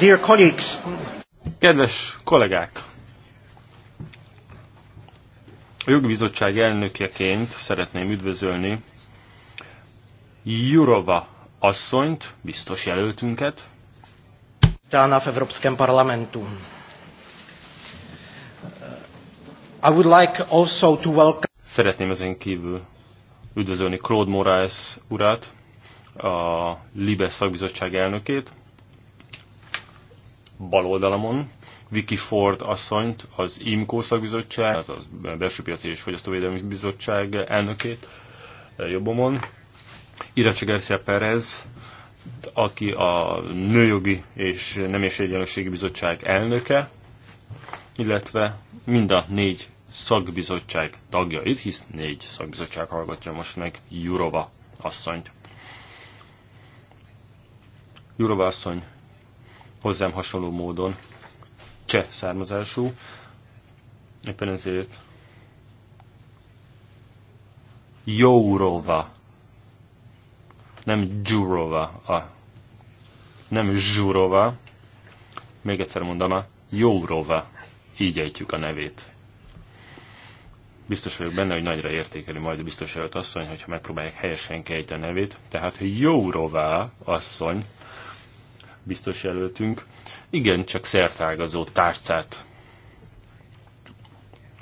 dear colleagues. Kedves kollégák! A jogbizottság elnökeként szeretném üdvözölni Jurova asszonyt, biztos jelöltünket. Tána v Európskem parlamentu. I would like also to welcome... Szeretném ezen kívül üdvözölni Claude Moraes urát, a Libe szakbizottság elnökét, bal oldalamon, Vicky Ford asszonyt, az IMCO szakbizottság, a Belső Piaci és Fogyasztóvédelmi Bizottság elnökét, eh, jobbomon, Iracsi Garcia Perez, aki a Nőjogi és Nem és Egyenlőségi Bizottság elnöke, illetve mind a négy szakbizottság tagjait, hisz négy szakbizottság hallgatja most meg Jurova asszonyt. Jurova asszony hozzám hasonló módon cseh származású, éppen ezért Jourova, nem Gyurova, a, nem Zsurova, még egyszer mondom, Jourova, így ejtjük a nevét. Biztos vagyok benne, hogy nagyra értékeli majd a biztos előtt asszony, hogyha megpróbálják helyesen kejteni a nevét. Tehát Jourova asszony, biztos jelöltünk, igen, csak szertágazó tárcát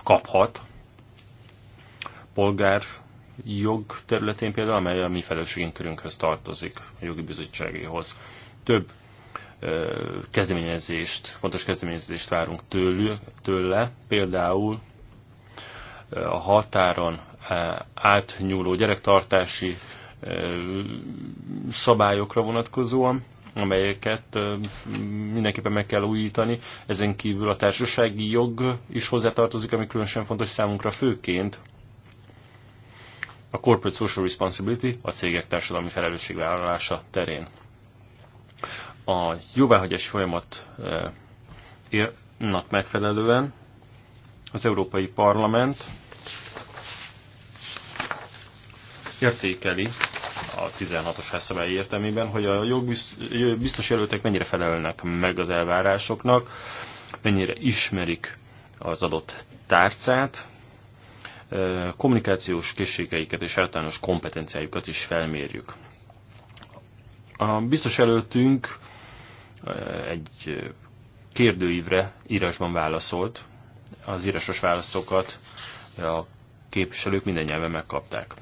kaphat. Polgár jog területén például, amely a mi felelősségünk körünkhöz tartozik, a jogi bizottságéhoz. Több kezdeményezést, fontos kezdeményezést várunk tőlük, tőle, például a határon átnyúló gyerektartási szabályokra vonatkozóan, amelyeket mindenképpen meg kell újítani. Ezen kívül a társasági jog is hozzátartozik, ami különösen fontos számunkra főként a Corporate Social Responsibility, a cégek társadalmi felelősségvállalása terén. A jóváhagyási folyamatnak megfelelően az Európai Parlament értékeli a 16-os házszabály értelmében, hogy a jogbiztos jelöltek mennyire felelnek meg az elvárásoknak, mennyire ismerik az adott tárcát, kommunikációs készségeiket és általános kompetenciájukat is felmérjük. A biztos előttünk egy kérdőívre írásban válaszolt, az írásos válaszokat a képviselők minden nyelven megkapták.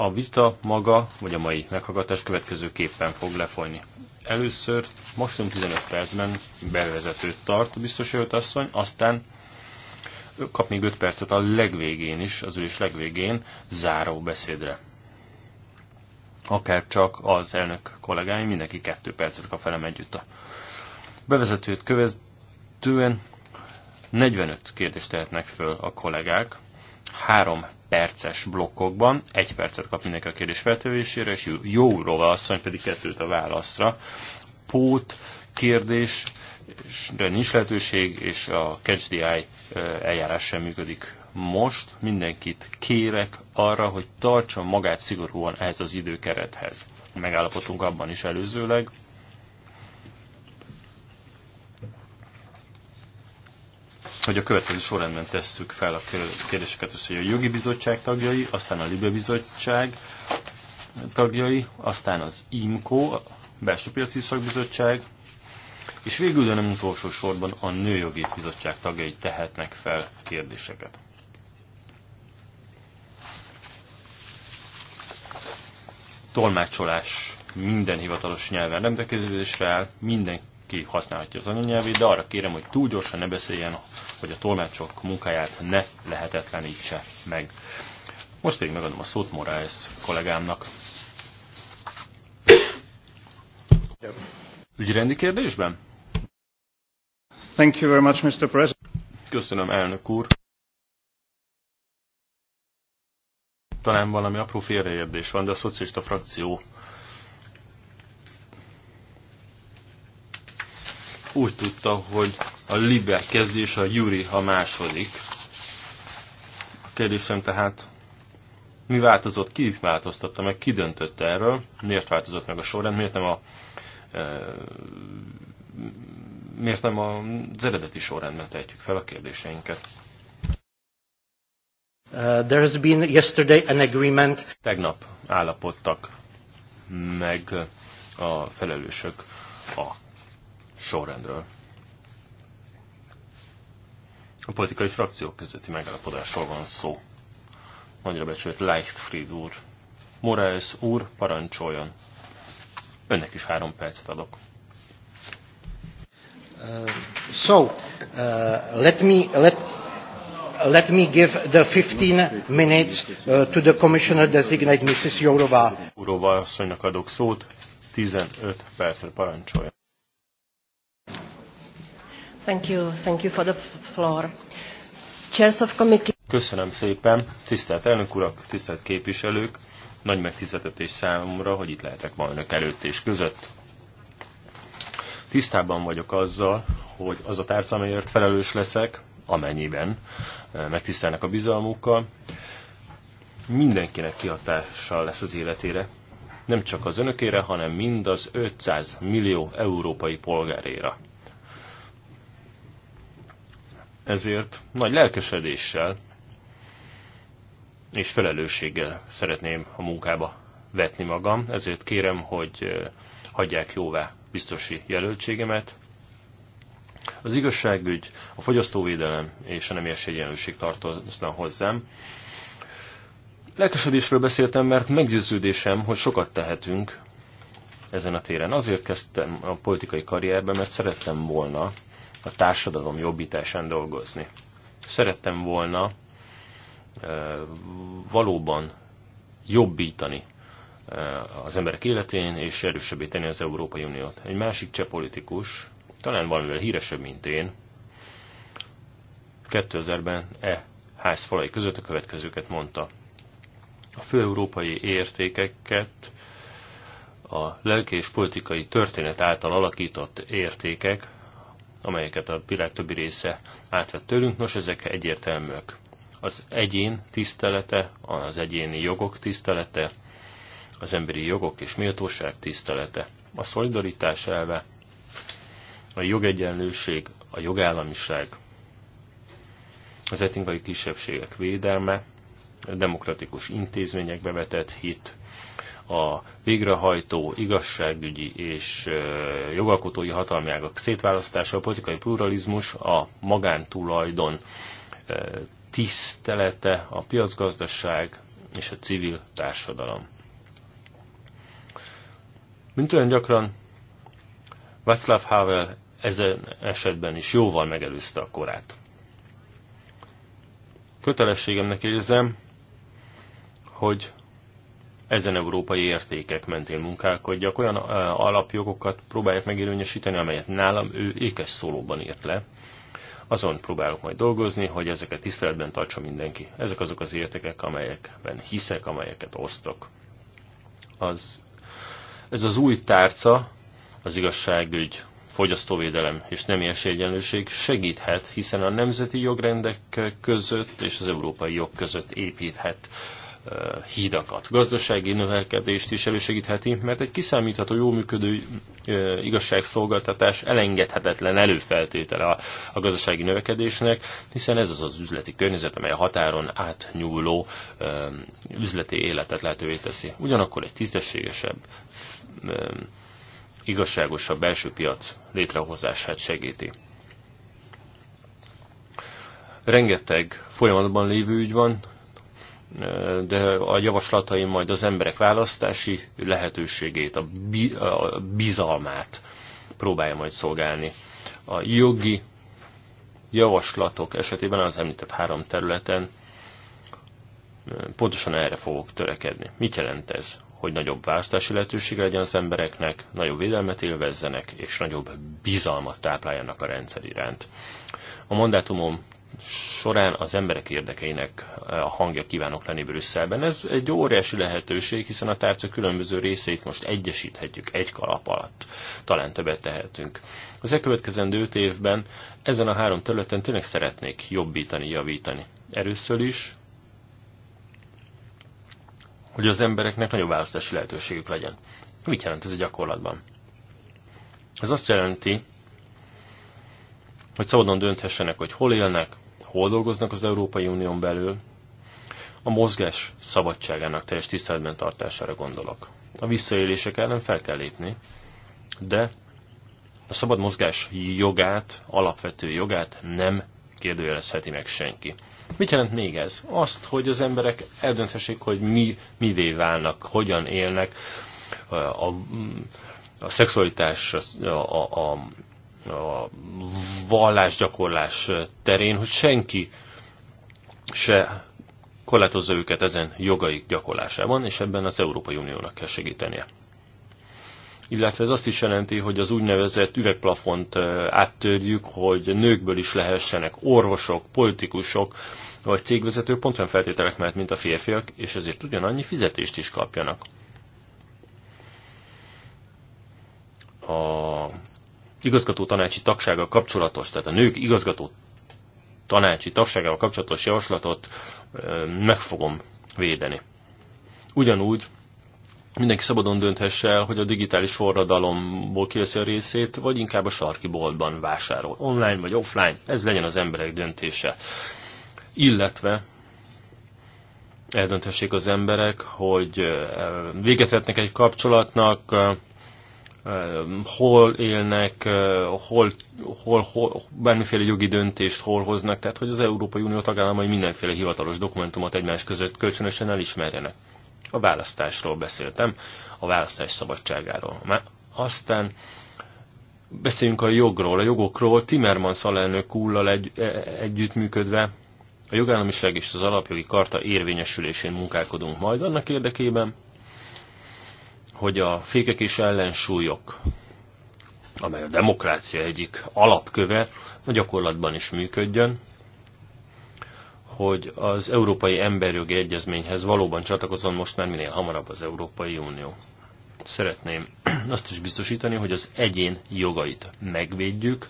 A vita maga, vagy a mai meghallgatás következőképpen fog lefolyni. Először maximum 15 percben bevezetőt tart biztos asszony, aztán kap még 5 percet a legvégén is, az ülés legvégén záró beszédre. Akár csak az elnök kollégáim, mindenki 2 percet kap felem együtt a bevezetőt követően 45 kérdést tehetnek föl a kollégák, három perces blokkokban, egy percet kap mindenki a kérdés feltevésére, és jó róla asszony pedig kettőt a válaszra. Pót, kérdés, de nincs lehetőség, és a Catch the Eye eljárás sem működik most. Mindenkit kérek arra, hogy tartsa magát szigorúan ehhez az időkerethez. Megállapodtunk abban is előzőleg, hogy a következő sorrendben tesszük fel a kérdéseket, az, hogy a jogi bizottság tagjai, aztán a Libe bizottság tagjai, aztán az IMCO, a belső piaci szakbizottság, és végül, de nem utolsó sorban a Nőjogi Bizottság tagjai tehetnek fel kérdéseket. Tolmácsolás minden hivatalos nyelven rendelkezésre áll, mindenki használhatja az anyanyelvét, de arra kérem, hogy túl gyorsan ne beszéljen, hogy a tolmácsok munkáját ne lehetetlenítse meg. Most pedig megadom a szót Moraes kollégámnak. Ügyrendi kérdésben? Thank you very much, Mr. President. Köszönöm, elnök úr. Talán valami apró félreérdés van, de a szocialista frakció úgy tudta, hogy a Libe kezdés, a Júri a második. A kérdésem tehát, mi változott, ki változtatta meg, ki döntött erről, miért változott meg a sorrend, miért nem a e, miért nem az eredeti sorrendben tehetjük fel a kérdéseinket. Uh, there has been yesterday an agreement. Tegnap állapodtak meg a felelősök a sorrendről. A politikai frakciók közötti megállapodásról van szó. Nagyra becsült Leichtfried úr. Moraes úr, parancsoljon. Önnek is három percet adok. Uh, so, uh, let me, let, let me give the 15 minutes uh, to the commissioner designate Mrs. Jourova. Jourova asszonynak adok szót, 15 percre parancsoljon. Köszönöm szépen, tisztelt elnök urak, tisztelt képviselők, nagy megtiszteltetés számomra, hogy itt lehetek ma önök előtt és között. Tisztában vagyok azzal, hogy az a tárca, amelyért felelős leszek, amennyiben eh, megtisztelnek a bizalmukkal, mindenkinek kihatással lesz az életére. Nem csak az önökére, hanem mind az 500 millió európai polgáréra ezért nagy lelkesedéssel és felelősséggel szeretném a munkába vetni magam, ezért kérem, hogy hagyják jóvá biztosi jelöltségemet. Az igazságügy, a fogyasztóvédelem és a nemies egyenlőség tartozna hozzám. Lelkesedésről beszéltem, mert meggyőződésem, hogy sokat tehetünk ezen a téren. Azért kezdtem a politikai karrierbe, mert szerettem volna a társadalom jobbításán dolgozni. Szerettem volna valóban jobbítani az emberek életén, és erősebbé tenni az Európai Uniót. Egy másik cseh politikus, talán valamivel híresebb, mint én, 2000-ben e ház falai között a következőket mondta. A fő európai értékeket a lelki és politikai történet által alakított értékek amelyeket a világ többi része átvett tőlünk. Nos, ezek egyértelműek. Az egyén tisztelete, az egyéni jogok tisztelete, az emberi jogok és méltóság tisztelete, a szolidaritás elve, a jogegyenlőség, a jogállamiság, az etnikai kisebbségek védelme, a demokratikus intézményekbe vetett hit, a végrehajtó, igazságügyi és jogalkotói hatalmiágak szétválasztása, a politikai pluralizmus, a magántulajdon tisztelete, a piacgazdaság és a civil társadalom. Mint olyan gyakran, Václav Havel ezen esetben is jóval megelőzte a korát. Kötelességemnek érzem, hogy ezen európai értékek mentén munkálkodjak, olyan alapjogokat próbálják megérvényesíteni, amelyet nálam ő ékes szólóban írt le. Azon próbálok majd dolgozni, hogy ezeket tiszteletben tartsa mindenki. Ezek azok az értékek, amelyekben hiszek, amelyeket osztok. Az, ez az új tárca, az igazságügy, fogyasztóvédelem és nemi esélyegyenlőség segíthet, hiszen a nemzeti jogrendek között és az európai jog között építhet hídakat. Gazdasági növekedést is elősegítheti, mert egy kiszámítható, jó működő igazságszolgáltatás elengedhetetlen előfeltétele a gazdasági növekedésnek, hiszen ez az az üzleti környezet, amely a határon átnyúló üzleti életet lehetővé teszi. Ugyanakkor egy tisztességesebb igazságosabb belső piac létrehozását segíti. Rengeteg folyamatban lévő ügy van, de a javaslataim majd az emberek választási lehetőségét, a bizalmát próbálja majd szolgálni. A jogi javaslatok esetében az említett három területen pontosan erre fogok törekedni. Mit jelent ez? Hogy nagyobb választási lehetőség legyen az embereknek, nagyobb védelmet élvezzenek, és nagyobb bizalmat tápláljanak a rendszer iránt. A mandátumom során az emberek érdekeinek eh, a hangja kívánok lenni Brüsszelben. Ez egy óriási lehetőség, hiszen a tárca különböző részeit most egyesíthetjük egy kalap alatt. Talán többet tehetünk. Az elkövetkezendő öt évben ezen a három területen tényleg szeretnék jobbítani, javítani. Erőször is, hogy az embereknek nagyobb választási lehetőségük legyen. Mit jelent ez a gyakorlatban? Ez azt jelenti, hogy szabadon dönthessenek, hogy hol élnek, hol dolgoznak az Európai Unión belül, a mozgás szabadságának teljes tiszteletben tartására gondolok. A visszaélések ellen fel kell lépni, de a szabad mozgás jogát, alapvető jogát nem kérdőjelezheti meg senki. Mit jelent még ez? Azt, hogy az emberek eldönthessék, hogy mi, mivé válnak, hogyan élnek, a, a, a szexualitás, a, a, a vallásgyakorlás terén, hogy senki se korlátozza őket ezen jogaik gyakorlásában, és ebben az Európai Uniónak kell segítenie. Illetve ez azt is jelenti, hogy az úgynevezett üvegplafont áttörjük, hogy nőkből is lehessenek orvosok, politikusok, vagy cégvezetők pont olyan feltételek mellett, mint a férfiak, és ezért ugyanannyi fizetést is kapjanak. A igazgató tanácsi tagsága kapcsolatos, tehát a nők igazgató tanácsi tagságával kapcsolatos javaslatot meg fogom védeni. Ugyanúgy mindenki szabadon dönthesse el, hogy a digitális forradalomból kiveszi a részét, vagy inkább a sarki boltban vásárol. Online vagy offline, ez legyen az emberek döntése. Illetve eldönthessék az emberek, hogy véget vetnek egy kapcsolatnak, hol élnek, hol, hol, hol, bármiféle jogi döntést hol hoznak, tehát hogy az Európai Unió tagállamai mindenféle hivatalos dokumentumot egymás között kölcsönösen elismerjenek. A választásról beszéltem, a választás szabadságáról. Már aztán beszéljünk a jogról, a jogokról, Timmermans alelnök úrral egy, e, együttműködve, a jogállamiság és az alapjogi karta érvényesülésén munkálkodunk majd annak érdekében, hogy a fékek és ellensúlyok, amely a demokrácia egyik alapköve, a gyakorlatban is működjön, hogy az Európai Emberjogi Egyezményhez valóban csatlakozzon most már minél hamarabb az Európai Unió. Szeretném azt is biztosítani, hogy az egyén jogait megvédjük,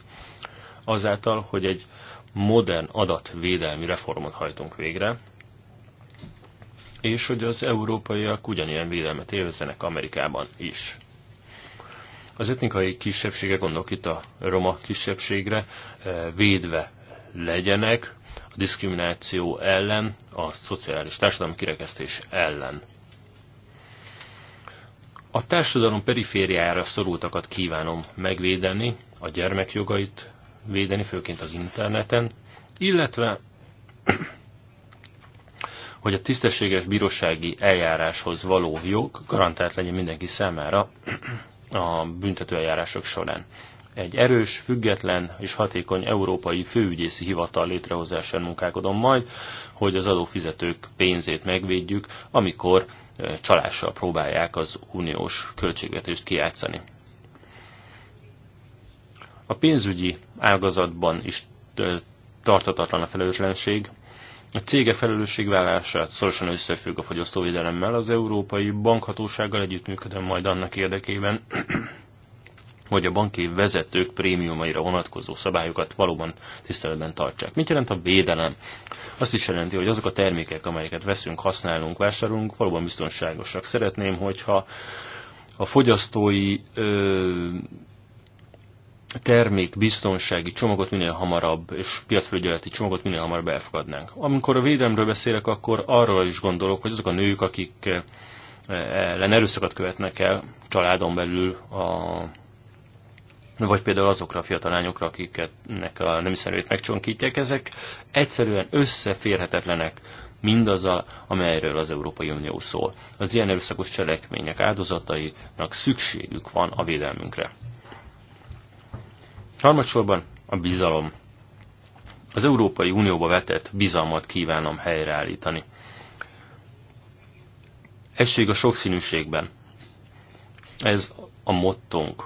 azáltal, hogy egy modern adatvédelmi reformot hajtunk végre, és hogy az európaiak ugyanilyen védelmet élvezzenek Amerikában is. Az etnikai kisebbsége, gondolok itt a roma kisebbségre, eh, védve legyenek a diszkrimináció ellen, a szociális társadalmi kirekesztés ellen. A társadalom perifériára szorultakat kívánom megvédeni, a gyermekjogait védeni, főként az interneten, illetve hogy a tisztességes bírósági eljáráshoz való jog garantált legyen mindenki számára a büntetőeljárások során. Egy erős, független és hatékony európai főügyészi hivatal létrehozásán munkálkodom majd, hogy az adófizetők pénzét megvédjük, amikor csalással próbálják az uniós költségvetést kiátszani. A pénzügyi ágazatban is tartatatlan a felelőtlenség, a cégek felelősségvállását szorosan összefügg a fogyasztóvédelemmel, az Európai Bankhatósággal együttműködöm majd annak érdekében, hogy a banki vezetők prémiumaira vonatkozó szabályokat valóban tiszteletben tartsák. Mit jelent a védelem? Azt is jelenti, hogy azok a termékek, amelyeket veszünk, használunk, vásárolunk, valóban biztonságosak. Szeretném, hogyha a fogyasztói ö, termék biztonsági csomagot minél hamarabb, és piacfelügyeleti csomagot minél hamarabb elfogadnánk. Amikor a védelemről beszélek, akkor arról is gondolok, hogy azok a nők, akik eh, ellen erőszakot követnek el családon belül, a, vagy például azokra a fiatal lányokra, akiknek a is megcsonkítják, ezek egyszerűen összeférhetetlenek mindazzal, amelyről az Európai Unió szól. Az ilyen erőszakos cselekmények áldozatainak szükségük van a védelmünkre. Harmadsorban a bizalom. Az Európai Unióba vetett bizalmat kívánom helyreállítani. Egység a sokszínűségben. Ez a mottónk.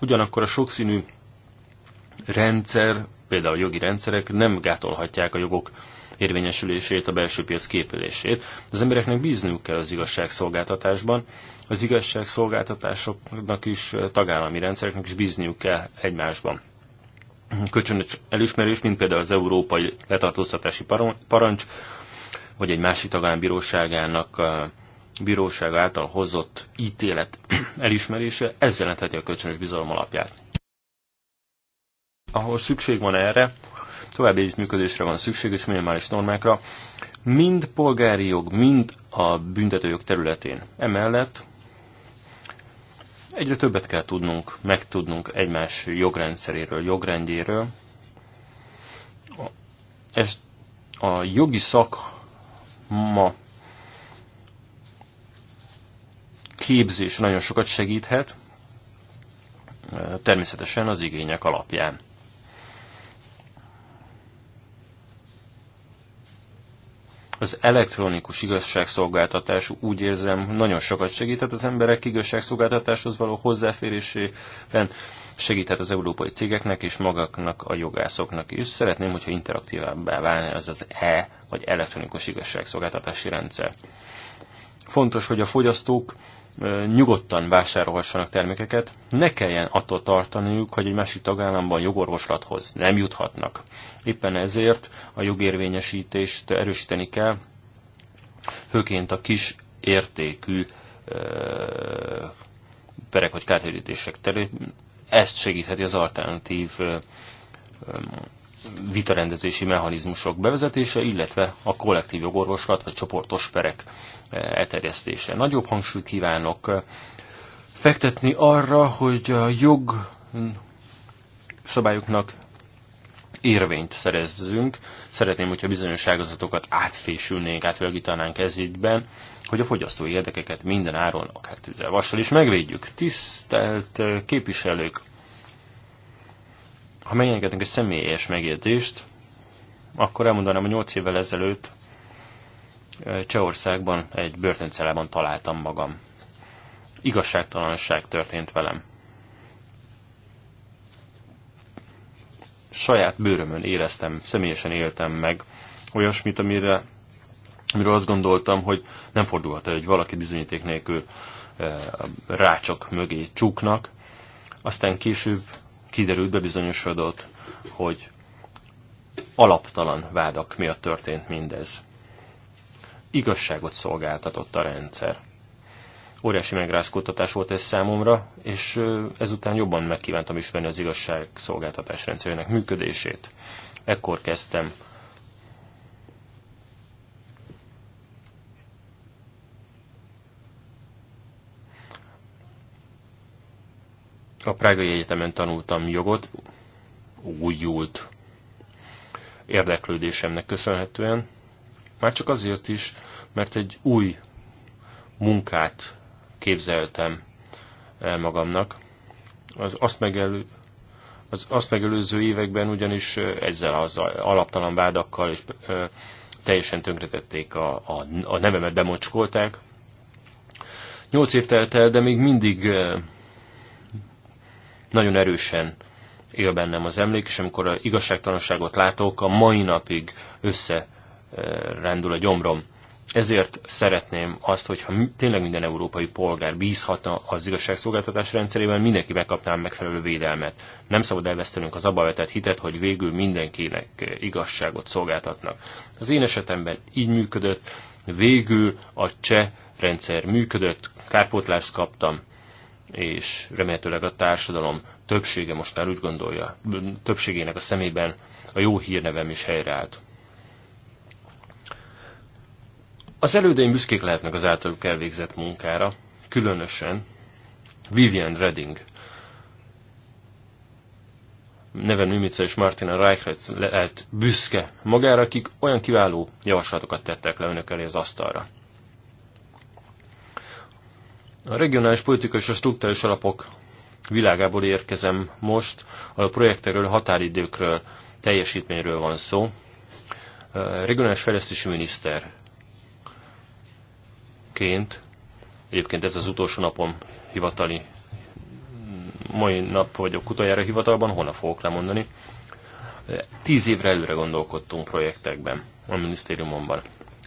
Ugyanakkor a sokszínű rendszer, például a jogi rendszerek nem gátolhatják a jogok érvényesülését, a belső piac képülését. Az embereknek bízniuk kell az igazságszolgáltatásban, az igazságszolgáltatásoknak is, tagállami rendszereknek is bízniuk kell egymásban. Kölcsönös elismerés, mint például az Európai Letartóztatási Parancs, vagy egy másik tagállami bíróságának bíróság által hozott ítélet elismerése, ez jelentheti a kölcsönös bizalom alapját. Ahol szükség van erre, További együttműködésre van szükség és minimális normákra, mind polgári jog, mind a büntetőjog területén. Emellett egyre többet kell tudnunk, megtudnunk egymás jogrendszeréről, jogrendjéről. Ez a jogi ma képzés nagyon sokat segíthet, természetesen az igények alapján. az elektronikus igazságszolgáltatás úgy érzem nagyon sokat segített az emberek igazságszolgáltatáshoz való hozzáférésében, segített az európai cégeknek és magaknak a jogászoknak is. Szeretném, hogyha interaktívabbá válna ez az E, vagy elektronikus igazságszolgáltatási rendszer. Fontos, hogy a fogyasztók nyugodtan vásárolhassanak termékeket, ne kelljen attól tartaniuk, hogy egy másik tagállamban jogorvoslathoz nem juthatnak. Éppen ezért a jogérvényesítést erősíteni kell, főként a kis értékű perek vagy kártérítések terén. Ezt segítheti az alternatív vitarendezési mechanizmusok bevezetése, illetve a kollektív jogorvoslat vagy csoportos perek eh, elterjesztése. Nagyobb hangsúlyt kívánok eh, fektetni arra, hogy a jog hm, szabályoknak érvényt szerezzünk. Szeretném, hogyha bizonyos ágazatokat átfésülnénk, átvilágítanánk ez ügyben, hogy a fogyasztói érdekeket minden áron, akár tűzzel vassal is megvédjük. Tisztelt eh, képviselők, ha megengednek egy személyes megjegyzést, akkor elmondanám, hogy 8 évvel ezelőtt Csehországban egy börtöncellában találtam magam. Igazságtalanság történt velem. Saját bőrömön éreztem, személyesen éltem meg olyasmit, amire, amire azt gondoltam, hogy nem fordulhat el, hogy valaki bizonyíték nélkül rácsok mögé csuknak. Aztán később kiderült, bebizonyosodott, hogy alaptalan vádak miatt történt mindez. Igazságot szolgáltatott a rendszer. Óriási megrázkódtatás volt ez számomra, és ezután jobban megkívántam ismerni az igazságszolgáltatás rendszerének működését. Ekkor kezdtem A Prágai Egyetemen tanultam jogot, jult érdeklődésemnek köszönhetően, már csak azért is, mert egy új munkát képzeltem el magamnak. Az azt, megelő, az azt megelőző években ugyanis ezzel az alaptalan vádakkal és teljesen tönkretették a, a, a nevemet, bemocskolták. Nyolc év telt el, de még mindig nagyon erősen él bennem az emlék, és amikor a igazságtalanságot látok, a mai napig összerendül eh, a gyomrom. Ezért szeretném azt, hogyha tényleg minden európai polgár bízhatna az igazságszolgáltatás rendszerében, mindenki megkapná a megfelelő védelmet. Nem szabad elvesztenünk az abba vetett hitet, hogy végül mindenkinek eh, igazságot szolgáltatnak. Az én esetemben így működött, végül a cseh rendszer működött, kárpótlást kaptam, és remélhetőleg a társadalom többsége most már úgy gondolja, többségének a szemében a jó hírnevem is helyreállt. Az elődeim büszkék lehetnek az általuk elvégzett munkára, különösen Vivian Redding Neve Mimica és Martina Reichert lehet büszke magára, akik olyan kiváló javaslatokat tettek le önök elé az asztalra. A regionális politikai és a struktúrális alapok világából érkezem most, a projektekről, határidőkről, teljesítményről van szó. A regionális fejlesztési miniszterként, egyébként ez az utolsó napom hivatali, mai nap vagyok utoljára hivatalban, holnap fogok lemondani. Tíz évre előre gondolkodtunk projektekben a minisztériumomban.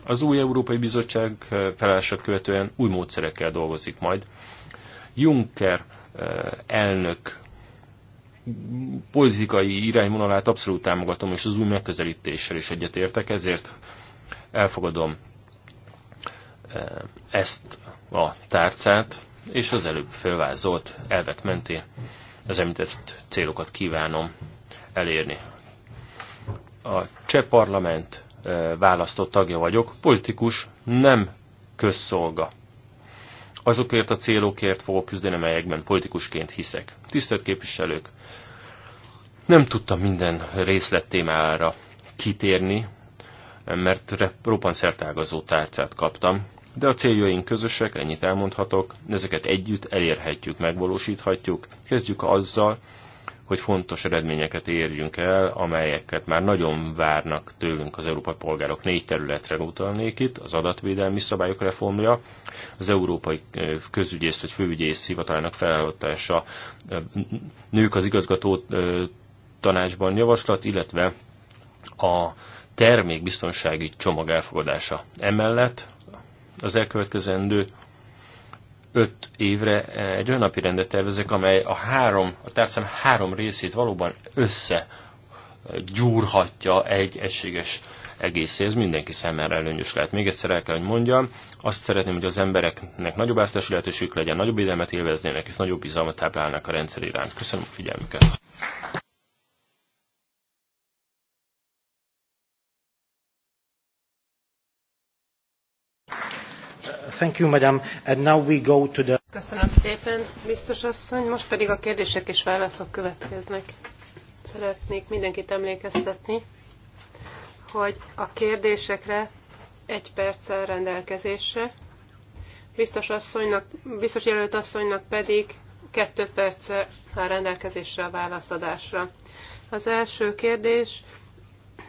Az új Európai Bizottság eh, felállását követően új módszerekkel dolgozik majd. Juncker eh, elnök politikai irányvonalát abszolút támogatom, és az új megközelítéssel is egyetértek, ezért elfogadom eh, ezt a tárcát, és az előbb felvázolt elvek menté az említett célokat kívánom elérni. A cseh parlament választott tagja vagyok, politikus, nem közszolga. Azokért a célokért fogok küzdeni, amelyekben politikusként hiszek. Tisztelt képviselők, nem tudtam minden részlettémára kitérni, mert roppant szertágazó tárcát kaptam, de a céljaink közösek, ennyit elmondhatok, ezeket együtt elérhetjük, megvalósíthatjuk. Kezdjük azzal, hogy fontos eredményeket érjünk el, amelyeket már nagyon várnak tőlünk az európai polgárok. Négy területre utalnék itt, az adatvédelmi szabályok reformja, az európai közügyész vagy főügyész hivatalának felállítása, nők az igazgató tanácsban javaslat, illetve a termékbiztonsági csomag elfogadása. Emellett az elkövetkezendő öt évre eh, egy olyan napi rendet tervezek, amely a három, a tárcám három részét valóban össze eh, gyúrhatja egy egységes egészé. Ez mindenki számára előnyös lehet. Még egyszer el kell, hogy mondjam, azt szeretném, hogy az embereknek nagyobb áztási lehetőségük legyen, nagyobb idemet élveznének, és nagyobb bizalmat táplálnak a rendszer iránt. Köszönöm a figyelmüket! Köszönöm szépen, biztos asszony. Most pedig a kérdések és válaszok következnek. Szeretnék mindenkit emlékeztetni, hogy a kérdésekre egy perccel rendelkezésre, biztos, asszonynak, biztos jelölt asszonynak pedig kettő perce a rendelkezésre a válaszadásra. Az első kérdés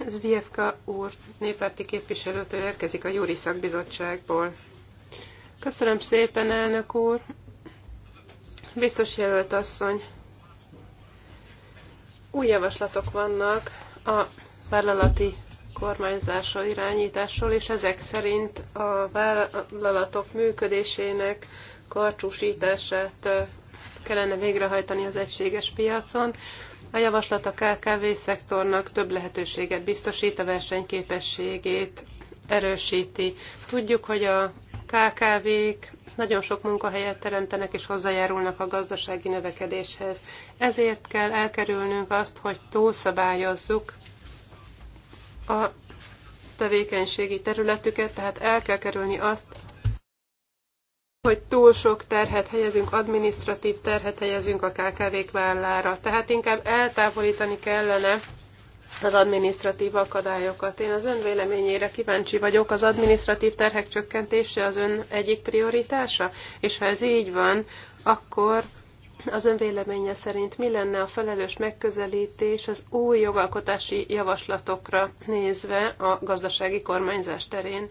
Zvievka úr néppárti képviselőtől érkezik a Júri Szakbizottságból. Köszönöm szépen, elnök úr. Biztos jelölt asszony. Új javaslatok vannak a vállalati kormányzásról, irányításról, és ezek szerint a vállalatok működésének karcsúsítását kellene végrehajtani az egységes piacon. A javaslat a KKV szektornak több lehetőséget biztosít, a versenyképességét erősíti. Tudjuk, hogy a KKV-k nagyon sok munkahelyet teremtenek és hozzájárulnak a gazdasági növekedéshez. Ezért kell elkerülnünk azt, hogy túlszabályozzuk a tevékenységi területüket, tehát el kell kerülni azt, hogy túl sok terhet helyezünk, adminisztratív terhet helyezünk a KKV-k vállára. Tehát inkább eltávolítani kellene az adminisztratív akadályokat. Én az ön véleményére kíváncsi vagyok. Az adminisztratív terhek csökkentése az ön egyik prioritása? És ha ez így van, akkor az ön véleménye szerint mi lenne a felelős megközelítés az új jogalkotási javaslatokra nézve a gazdasági kormányzás terén?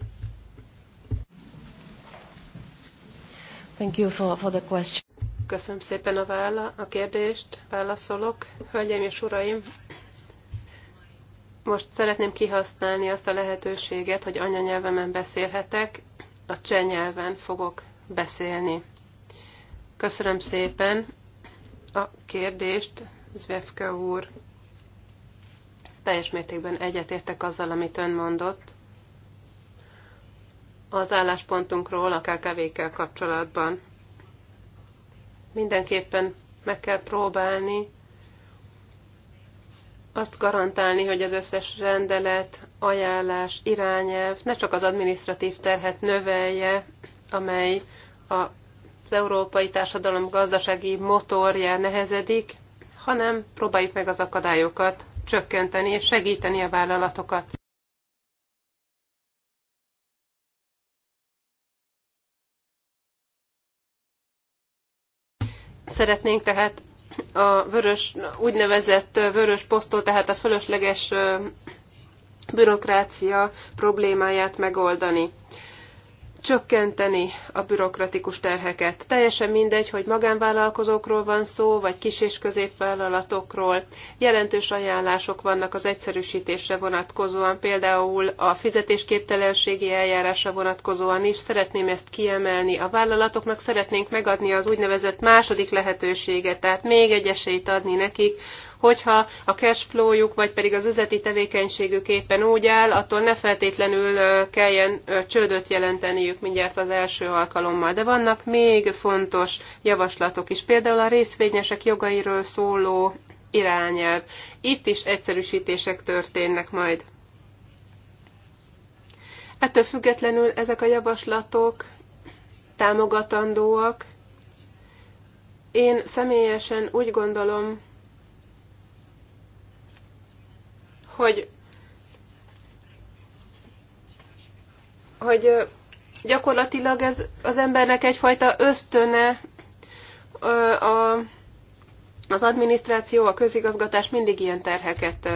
Thank you for, for the question. Köszönöm szépen a, vála, a kérdést, válaszolok. Hölgyeim és uraim, most szeretném kihasználni azt a lehetőséget, hogy anyanyelvemen beszélhetek, a cseh nyelven fogok beszélni. Köszönöm szépen a kérdést, Zvevka úr. Teljes mértékben egyetértek azzal, amit ön mondott az álláspontunkról a KKV-kkel kapcsolatban. Mindenképpen meg kell próbálni azt garantálni, hogy az összes rendelet, ajánlás, irányelv ne csak az administratív terhet növelje, amely a az európai társadalom gazdasági motorja nehezedik, hanem próbáljuk meg az akadályokat csökkenteni és segíteni a vállalatokat. Szeretnénk tehát a vörös, úgynevezett vörös posztó, tehát a fölösleges bürokrácia problémáját megoldani csökkenteni a bürokratikus terheket. Teljesen mindegy, hogy magánvállalkozókról van szó, vagy kis- és középvállalatokról. Jelentős ajánlások vannak az egyszerűsítésre vonatkozóan, például a fizetésképtelenségi eljárásra vonatkozóan is. Szeretném ezt kiemelni. A vállalatoknak szeretnénk megadni az úgynevezett második lehetőséget, tehát még egy esélyt adni nekik, hogyha a cash flowjuk, vagy pedig az üzleti tevékenységük éppen úgy áll, attól ne feltétlenül kelljen csődöt jelenteniük mindjárt az első alkalommal. De vannak még fontos javaslatok is, például a részvényesek jogairól szóló irányelv. Itt is egyszerűsítések történnek majd. Ettől függetlenül ezek a javaslatok támogatandóak. Én személyesen úgy gondolom, hogy, hogy gyakorlatilag ez az embernek egyfajta ösztöne a, az adminisztráció, a közigazgatás mindig ilyen terheket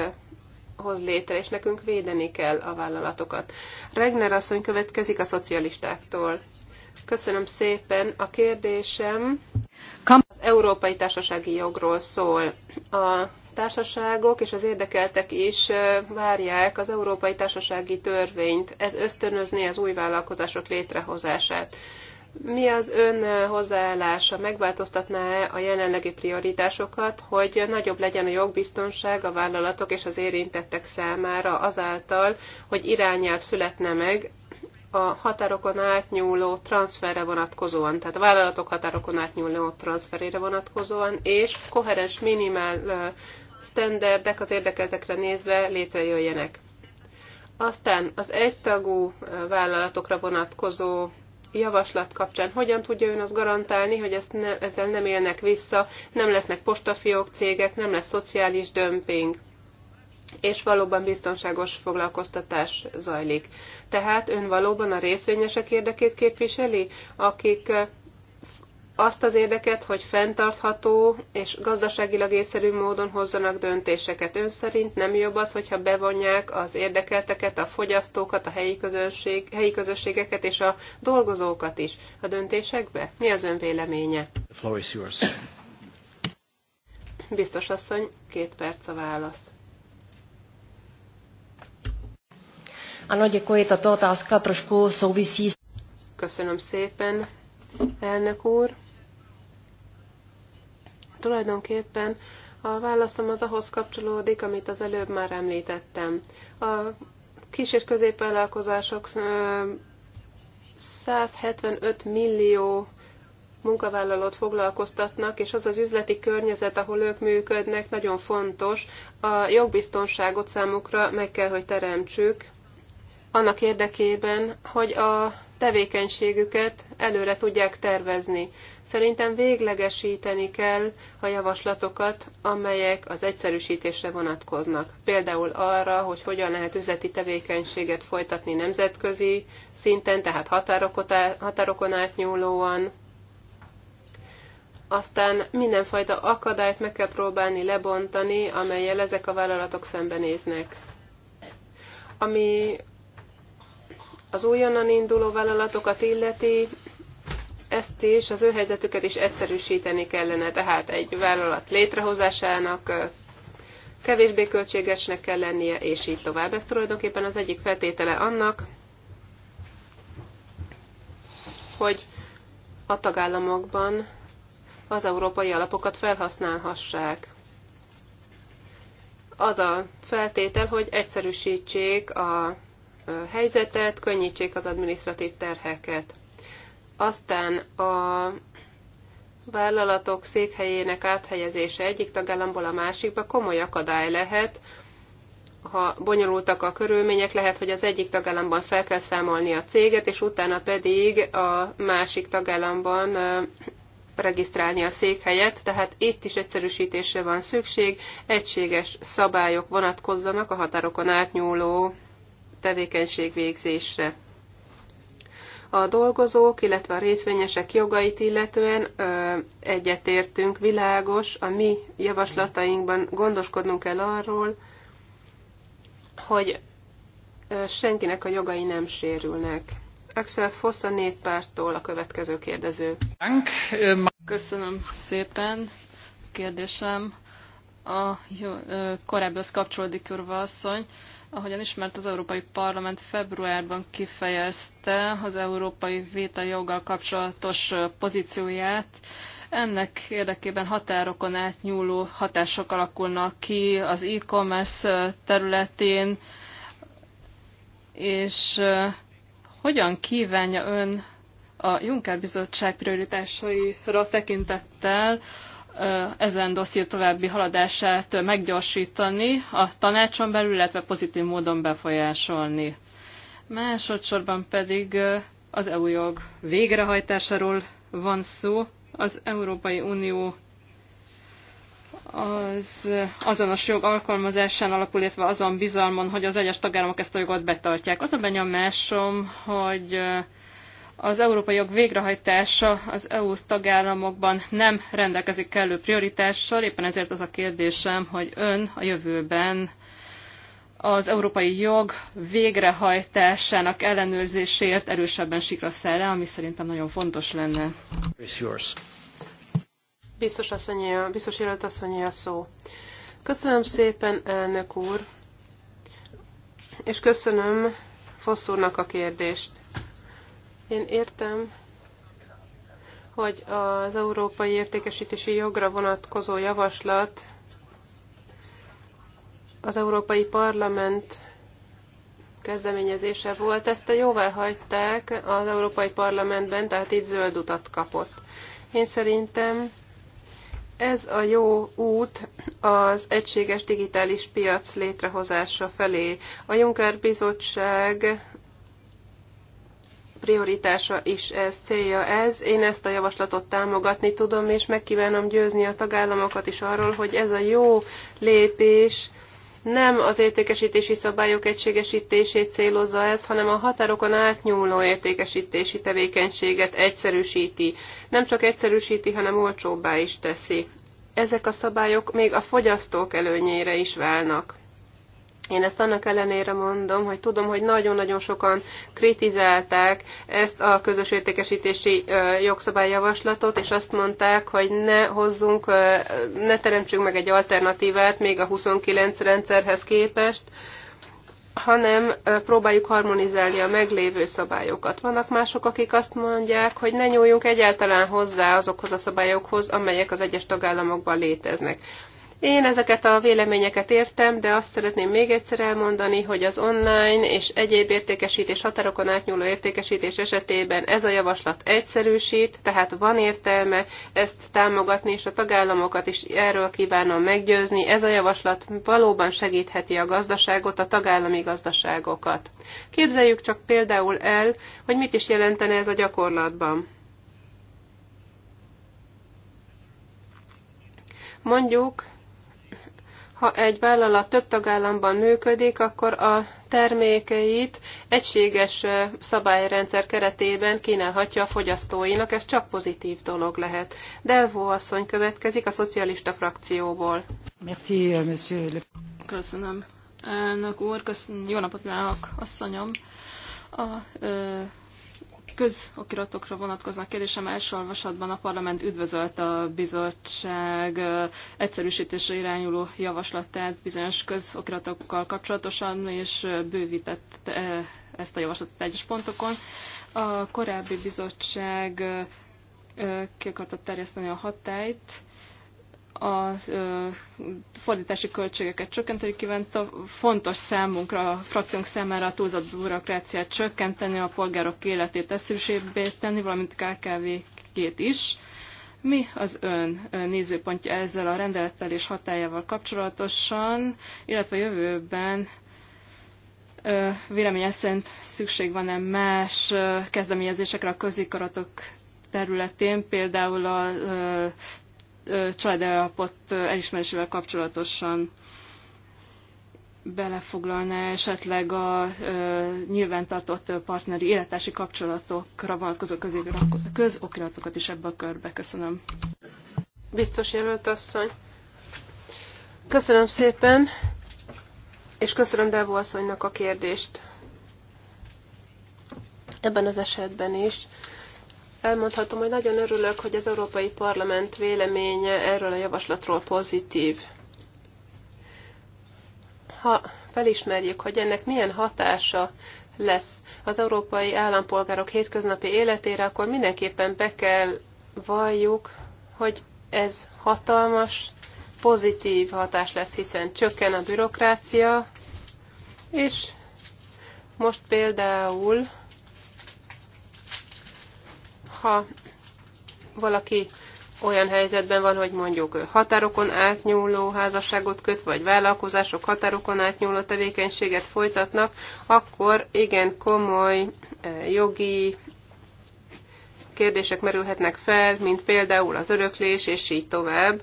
hoz létre, és nekünk védeni kell a vállalatokat. Regner asszony következik a szocialistáktól. Köszönöm szépen. A kérdésem az Európai Társasági Jogról szól. A társaságok és az érdekeltek is várják az európai társasági törvényt. Ez ösztönözné az új vállalkozások létrehozását. Mi az ön hozzáállása? Megváltoztatná-e a jelenlegi prioritásokat, hogy nagyobb legyen a jogbiztonság a vállalatok és az érintettek számára azáltal, hogy irányelv születne meg a határokon átnyúló transferre vonatkozóan, tehát a vállalatok határokon átnyúló transferére vonatkozóan, és koherens minimál sztenderdek az érdekeltekre nézve létrejöjjenek. Aztán az egytagú vállalatokra vonatkozó javaslat kapcsán hogyan tudja ön azt garantálni, hogy ezt ne, ezzel nem élnek vissza, nem lesznek postafiók cégek, nem lesz szociális dömping, és valóban biztonságos foglalkoztatás zajlik. Tehát ön valóban a részvényesek érdekét képviseli, akik azt az érdeket, hogy fenntartható és gazdaságilag észszerű módon hozzanak döntéseket. Ön szerint nem jobb az, hogyha bevonják az érdekelteket, a fogyasztókat, a helyi, közönség, helyi közösségeket és a dolgozókat is a döntésekbe? Mi az ön véleménye? yours. Biztos asszony, két perc a válasz. Ano, děkuji, tato otázka trošku souvisí. Köszönöm szépen, elnök úr. Tulajdonképpen a válaszom az ahhoz kapcsolódik, amit az előbb már említettem. A kis és középvállalkozások 175 millió munkavállalót foglalkoztatnak, és az az üzleti környezet, ahol ők működnek, nagyon fontos. A jogbiztonságot számukra meg kell, hogy teremtsük, annak érdekében, hogy a tevékenységüket előre tudják tervezni. Szerintem véglegesíteni kell a javaslatokat, amelyek az egyszerűsítésre vonatkoznak. Például arra, hogy hogyan lehet üzleti tevékenységet folytatni nemzetközi szinten, tehát határokon átnyúlóan, aztán mindenfajta akadályt meg kell próbálni lebontani, amelyel ezek a vállalatok szembenéznek. Ami az újonnan induló vállalatokat illeti, ezt is, az ő helyzetüket is egyszerűsíteni kellene. Tehát egy vállalat létrehozásának kevésbé költségesnek kell lennie, és így tovább. Ez tulajdonképpen az egyik feltétele annak, hogy a tagállamokban az európai alapokat felhasználhassák. Az a feltétel, hogy egyszerűsítsék a helyzetet, könnyítsék az administratív terheket. Aztán a vállalatok székhelyének áthelyezése egyik tagállamból a másikba komoly akadály lehet, ha bonyolultak a körülmények, lehet, hogy az egyik tagállamban fel kell számolni a céget, és utána pedig a másik tagállamban regisztrálni a székhelyet, tehát itt is egyszerűsítésre van szükség, egységes szabályok vonatkozzanak a határokon átnyúló tevékenység végzésre. A dolgozók, illetve a részvényesek jogait illetően ö, egyetértünk, világos, a mi javaslatainkban gondoskodnunk kell arról, hogy ö, senkinek a jogai nem sérülnek. Axel Foss a néppártól a következő kérdező. Köszönöm szépen. Kérdésem a az kapcsolódik, Urva asszony. Ö, Ahogyan ismert, az Európai Parlament februárban kifejezte az európai joggal kapcsolatos pozícióját. Ennek érdekében határokon átnyúló hatások alakulnak ki az e-commerce területén, és hogyan kívánja ön a Juncker Bizottság prioritásaira tekintettel ezen dosszié további haladását meggyorsítani, a tanácson belül, illetve pozitív módon befolyásolni. Másodszorban pedig az EU jog végrehajtásáról van szó. Az Európai Unió az azonos jog alkalmazásán alapul, illetve azon bizalmon, hogy az egyes tagállamok ezt a jogot betartják. Az a benyomásom, hogy az európai jog végrehajtása az EU tagállamokban nem rendelkezik kellő prioritással, éppen ezért az a kérdésem, hogy ön a jövőben az európai jog végrehajtásának ellenőrzéséért erősebben sikra száll le, ami szerintem nagyon fontos lenne. Biztos, asszonyi, biztos jelölt asszonyi a szó. Köszönöm szépen, elnök úr, és köszönöm Fosszúrnak a kérdést. Én értem, hogy az európai értékesítési jogra vonatkozó javaslat az Európai Parlament kezdeményezése volt. Ezt a jóvá hagyták az Európai Parlamentben, tehát itt zöld utat kapott. Én szerintem ez a jó út az egységes digitális piac létrehozása felé. A Juncker Bizottság prioritása is ez, célja ez. Én ezt a javaslatot támogatni tudom, és megkívánom győzni a tagállamokat is arról, hogy ez a jó lépés nem az értékesítési szabályok egységesítését célozza ez, hanem a határokon átnyúló értékesítési tevékenységet egyszerűsíti. Nem csak egyszerűsíti, hanem olcsóbbá is teszi. Ezek a szabályok még a fogyasztók előnyére is válnak. Én ezt annak ellenére mondom, hogy tudom, hogy nagyon-nagyon sokan kritizálták ezt a közös értékesítési jogszabályjavaslatot, és azt mondták, hogy ne hozzunk, ne teremtsünk meg egy alternatívát még a 29 rendszerhez képest, hanem próbáljuk harmonizálni a meglévő szabályokat. Vannak mások, akik azt mondják, hogy ne nyúljunk egyáltalán hozzá azokhoz a szabályokhoz, amelyek az egyes tagállamokban léteznek. Én ezeket a véleményeket értem, de azt szeretném még egyszer elmondani, hogy az online és egyéb értékesítés határokon átnyúló értékesítés esetében ez a javaslat egyszerűsít, tehát van értelme ezt támogatni, és a tagállamokat is erről kívánom meggyőzni. Ez a javaslat valóban segítheti a gazdaságot, a tagállami gazdaságokat. Képzeljük csak például el, hogy mit is jelentene ez a gyakorlatban. Mondjuk ha egy vállalat több tagállamban működik, akkor a termékeit egységes szabályrendszer keretében kínálhatja a fogyasztóinak, ez csak pozitív dolog lehet. Delvó asszony következik a szocialista frakcióból. Merci, euh, monsieur. Köszönöm. Elnök úr, köszönöm. jó napot kívánok, asszonyom. A, ö, közokiratokra vonatkoznak kérdésem. Első olvasatban a parlament üdvözölt a bizottság egyszerűsítésre irányuló javaslatát bizonyos közokiratokkal kapcsolatosan, és bővített ezt a javaslatot egyes pontokon. A korábbi bizottság ki akarta terjeszteni a hatályt, a fordítási költségeket csökkenteni a Fontos számunkra, a frakciónk számára a túlzott bürokráciát csökkenteni, a polgárok életét eszűsébbé tenni, valamint KKV-két is. Mi az ön nézőpontja ezzel a rendelettel és hatájával kapcsolatosan, illetve jövőben véleménye szerint szükség van-e más kezdeményezésekre a közikaratok területén, például a családállapot elismerésével kapcsolatosan belefoglalna esetleg a ö, nyilvántartott partneri életási kapcsolatokra vonatkozó közokiratokat is ebbe a körbe. Köszönöm. Biztos jelölt asszony. Köszönöm szépen, és köszönöm Devo asszonynak a kérdést. Ebben az esetben is elmondhatom, hogy nagyon örülök, hogy az Európai Parlament véleménye erről a javaslatról pozitív. Ha felismerjük, hogy ennek milyen hatása lesz az európai állampolgárok hétköznapi életére, akkor mindenképpen be kell valljuk, hogy ez hatalmas, pozitív hatás lesz, hiszen csökken a bürokrácia, és most például ha valaki olyan helyzetben van, hogy mondjuk határokon átnyúló házasságot köt, vagy vállalkozások határokon átnyúló tevékenységet folytatnak, akkor igen komoly eh, jogi kérdések merülhetnek fel, mint például az öröklés, és így tovább.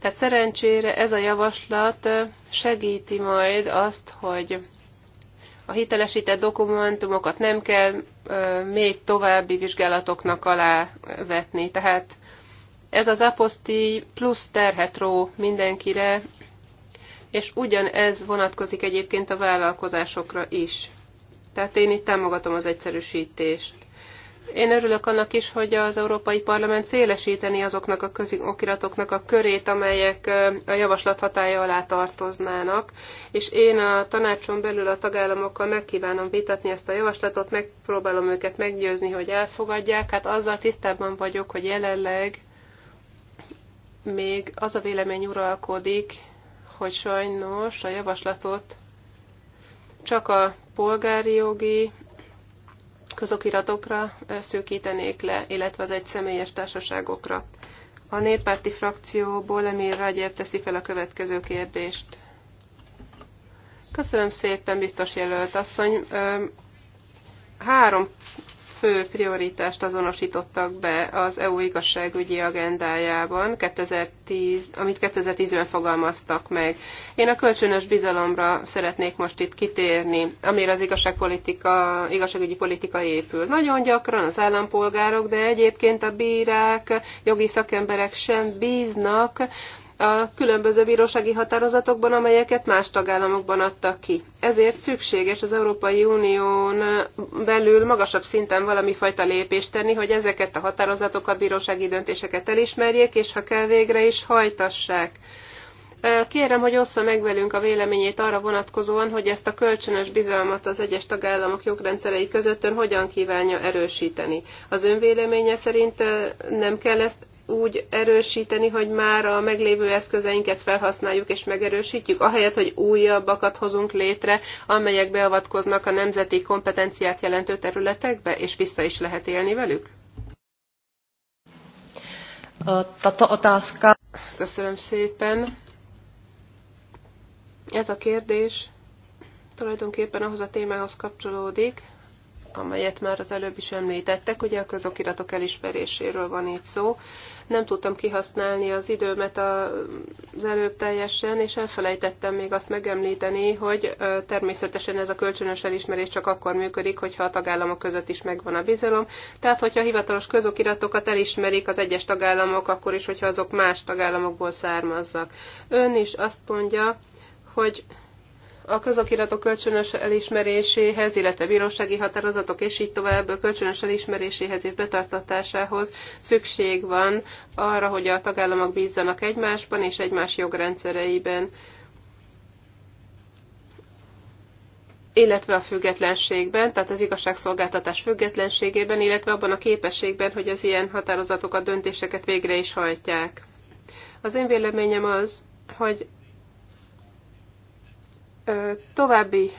Tehát szerencsére ez a javaslat eh, segíti majd azt, hogy a hitelesített dokumentumokat nem kell még további vizsgálatoknak alá vetni. Tehát ez az apostíly plusz terhet ró mindenkire, és ugyanez vonatkozik egyébként a vállalkozásokra is. Tehát én itt támogatom az egyszerűsítést. Én örülök annak is, hogy az Európai Parlament szélesíteni azoknak a közokiratoknak a körét, amelyek a javaslat hatája alá tartoznának, és én a tanácson belül a tagállamokkal megkívánom vitatni ezt a javaslatot, megpróbálom őket meggyőzni, hogy elfogadják. Hát azzal tisztában vagyok, hogy jelenleg még az a vélemény uralkodik, hogy sajnos a javaslatot csak a polgári jogi közokiratokra szűkítenék le, illetve az egyszemélyes társaságokra. A néppárti frakcióból Emil Ragyév teszi fel a következő kérdést. Köszönöm szépen, biztos jelölt asszony. Három fő prioritást azonosítottak be az EU igazságügyi agendájában, 2010, amit 2010-ben fogalmaztak meg. Én a kölcsönös bizalomra szeretnék most itt kitérni, amire az igazságpolitika, igazságügyi politika épül. Nagyon gyakran az állampolgárok, de egyébként a bírák, jogi szakemberek sem bíznak, a különböző bírósági határozatokban, amelyeket más tagállamokban adtak ki. Ezért szükséges az Európai Unión belül magasabb szinten valami fajta lépést tenni, hogy ezeket a határozatokat, bírósági döntéseket elismerjék, és ha kell végre is hajtassák. Kérem, hogy ossza meg velünk a véleményét arra vonatkozóan, hogy ezt a kölcsönös bizalmat az egyes tagállamok jogrendszerei közöttön hogyan kívánja erősíteni. Az ön véleménye szerint eh, nem kell ezt úgy erősíteni, hogy már a meglévő eszközeinket felhasználjuk és megerősítjük, ahelyett, hogy újabbakat hozunk létre, amelyek beavatkoznak a nemzeti kompetenciát jelentő területekbe, és vissza is lehet élni velük? Köszönöm szépen. Ez a kérdés tulajdonképpen ahhoz a témához kapcsolódik, amelyet már az előbb is említettek, ugye a közokiratok elismeréséről van itt szó, nem tudtam kihasználni az időmet az előbb teljesen, és elfelejtettem még azt megemlíteni, hogy természetesen ez a kölcsönös elismerés csak akkor működik, hogyha a tagállamok között is megvan a bizalom. Tehát, hogyha a hivatalos közokiratokat elismerik az egyes tagállamok, akkor is, hogyha azok más tagállamokból származzak. Ön is azt mondja, hogy a közokiratok kölcsönös elismeréséhez, illetve bírósági határozatok és így tovább kölcsönös elismeréséhez és betartatásához szükség van arra, hogy a tagállamok bízzanak egymásban és egymás jogrendszereiben. illetve a függetlenségben, tehát az igazságszolgáltatás függetlenségében, illetve abban a képességben, hogy az ilyen határozatokat, döntéseket végre is hajtják. Az én véleményem az, hogy további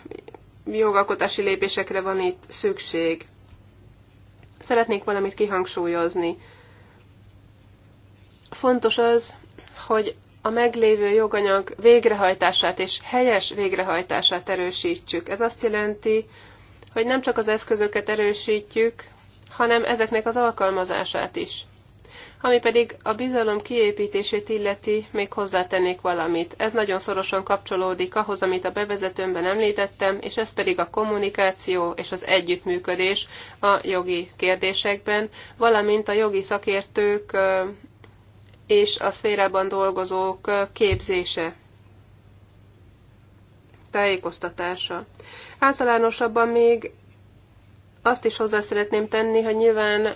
jogalkotási lépésekre van itt szükség. Szeretnék valamit kihangsúlyozni. Fontos az, hogy a meglévő joganyag végrehajtását és helyes végrehajtását erősítsük. Ez azt jelenti, hogy nem csak az eszközöket erősítjük, hanem ezeknek az alkalmazását is. Ami pedig a bizalom kiépítését illeti, még hozzátennék valamit. Ez nagyon szorosan kapcsolódik ahhoz, amit a bevezetőmben említettem, és ez pedig a kommunikáció és az együttműködés a jogi kérdésekben, valamint a jogi szakértők és a szférában dolgozók képzése, tájékoztatása. Általánosabban még azt is hozzá szeretném tenni, hogy nyilván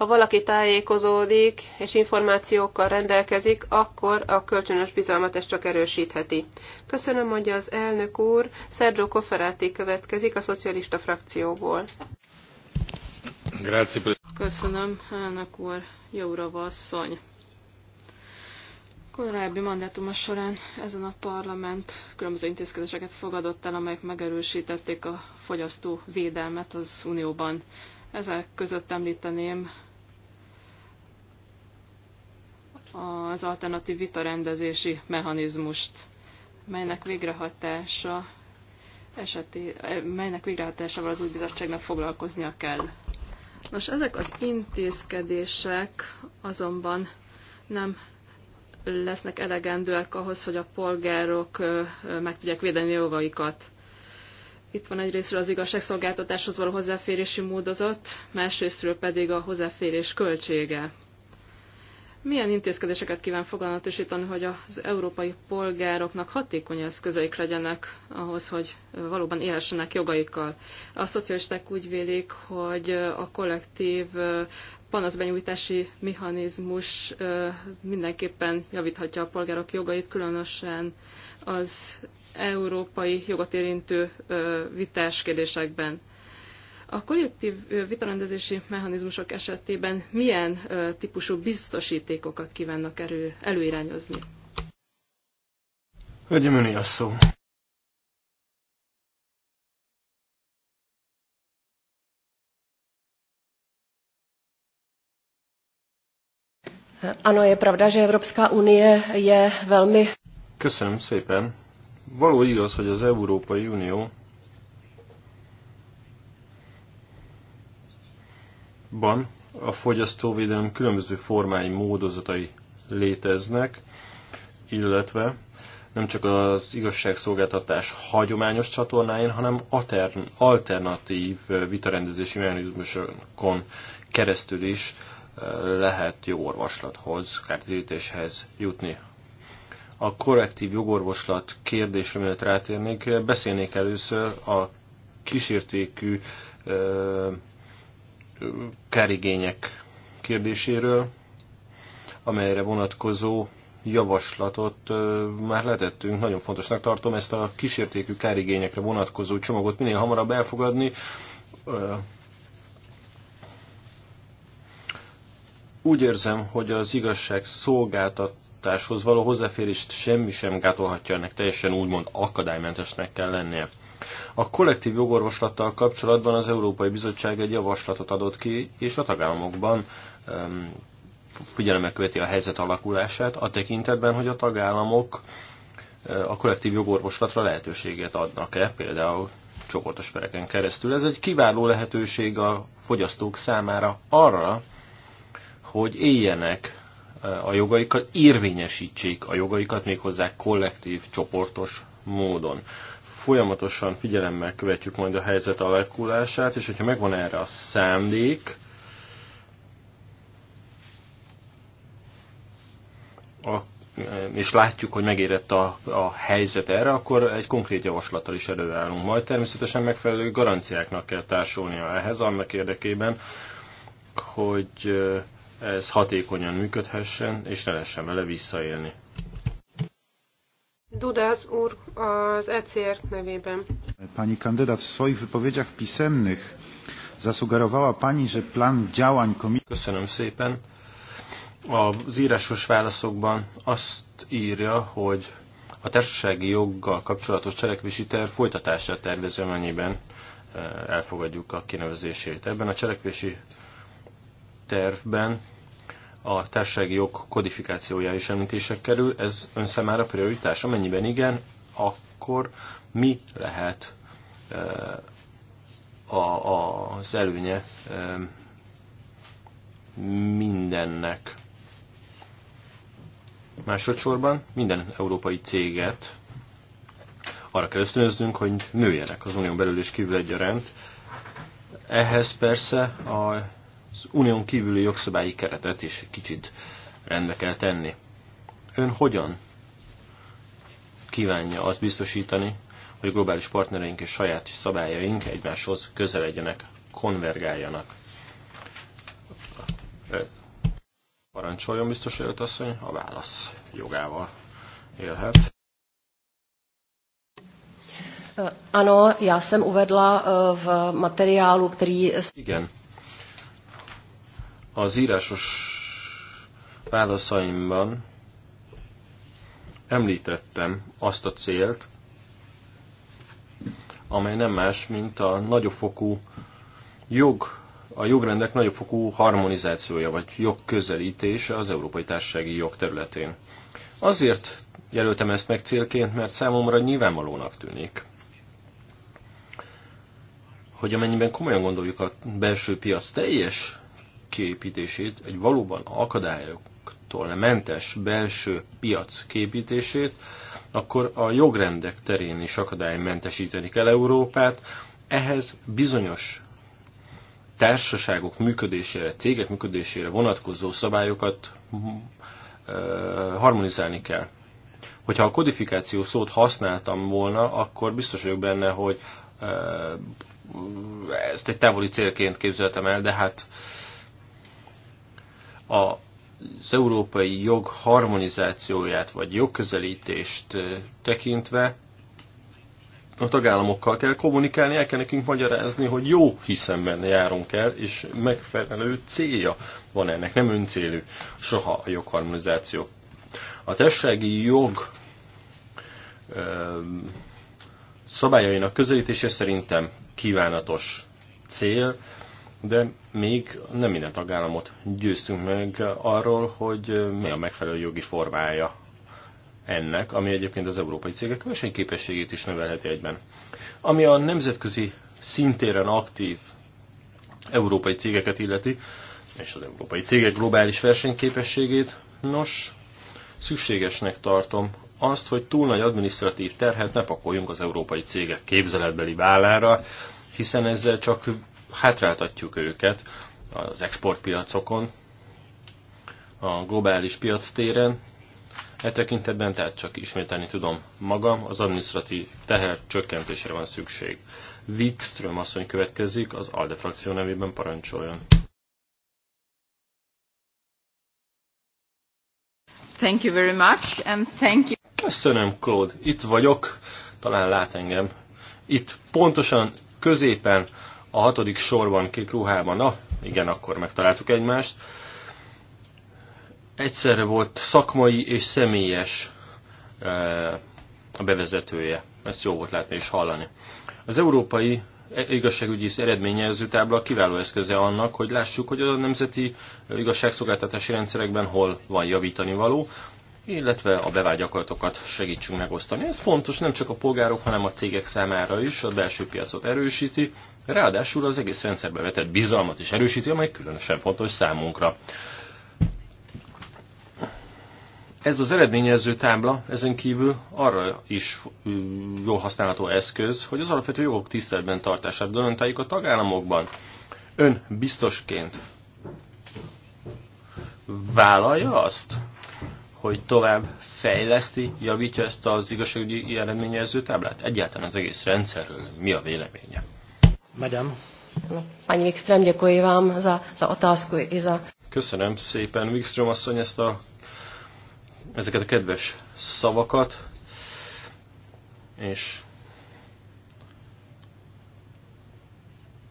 ha valaki tájékozódik és információkkal rendelkezik, akkor a kölcsönös bizalmat ez csak erősítheti. Köszönöm, mondja az elnök úr. Sergio Cofferati következik a szocialista frakcióból. Grazie. Köszönöm, elnök úr. Jóra asszony. Korábbi mandátuma során ezen a parlament különböző intézkedéseket fogadott el, amelyek megerősítették a fogyasztó védelmet az Unióban. Ezek között említeném az alternatív vitarendezési mechanizmust, melynek végrehatása eseti, eh, melynek végrehatásával az új bizottságnak foglalkoznia kell. Nos, ezek az intézkedések azonban nem lesznek elegendőek ahhoz, hogy a polgárok meg tudják védeni jogaikat. Itt van egyrésztről az igazságszolgáltatáshoz való hozzáférési módozat, másrésztről pedig a hozzáférés költsége. Milyen intézkedéseket kíván foglalatosítani, hogy az európai polgároknak hatékony eszközeik legyenek ahhoz, hogy valóban élhessenek jogaikkal? A szocialisták úgy vélik, hogy a kollektív panaszbenyújtási mechanizmus mindenképpen javíthatja a polgárok jogait, különösen az európai jogot érintő vitás kérdésekben. A kollektív vitarendezési mechanizmusok esetében milyen típusú biztosítékokat kívánnak erő, előirányozni? Hölgyem, öné a szó. Ano, je pravda, že Evropská unie je velmi... Köszönöm szépen. Való igaz, hogy az Európai Unió ban a fogyasztóvédelem különböző formái, módozatai léteznek, illetve nem csak az igazságszolgáltatás hagyományos csatornáin, hanem alternatív vitarendezési mechanizmusokon keresztül is eh, lehet jó orvoslathoz, kártérítéshez jutni. A korrektív jogorvoslat kérdésre, mielőtt rátérnék, eh, beszélnék először a kísértékű eh, kerigények kérdéséről, amelyre vonatkozó javaslatot már letettünk. Nagyon fontosnak tartom ezt a kísértékű kárigényekre vonatkozó csomagot minél hamarabb elfogadni. Úgy érzem, hogy az igazság szolgáltatáshoz való hozzáférést semmi sem gátolhatja ennek, teljesen úgymond akadálymentesnek kell lennie. A kollektív jogorvoslattal kapcsolatban az Európai Bizottság egy javaslatot adott ki, és a tagállamokban figyelembe követi a helyzet alakulását, a tekintetben, hogy a tagállamok e, a kollektív jogorvoslatra lehetőséget adnak-e, például csoportos pereken keresztül. Ez egy kiváló lehetőség a fogyasztók számára arra, hogy éljenek e, a jogaikat, érvényesítsék a jogaikat méghozzá kollektív, csoportos módon folyamatosan figyelemmel követjük majd a helyzet alakulását, és hogyha megvan erre a szándék, a, és látjuk, hogy megérett a, a helyzet erre, akkor egy konkrét javaslattal is előállunk. Majd természetesen megfelelő garanciáknak kell társulnia ehhez, annak érdekében, hogy ez hatékonyan működhessen, és ne lehessen vele visszaélni. Dudas úr az ECR nevében. Pani kandydat w swoich wypowiedziach pisemnych zasugerowała pani, że plan działań komisji... Köszönöm szépen. Az írásos válaszokban azt írja, hogy a társasági joggal kapcsolatos cselekvési terv folytatásra tervező, amennyiben eh, elfogadjuk a kinevezését. Ebben a cselekvési tervben a társasági jog kodifikációja is említések kerül. Ez ön számára prioritás? Amennyiben igen, akkor mi lehet eh, a, a, az előnye eh, mindennek? Másodszorban minden európai céget arra kell ösztönöznünk, hogy nőjenek az unión belül és kívül egyaránt. Ehhez persze a az unión kívüli jogszabályi keretet is kicsit rendbe kell tenni. Ön hogyan kívánja azt biztosítani, hogy globális partnereink és saját szabályaink egymáshoz legyenek, konvergáljanak? Parancsoljon biztos asszony, a válasz jogával élhet. Ano, já jsem uvedla v materiálu, který... Igen, az írásos válaszaimban említettem azt a célt, amely nem más, mint a nagyobb fokú jog, a jogrendek nagyobb fokú harmonizációja, vagy jogközelítése az európai társasági jog területén. Azért jelöltem ezt meg célként, mert számomra nyilvánvalónak tűnik, hogy amennyiben komolyan gondoljuk a belső piac teljes képítését, egy valóban akadályoktól mentes belső piac képítését, akkor a jogrendek terén is akadálymentesíteni kell Európát. Ehhez bizonyos társaságok működésére, cégek működésére vonatkozó szabályokat mm, harmonizálni kell. Hogyha a kodifikáció szót használtam volna, akkor biztos vagyok benne, hogy ezt egy távoli célként képzeltem el, de hát az európai jog harmonizációját vagy jogközelítést tekintve a tagállamokkal kell kommunikálni, el kell nekünk magyarázni, hogy jó hiszemben járunk el, és megfelelő célja van ennek, nem öncélű soha a jogharmonizáció. A társasági jog ö, szabályainak közelítése szerintem kívánatos cél, de még nem minden tagállamot győztünk meg arról, hogy mi a megfelelő jogi formája ennek, ami egyébként az európai cégek versenyképességét is növelheti egyben. Ami a nemzetközi szintéren aktív európai cégeket illeti, és az európai cégek globális versenyképességét, nos, szükségesnek tartom azt, hogy túl nagy adminisztratív terhet ne pakoljunk az európai cégek képzeletbeli vállára, hiszen ezzel csak hátráltatjuk őket az exportpiacokon, a globális piac téren. E tekintetben tehát csak ismételni tudom magam, az administratív teher csökkentésre van szükség. Wikström asszony következik, az ALDE frakció nevében parancsoljon. Thank you very much, and thank you. Köszönöm, Claude. Itt vagyok. Talán lát engem. Itt pontosan középen a hatodik sorban kék ruhában, na, igen, akkor megtaláltuk egymást. Egyszerre volt szakmai és személyes e, a bevezetője. Ezt jó volt látni és hallani. Az európai igazságügyi eredményező tábla kiváló eszköze annak, hogy lássuk, hogy a nemzeti igazságszolgáltatási rendszerekben hol van javítani való, illetve a bevált segítsünk megosztani. Ez fontos nem csak a polgárok, hanem a cégek számára is, a belső piacot erősíti, ráadásul az egész rendszerbe vetett bizalmat is erősíti, amely különösen fontos számunkra. Ez az eredményező tábla ezen kívül arra is jól használható eszköz, hogy az alapvető jogok tiszteletben tartását garantáljuk a tagállamokban. Ön biztosként vállalja azt, hogy tovább fejleszti, javítja ezt az igazságügyi eredményező táblát? Egyáltalán az egész rendszerről mi a véleménye? Megyem. Pani Wikström, gyakorlja vám az a otázku és a. Köszönöm szépen, Wikström asszony, ezt a, ezeket a kedves szavakat, és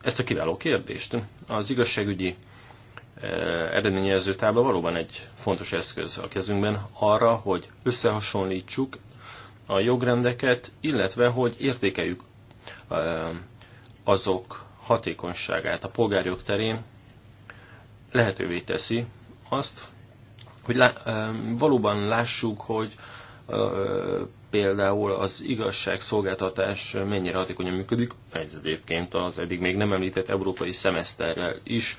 ezt a kiváló kérdést. Az igazságügyi Eh, eredményező tábla valóban egy fontos eszköz a kezünkben arra, hogy összehasonlítsuk a jogrendeket, illetve hogy értékeljük eh, azok hatékonyságát a polgárjog terén lehetővé teszi azt, hogy lá, eh, valóban lássuk, hogy például az igazságszolgáltatás mennyire hatékonyan működik, ez egyébként az eddig még nem említett európai szemeszterrel is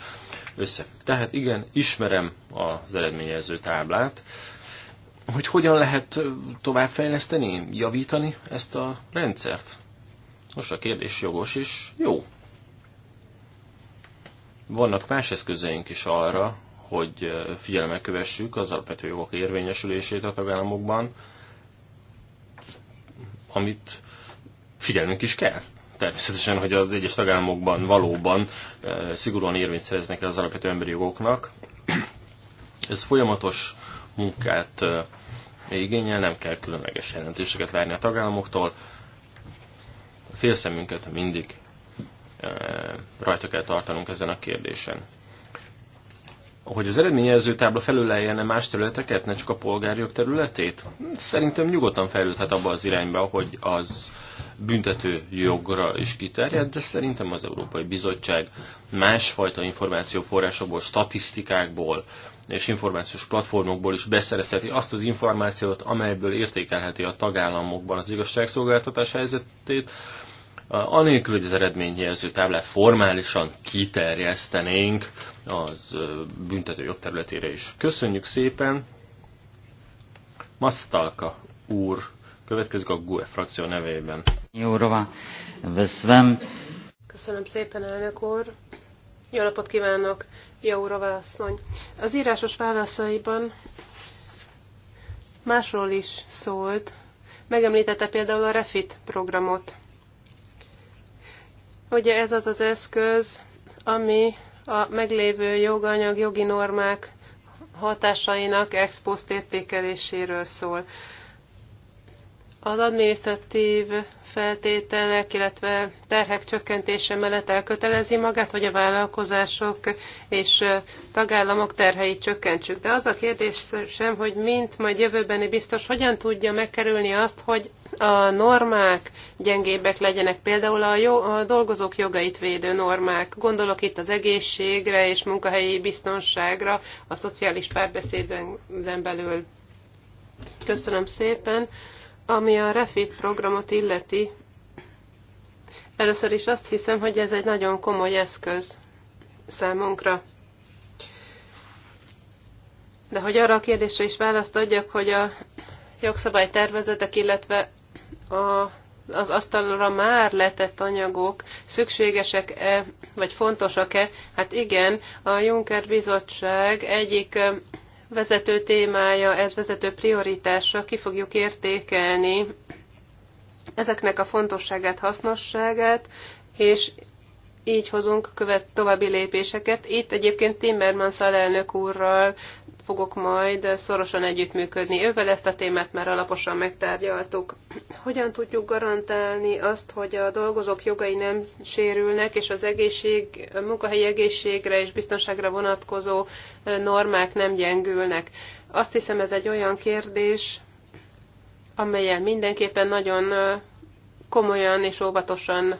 összefügg. Tehát igen, ismerem az eredményező táblát, hogy hogyan lehet továbbfejleszteni, javítani ezt a rendszert. Most a kérdés jogos és jó. Vannak más eszközeink is arra, hogy figyelemmel kövessük az alapvető jogok érvényesülését a tagállamokban, amit figyelnünk is kell. Természetesen, hogy az egyes tagállamokban valóban eh, szigorúan érvényt szereznek el az alapvető emberi jogoknak. Ez folyamatos munkát eh, igényel, nem kell különleges jelentéseket várni a tagállamoktól. Félszemünket mindig eh, rajta kell tartanunk ezen a kérdésen hogy az eredményező tábla felüleljen-e más területeket, ne csak a polgárjog területét? Szerintem nyugodtan fejlődhet abba az irányba, hogy az büntető jogra is kiterjed, de szerintem az Európai Bizottság másfajta információforrásokból, statisztikákból és információs platformokból is beszerezheti azt az információt, amelyből értékelheti a tagállamokban az igazságszolgáltatás helyzetét, Anélkül, hogy az eredményjelző táblát formálisan kiterjesztenénk az büntető jogterületére is. Köszönjük szépen! Masztalka úr következik a GUE frakció nevében. Jóra veszem. Köszönöm szépen, elnök úr! Jó napot kívánok, Jóra asszony! Az írásos válaszaiban másról is szólt. Megemlítette például a Refit programot. Ugye ez az az eszköz, ami a meglévő joganyag, jogi normák hatásainak exposzt értékeléséről szól. Az adminisztratív feltételek, illetve terhek csökkentése mellett elkötelezi magát, hogy a vállalkozások és tagállamok terheit csökkentsük. De az a kérdés sem, hogy mint majd jövőbeni biztos hogyan tudja megkerülni azt, hogy a normák gyengébbek legyenek, például a, jó, a dolgozók jogait védő normák. Gondolok itt az egészségre és munkahelyi biztonságra, a szociális párbeszédben belül. Köszönöm szépen. Ami a Refit programot illeti, először is azt hiszem, hogy ez egy nagyon komoly eszköz számunkra. De hogy arra a kérdésre is választ adjak, hogy a jogszabálytervezetek, illetve a, az asztalra már letett anyagok szükségesek-e, vagy fontosak-e? Hát igen, a Juncker Bizottság egyik vezető témája, ez vezető prioritása, ki fogjuk értékelni ezeknek a fontosságát, hasznosságát, és így hozunk követ további lépéseket. Itt egyébként Timmermans alelnök úrral fogok majd szorosan együttműködni. Ővel ezt a témát már alaposan megtárgyaltuk. Hogyan tudjuk garantálni azt, hogy a dolgozók jogai nem sérülnek, és az egészség, a munkahelyi egészségre és biztonságra vonatkozó normák nem gyengülnek? Azt hiszem ez egy olyan kérdés, amelyel mindenképpen nagyon komolyan és óvatosan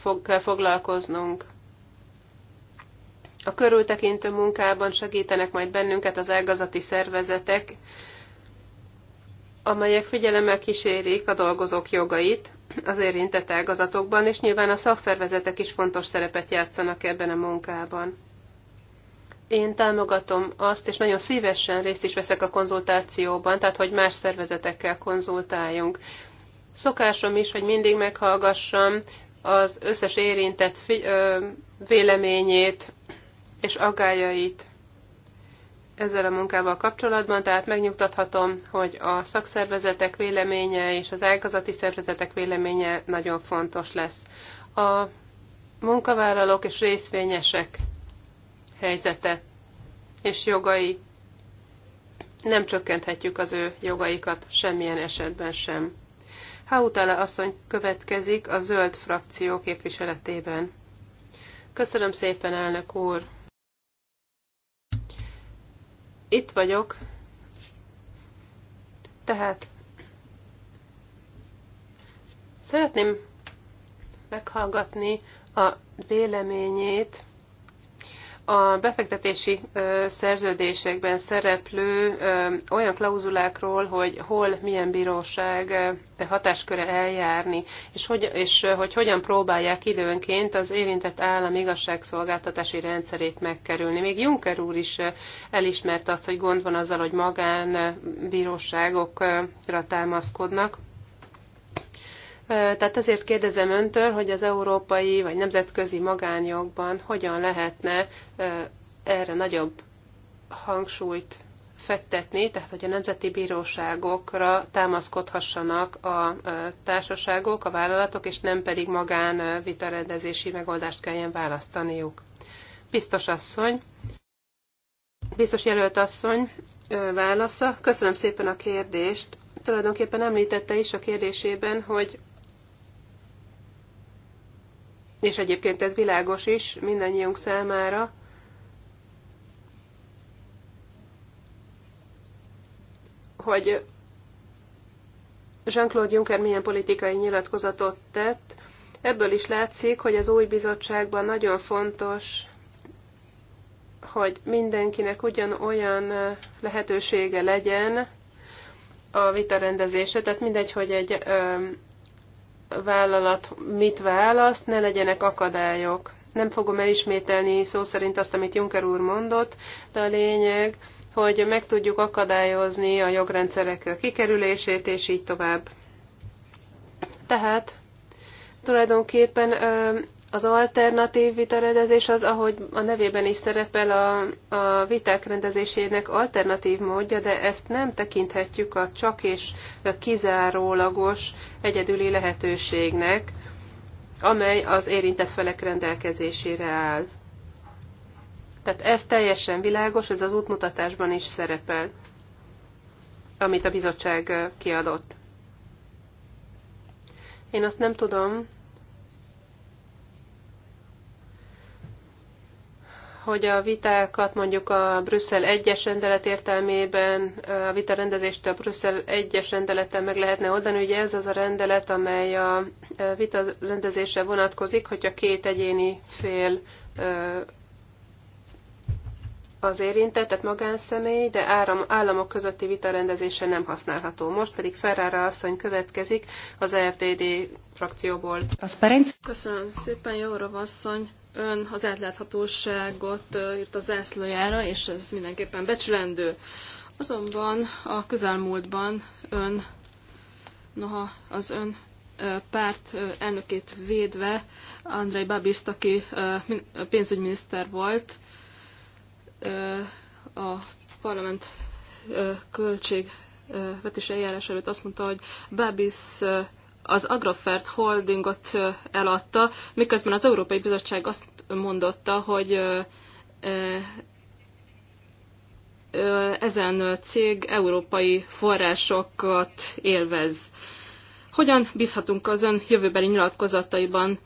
fog, kell foglalkoznunk. A körültekintő munkában segítenek majd bennünket az ágazati szervezetek, amelyek figyelemmel kísérik a dolgozók jogait az érintett ágazatokban, és nyilván a szakszervezetek is fontos szerepet játszanak ebben a munkában. Én támogatom azt, és nagyon szívesen részt is veszek a konzultációban, tehát hogy más szervezetekkel konzultáljunk. Szokásom is, hogy mindig meghallgassam az összes érintett véleményét, és aggájait ezzel a munkával kapcsolatban, tehát megnyugtathatom, hogy a szakszervezetek véleménye és az ágazati szervezetek véleménye nagyon fontos lesz. A munkavállalók és részvényesek helyzete és jogai nem csökkenthetjük az ő jogaikat semmilyen esetben sem. Hautala asszony következik a zöld frakció képviseletében. Köszönöm szépen, elnök úr! Itt vagyok. Tehát szeretném meghallgatni a véleményét a befektetési szerződésekben szereplő olyan klauzulákról, hogy hol milyen bíróság hatásköre eljárni, és hogy, és hogy hogyan próbálják időnként az érintett állam igazságszolgáltatási rendszerét megkerülni. Még Juncker úr is elismerte azt, hogy gond van azzal, hogy magánbíróságokra támaszkodnak tehát ezért kérdezem öntől, hogy az európai vagy nemzetközi magánjogban hogyan lehetne erre nagyobb hangsúlyt fektetni, tehát hogy a nemzeti bíróságokra támaszkodhassanak a társaságok, a vállalatok, és nem pedig magán vitarendezési megoldást kelljen választaniuk. Biztos asszony, biztos jelölt asszony válasza. Köszönöm szépen a kérdést. Tulajdonképpen említette is a kérdésében, hogy és egyébként ez világos is mindannyiunk számára, hogy Jean-Claude Juncker milyen politikai nyilatkozatot tett. Ebből is látszik, hogy az új bizottságban nagyon fontos, hogy mindenkinek ugyanolyan lehetősége legyen a vitarendezése, tehát mindegy, hogy egy vállalat mit választ, ne legyenek akadályok. Nem fogom elismételni szó szerint azt, amit Juncker úr mondott, de a lényeg, hogy meg tudjuk akadályozni a jogrendszerek kikerülését, és így tovább. Tehát tulajdonképpen az alternatív vitarendezés az, ahogy a nevében is szerepel, a, a viták rendezésének alternatív módja, de ezt nem tekinthetjük a csak és a kizárólagos egyedüli lehetőségnek, amely az érintett felek rendelkezésére áll. Tehát ez teljesen világos, ez az útmutatásban is szerepel, amit a bizottság kiadott. Én azt nem tudom, hogy a vitákat mondjuk a Brüsszel egyes rendelet értelmében, a vitarendezést a Brüsszel egyes rendelettel meg lehetne oldani. Ugye ez az a rendelet, amely a vita rendezése vonatkozik, hogyha két egyéni fél az érintett, tehát magánszemély, de áram, államok közötti vitarendezése nem használható. Most pedig Ferrara asszony következik az EFDD frakcióból. Köszönöm szépen, Jóra asszony! ön az átláthatóságot írt a zászlójára, és ez mindenképpen becsülendő. Azonban a közelmúltban ön, noha az ön párt elnökét védve, Andrei Babiszt, aki pénzügyminiszter volt, a parlament költségvetés eljárás előtt azt mondta, hogy Babis az Agrofert holdingot eladta, miközben az Európai Bizottság azt mondotta, hogy ezen cég európai forrásokat élvez. Hogyan bízhatunk az ön jövőbeli nyilatkozataiban,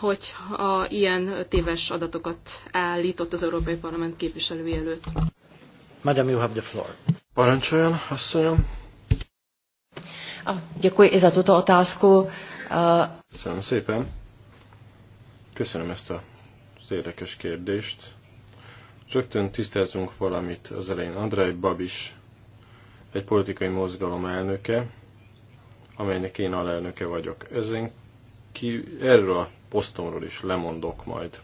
hogy a ilyen téves adatokat állított az Európai Parlament képviselői előtt? Madame, you have the floor. Parancsoljon, asszonyom. A, děkuji i za tuto otázku. Köszönöm szépen. Köszönöm ezt a, az érdekes kérdést. Rögtön tisztázunk valamit az elején. Andrei Babis egy politikai mozgalom elnöke, amelynek én alelnöke vagyok. Ezen ki, erről a posztomról is lemondok majd.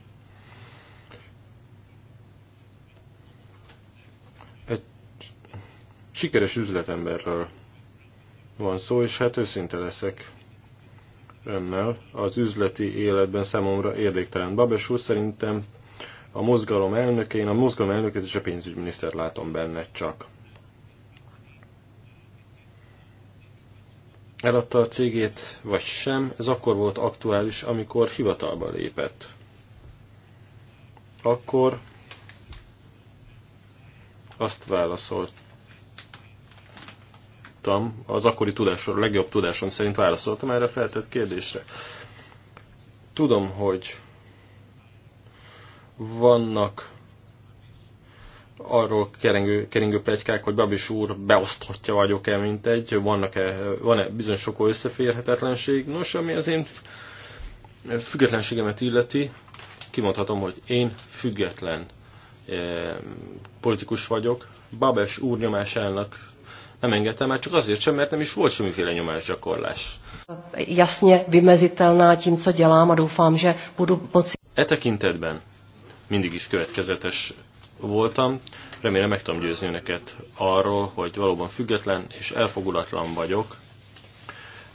Egy sikeres üzletemberről van szó, és hát őszinte leszek önnel. Az üzleti életben számomra érdéktelen. Babes úr szerintem a mozgalom elnöke, én a mozgalom elnöket és a pénzügyminisztert látom benne csak. Eladta a cégét, vagy sem, ez akkor volt aktuális, amikor hivatalba lépett. Akkor azt válaszolt tudtam, az akkori a legjobb tudásom szerint válaszoltam erre a feltett kérdésre. Tudom, hogy vannak arról keringő, keringő plegykák, hogy Babis úr beoszthatja vagyok-e, mint egy, vannak-e, van-e bizonyos sok összeférhetetlenség. Nos, ami az én függetlenségemet illeti, kimondhatom, hogy én független eh, politikus vagyok. Babes úr nyomásának nem engedte már csak azért sem, mert nem is volt semmiféle nyomásgyakorlás. Jasně vymezitelná tím, co dělám a doufám, že budu moci... E tekintetben mindig is következetes voltam. Remélem meg tudom győzni önöket arról, hogy valóban független és elfogulatlan vagyok,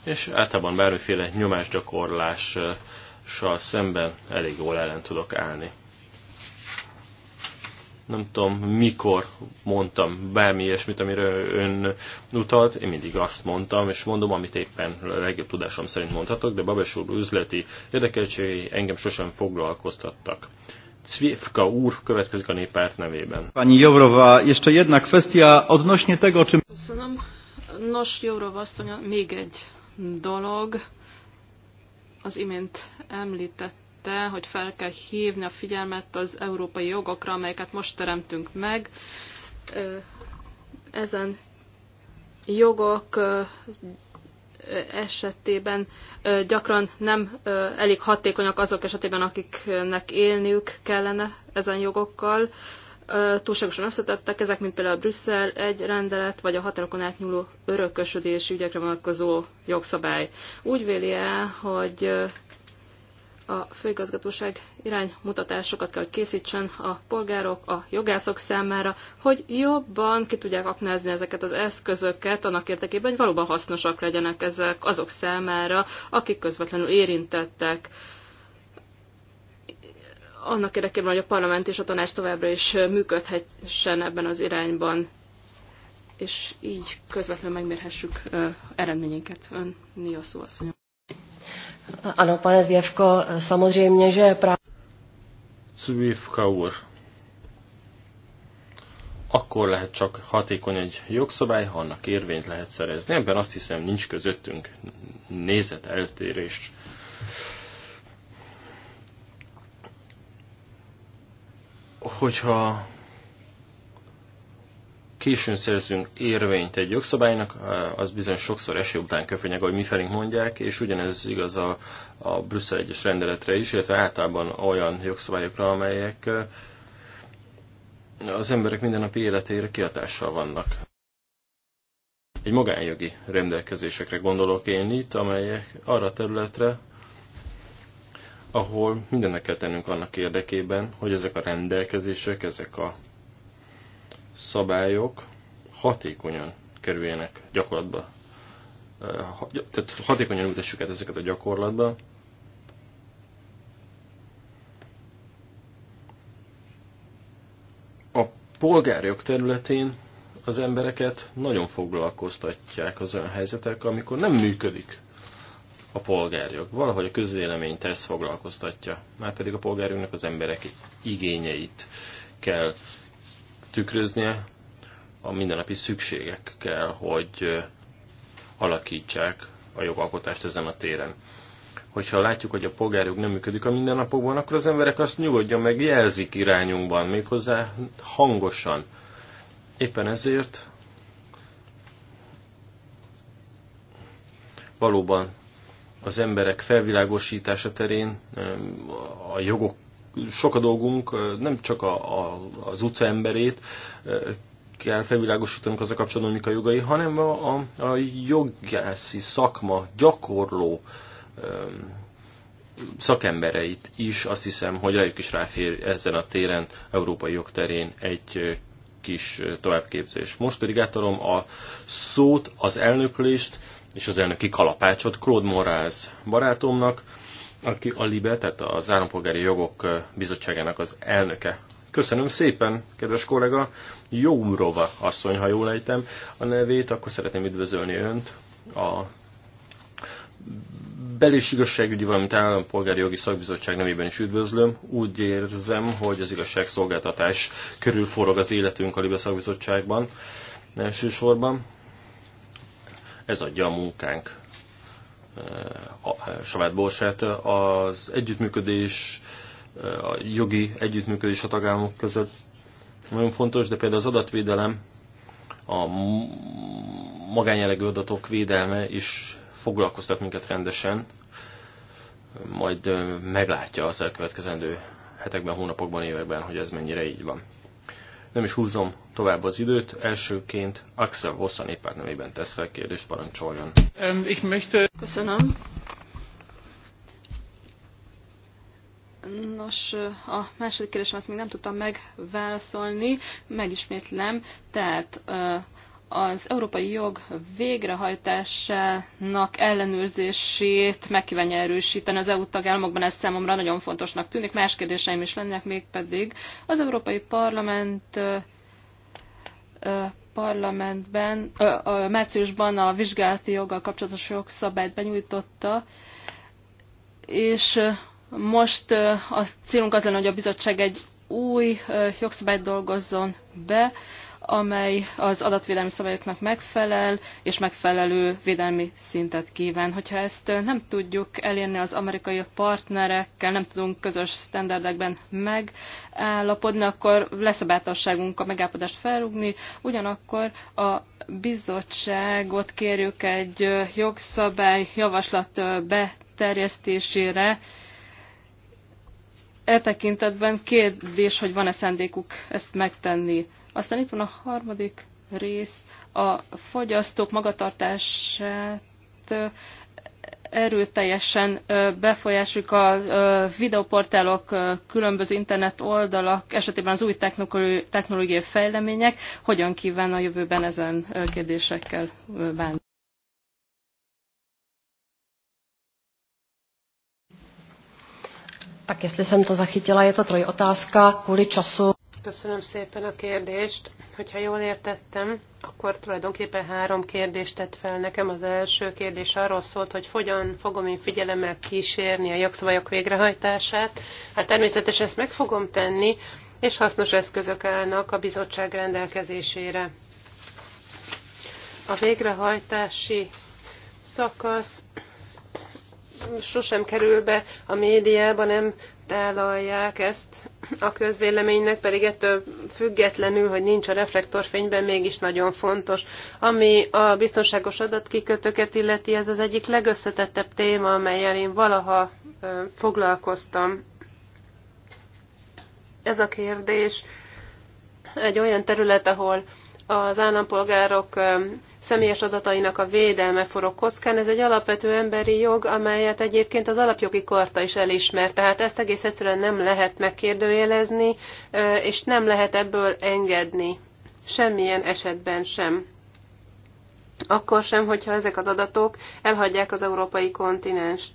és általában bármiféle nyomásgyakorlással szemben elég jól ellen tudok állni nem tudom mikor mondtam bármi ilyesmit, amire ön utalt, én mindig azt mondtam, és mondom, amit éppen a legjobb tudásom szerint mondhatok, de Babes úr üzleti érdekeltségei engem sosem foglalkoztattak. Cwifka úr következik a néppárt nevében. Pani és jeszcze jedna kwestia odnośnie tego, o czym... Köszönöm. Nos, Jovrova, még egy dolog. Az imént említett említette, hogy fel kell hívni a figyelmet az európai jogokra, amelyeket most teremtünk meg. Ezen jogok esetében gyakran nem elég hatékonyak azok esetében, akiknek élniük kellene ezen jogokkal. Túlságosan összetettek ezek, mint például a Brüsszel egy rendelet, vagy a határokon átnyúló örökösödési ügyekre vonatkozó jogszabály. Úgy véli -e, hogy a főigazgatóság iránymutatásokat kell, hogy készítsen a polgárok, a jogászok számára, hogy jobban ki tudják aknázni ezeket az eszközöket annak érdekében, hogy valóban hasznosak legyenek ezek azok számára, akik közvetlenül érintettek annak érdekében, hogy a parlament és a tanács továbbra is működhessen ebben az irányban, és így közvetlenül megmérhessük eredményeinket. Ön, mi a szó, asszonyom? Ano, pane Zvěvko, samozřejmě, že právě... Zvěvka úr. Akkor lehet csak hatékony egy jogszabály, ha annak érvényt lehet szerezni. Ebben azt hiszem nincs közöttünk nézeteltérés. Hogyha későn szerzünk érvényt egy jogszabálynak, az bizony sokszor eső után köpönyeg, ahogy mifelénk mondják, és ugyanez igaz a, a Brüsszel egyes rendeletre is, illetve általában olyan jogszabályokra, amelyek az emberek mindennapi életére kihatással vannak. Egy magánjogi rendelkezésekre gondolok én itt, amelyek arra a területre, ahol mindennek kell tennünk annak érdekében, hogy ezek a rendelkezések, ezek a szabályok hatékonyan kerüljenek gyakorlatba. Tehát hatékonyan ültessük át ezeket a gyakorlatba. A polgárjog területén az embereket nagyon foglalkoztatják az olyan helyzetek, amikor nem működik a polgárjog. Valahogy a közvélemény ezt foglalkoztatja. Már pedig a polgárjognak az emberek igényeit kell tükröznie, a mindennapi szükségek kell, hogy alakítsák a jogalkotást ezen a téren. Hogyha látjuk, hogy a polgárjog nem működik a mindennapokban, akkor az emberek azt nyugodjan meg, jelzik irányunkban, méghozzá hangosan. Éppen ezért valóban az emberek felvilágosítása terén, a jogok sok a dolgunk, nem csak a, a, az utca emberét kell felvilágosítanunk a kapcsolatban, mik a jogai, hanem a, a, a jogászi szakma gyakorló öm, szakembereit is azt hiszem, hogy rájuk is ráfér ezen a téren, európai jogterén egy kis továbbképzés. Most pedig átadom a szót, az elnöklést és az elnöki kalapácsot Claude Morales barátomnak, aki a LIBE, tehát az Állampolgári Jogok Bizottságának az elnöke. Köszönöm szépen, kedves kollega. Jóurova asszony, ha jól ejtem a nevét, akkor szeretném üdvözölni önt a belés igazságügyi, valamint állampolgári jogi szakbizottság nevében is üdvözlöm. Úgy érzem, hogy az igazságszolgáltatás körül forog az életünk a Libe szakbizottságban elsősorban. Ez adja a munkánk Savát Borsát, az együttműködés, a jogi együttműködés a tagállamok között nagyon fontos, de például az adatvédelem, a magányelegű adatok védelme is foglalkoztat minket rendesen, majd meglátja az elkövetkezendő hetekben, hónapokban, években, hogy ez mennyire így van. Nem is húzom tovább az időt. Elsőként Axel Vossa néppárt nevében tesz fel kérdést, parancsoljon. Ich möchte... Köszönöm. Nos, a második kérdésemet még nem tudtam megválaszolni, megismétlem. Tehát az európai jog végrehajtásának ellenőrzését kívánja erősíteni az EU tagállamokban, ez számomra nagyon fontosnak tűnik. Más kérdéseim is lennének, mégpedig az Európai Parlament parlamentben márciusban a vizsgálati joggal kapcsolatos jogszabályt benyújtotta, és most a célunk az lenne, hogy a bizottság egy új jogszabályt dolgozzon be, amely az adatvédelmi szabályoknak megfelel, és megfelelő védelmi szintet kíván. Hogyha ezt nem tudjuk elérni az amerikai partnerekkel, nem tudunk közös standardekben megállapodni, akkor lesz a bátorságunk a megállapodást felrúgni, ugyanakkor a bizottságot kérjük egy jogszabály javaslat beterjesztésére, E tekintetben kérdés, hogy van-e szándékuk ezt megtenni. Aztán itt van a harmadik rész, a fogyasztók magatartását erőteljesen befolyásoljuk a videoportálok, különböző internet oldalak esetében az új technológiai fejlemények. Hogyan kíván a jövőben ezen kérdésekkel bánni? Tak jestli jsem to zachytila, je to troj otázka kvůli času. Köszönöm szépen a kérdést. Hogyha jól értettem, akkor tulajdonképpen három kérdést tett fel nekem. Az első kérdés arról szólt, hogy hogyan fogom én figyelemmel kísérni a jogszabályok végrehajtását. Hát természetesen ezt meg fogom tenni, és hasznos eszközök állnak a bizottság rendelkezésére. A végrehajtási szakasz sosem kerül be a médiába, nem tálalják ezt a közvéleménynek, pedig ettől függetlenül, hogy nincs a reflektorfényben, mégis nagyon fontos. Ami a biztonságos adatkikötőket illeti, ez az egyik legösszetettebb téma, amelyel én valaha foglalkoztam. Ez a kérdés egy olyan terület, ahol az állampolgárok személyes adatainak a védelme forog kockán. Ez egy alapvető emberi jog, amelyet egyébként az alapjogi karta is elismer. Tehát ezt egész egyszerűen nem lehet megkérdőjelezni, és nem lehet ebből engedni. Semmilyen esetben sem. Akkor sem, hogyha ezek az adatok elhagyják az európai kontinenst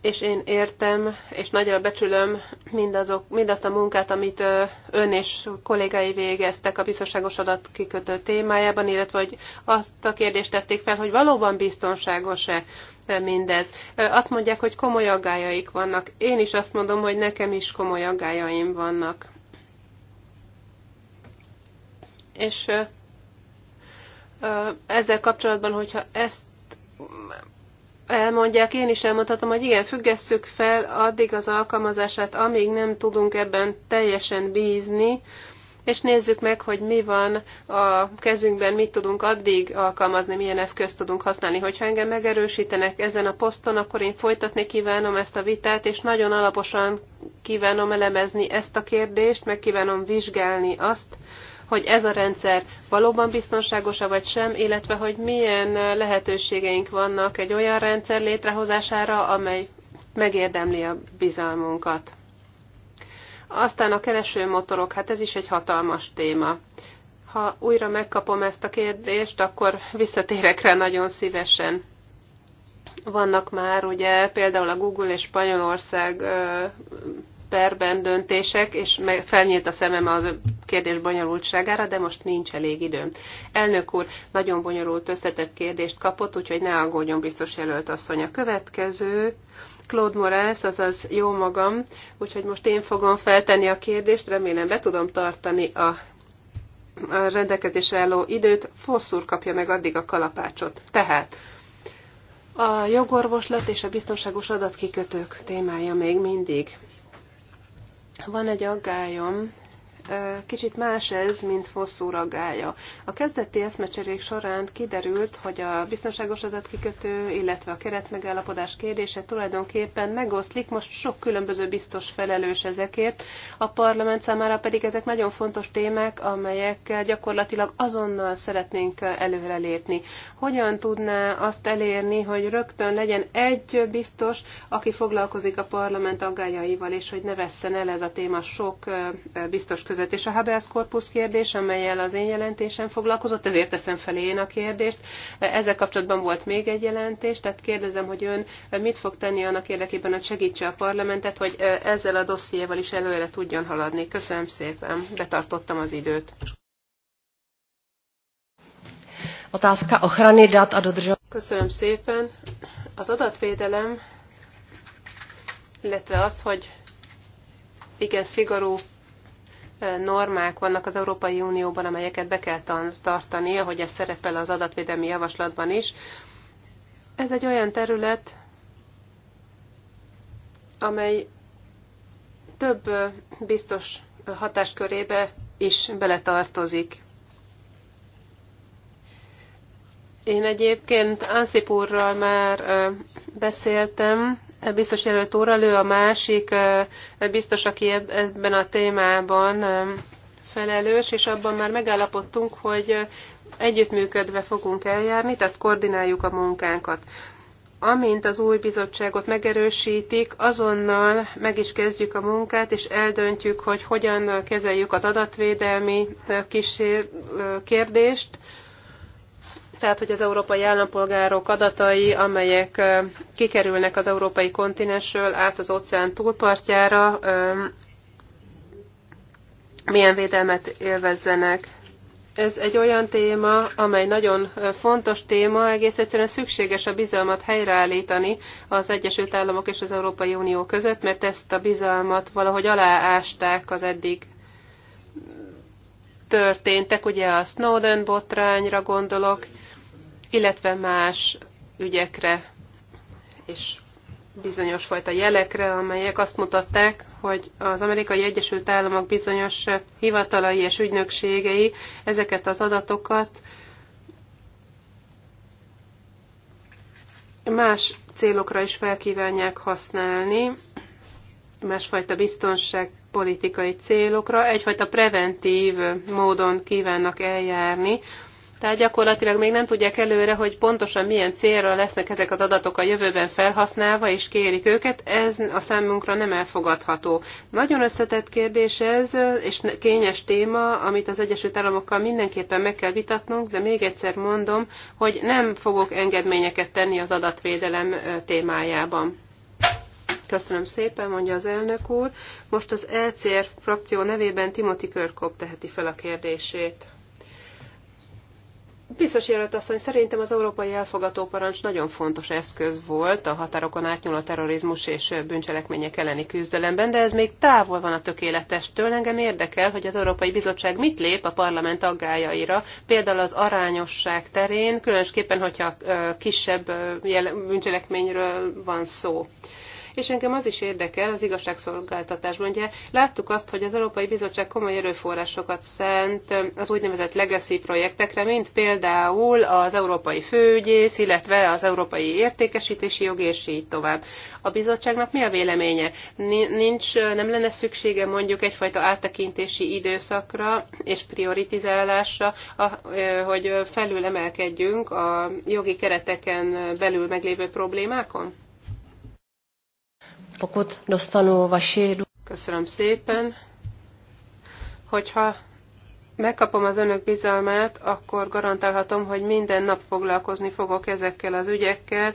és én értem, és nagyra becsülöm mindazok, mindazt a munkát, amit ön és kollégái végeztek a biztonságos adatkikötő témájában, illetve hogy azt a kérdést tették fel, hogy valóban biztonságos-e mindez. Azt mondják, hogy komoly aggájaik vannak. Én is azt mondom, hogy nekem is komoly aggájaim vannak. És ezzel kapcsolatban, hogyha ezt elmondják, én is elmondhatom, hogy igen, függesszük fel addig az alkalmazását, amíg nem tudunk ebben teljesen bízni, és nézzük meg, hogy mi van a kezünkben, mit tudunk addig alkalmazni, milyen eszközt tudunk használni. Hogyha engem megerősítenek ezen a poszton, akkor én folytatni kívánom ezt a vitát, és nagyon alaposan kívánom elemezni ezt a kérdést, meg kívánom vizsgálni azt, hogy ez a rendszer valóban biztonságos-e vagy sem, illetve hogy milyen lehetőségeink vannak egy olyan rendszer létrehozására, amely megérdemli a bizalmunkat. Aztán a keresőmotorok, hát ez is egy hatalmas téma. Ha újra megkapom ezt a kérdést, akkor visszatérek rá nagyon szívesen. Vannak már ugye például a Google és Spanyolország perben döntések, és felnyílt a szemem az kérdés bonyolultságára, de most nincs elég időm. Elnök úr, nagyon bonyolult összetett kérdést kapott, úgyhogy ne aggódjon biztos jelölt asszony. A következő Claude Morales, azaz jó magam, úgyhogy most én fogom feltenni a kérdést, remélem be tudom tartani a a rendelkezésre álló időt, Fosszúr kapja meg addig a kalapácsot. Tehát a jogorvoslat és a biztonságos adatkikötők témája még mindig. Van egy aggályom Kicsit más ez, mint hosszú ragája. A kezdeti eszmecserék során kiderült, hogy a biztonságos adatkikötő, illetve a keretmegállapodás kérdése tulajdonképpen megoszlik, most sok különböző biztos felelős ezekért, a parlament számára pedig ezek nagyon fontos témák, amelyek gyakorlatilag azonnal szeretnénk előrelépni. Hogyan tudná azt elérni, hogy rögtön legyen egy biztos, aki foglalkozik a parlament aggájaival, és hogy ne vesszen el ez a téma sok biztos között. És a habeas corpus kérdés, amelyel az én jelentésem foglalkozott, ezért teszem felé én a kérdést. Ezzel kapcsolatban volt még egy jelentés, tehát kérdezem, hogy ön mit fog tenni annak érdekében, hogy segítse a parlamentet, hogy ezzel a dossziéval is előre tudjon haladni. Köszönöm szépen, betartottam az időt. Otázka ochrany dat a dodržování. Köszönöm szépen. Az adatvédelem, illetve az, hogy igen szigorú normák vannak az Európai Unióban, amelyeket be kell tartani, ahogy ez szerepel az adatvédelmi javaslatban is. Ez egy olyan terület, amely több biztos hatáskörébe is beletartozik. Én egyébként Ansip úrral már beszéltem, biztos jelölt úrral, ő a másik biztos, aki ebben a témában felelős, és abban már megállapodtunk, hogy együttműködve fogunk eljárni, tehát koordináljuk a munkánkat. Amint az új bizottságot megerősítik, azonnal meg is kezdjük a munkát, és eldöntjük, hogy hogyan kezeljük az adatvédelmi kísér kérdést, tehát hogy az európai állampolgárok adatai, amelyek kikerülnek az európai kontinensről át az óceán túlpartjára, milyen védelmet élvezzenek. Ez egy olyan téma, amely nagyon fontos téma, egész egyszerűen szükséges a bizalmat helyreállítani az Egyesült Államok és az Európai Unió között, mert ezt a bizalmat valahogy aláásták az eddig történtek, ugye a Snowden botrányra gondolok, illetve más ügyekre és bizonyos fajta jelekre, amelyek azt mutatták, hogy az amerikai Egyesült Államok bizonyos hivatalai és ügynökségei ezeket az adatokat más célokra is felkívánják használni, másfajta biztonságpolitikai célokra, egyfajta preventív módon kívánnak eljárni tehát gyakorlatilag még nem tudják előre, hogy pontosan milyen célra lesznek ezek az adatok a jövőben felhasználva, és kérik őket. Ez a számunkra nem elfogadható. Nagyon összetett kérdés ez, és kényes téma, amit az Egyesült Államokkal mindenképpen meg kell vitatnunk, de még egyszer mondom, hogy nem fogok engedményeket tenni az adatvédelem témájában. Köszönöm szépen, mondja az elnök úr. Most az ECR frakció nevében Timothy Körkop teheti fel a kérdését. Biztos jelölt asszony, szerintem az európai elfogató parancs nagyon fontos eszköz volt a határokon átnyúló terrorizmus és bűncselekmények elleni küzdelemben, de ez még távol van a tökéletestől. Engem érdekel, hogy az Európai Bizottság mit lép a parlament aggájaira, például az arányosság terén, különösképpen, hogyha kisebb bűncselekményről van szó és engem az is érdekel az igazságszolgáltatásban. Ugye láttuk azt, hogy az Európai Bizottság komoly erőforrásokat szent az úgynevezett legacy projektekre, mint például az Európai Főügyész, illetve az Európai Értékesítési Jog, és így tovább. A bizottságnak mi a véleménye? Nincs, nem lenne szüksége mondjuk egyfajta áttekintési időszakra és prioritizálásra, hogy felülemelkedjünk a jogi kereteken belül meglévő problémákon? pokud dostanu vaši... Köszönöm szépen. Hogyha megkapom az önök bizalmát, akkor garantálhatom, hogy minden nap foglalkozni fogok ezekkel az ügyekkel,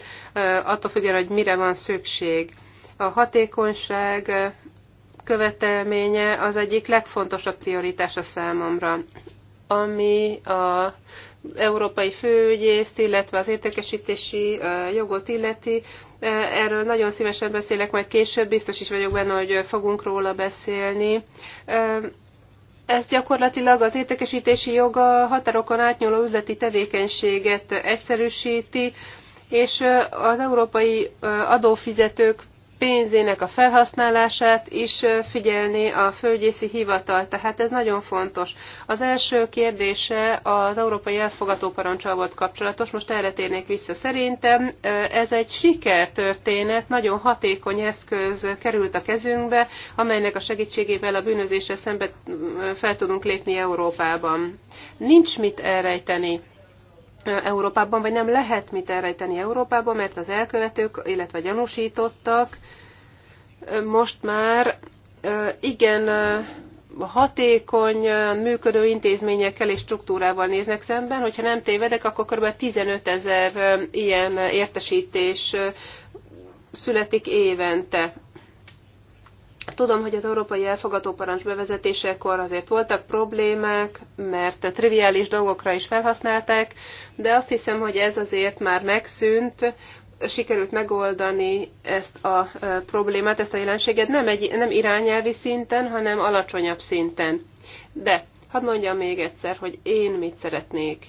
attól függően, hogy mire van szükség. A hatékonyság követelménye az egyik legfontosabb prioritása számomra, ami a európai főügyészt, illetve az értékesítési jogot illeti, Erről nagyon szívesen beszélek majd később, biztos is vagyok benne, hogy fogunk róla beszélni. Ez gyakorlatilag az értékesítési joga határokon átnyúló üzleti tevékenységet egyszerűsíti, és az európai adófizetők pénzének a felhasználását is figyelni a földgyészi hivatal. Tehát ez nagyon fontos. Az első kérdése az európai elfogató parancsal volt kapcsolatos, most erre térnék vissza. Szerintem ez egy sikertörténet, nagyon hatékony eszköz került a kezünkbe, amelynek a segítségével a bűnözéssel szemben fel tudunk lépni Európában. Nincs mit elrejteni Európában, vagy nem lehet mit elrejteni Európában, mert az elkövetők, illetve gyanúsítottak most már igen hatékony működő intézményekkel és struktúrával néznek szemben. Hogyha nem tévedek, akkor kb. 15 ezer ilyen értesítés születik évente. Tudom, hogy az európai elfogató parancs bevezetésekor azért voltak problémák, mert triviális dolgokra is felhasználták, de azt hiszem, hogy ez azért már megszűnt, sikerült megoldani ezt a e, problémát, ezt a jelenséget nem, egy, nem irányelvi szinten, hanem alacsonyabb szinten. De hadd mondjam még egyszer, hogy én mit szeretnék.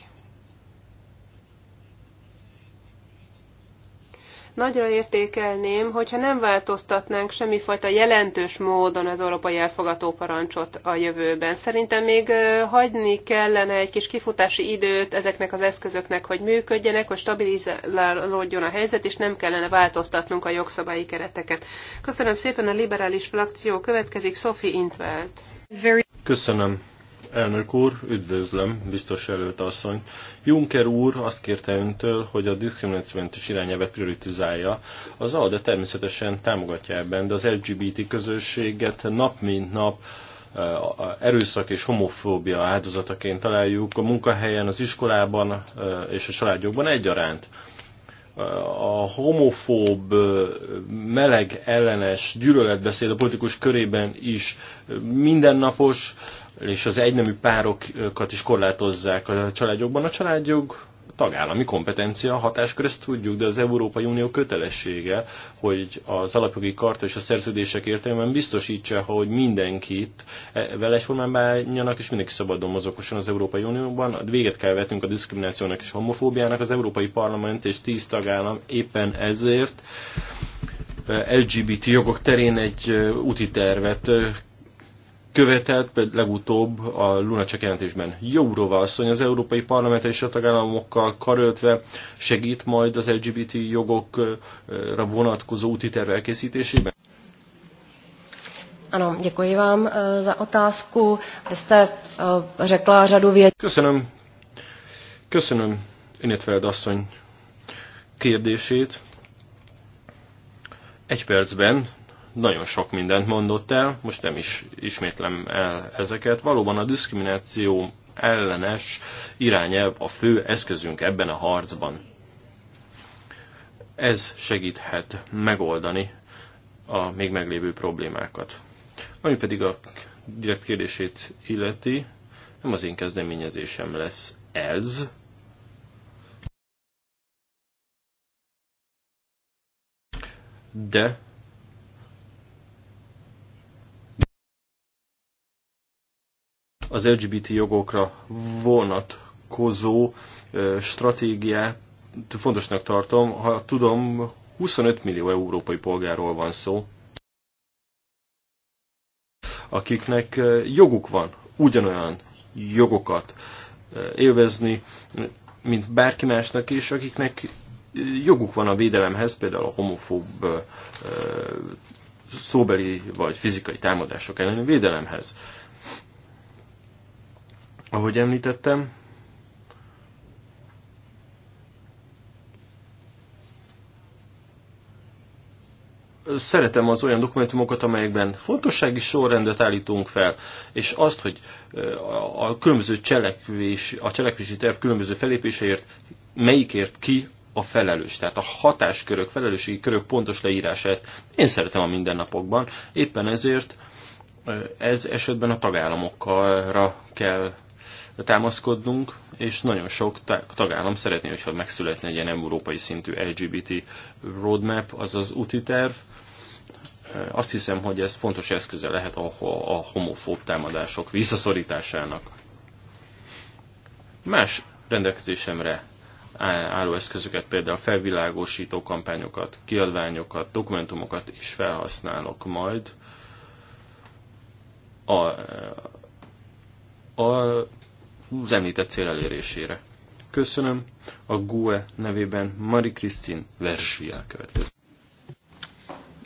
Nagyra értékelném, hogyha nem változtatnánk semmifajta jelentős módon az európai elfogató parancsot a jövőben. Szerintem még hagyni kellene egy kis kifutási időt ezeknek az eszközöknek, hogy működjenek, hogy stabilizálódjon a helyzet, és nem kellene változtatnunk a jogszabályi kereteket. Köszönöm szépen a liberális frakció. Következik Sophie Intveld. Köszönöm. Elnök úr, üdvözlöm, biztos előtt asszony. Juncker úr azt kérte öntől, hogy a diszkriminációmentes irányelvet prioritizálja. Az ALDE természetesen támogatja ebben, de az LGBT közösséget nap mint nap e, erőszak és homofóbia áldozataként találjuk a munkahelyen, az iskolában e, és a családjogban egyaránt e, a homofób, meleg ellenes gyűlöletbeszéd a politikus körében is mindennapos, és az egynemű párokat is korlátozzák a családjogban. A családjog tagállami kompetencia, hatáskör, ezt tudjuk, de az Európai Unió kötelessége, hogy az alapjogi karta és a szerződések értelemben biztosítsa, hogy mindenkit e- vele egyformán bánjanak, és mindenki szabadon mozogosan az Európai Unióban. Véget kell vetnünk a diszkriminációnak és homofóbiának. Az Európai Parlament és tíz tagállam éppen ezért e- LGBT jogok terén egy e- úti tervet követelt, például legutóbb a csak jelentésben. Jóróva asszony az Európai Parlament és a tagállamokkal karöltve segít majd az LGBT jogokra vonatkozó úti terve elkészítésében? Ano, děkuji vám eh, za otázku. Vy jste eh, řekla řadu věcí. Köszönöm. Köszönöm Inetveld asszony kérdését. Egy percben nagyon sok mindent mondott el, most nem is ismétlem el ezeket. Valóban a diszkrimináció ellenes irányelv a fő eszközünk ebben a harcban. Ez segíthet megoldani a még meglévő problémákat. Ami pedig a direkt kérdését illeti, nem az én kezdeményezésem lesz ez, de az LGBT jogokra vonatkozó stratégiát fontosnak tartom. Ha tudom, 25 millió európai polgárról van szó, akiknek joguk van ugyanolyan jogokat élvezni, mint bárki másnak is, akiknek joguk van a védelemhez, például a homofób szóbeli vagy fizikai támadások elleni védelemhez. Ahogy említettem, szeretem az olyan dokumentumokat, amelyekben fontossági sorrendet állítunk fel, és azt, hogy a különböző cselekvés, a cselekvési terv különböző felépéseért melyikért ki a felelős, tehát a hatáskörök, felelősségi körök pontos leírását én szeretem a mindennapokban, éppen ezért ez esetben a tagállamokra kell támaszkodnunk, és nagyon sok tagállam szeretné, hogyha megszületne egy ilyen európai szintű LGBT roadmap, azaz úti terv. Azt hiszem, hogy ez fontos eszköze lehet a, a homofób támadások visszaszorításának. Más rendelkezésemre álló eszközöket, például felvilágosító kampányokat, kiadványokat, dokumentumokat is felhasználok majd. A, a az említett cél elérésére. Köszönöm. A GUE nevében Marie-Christine Verzsia következik.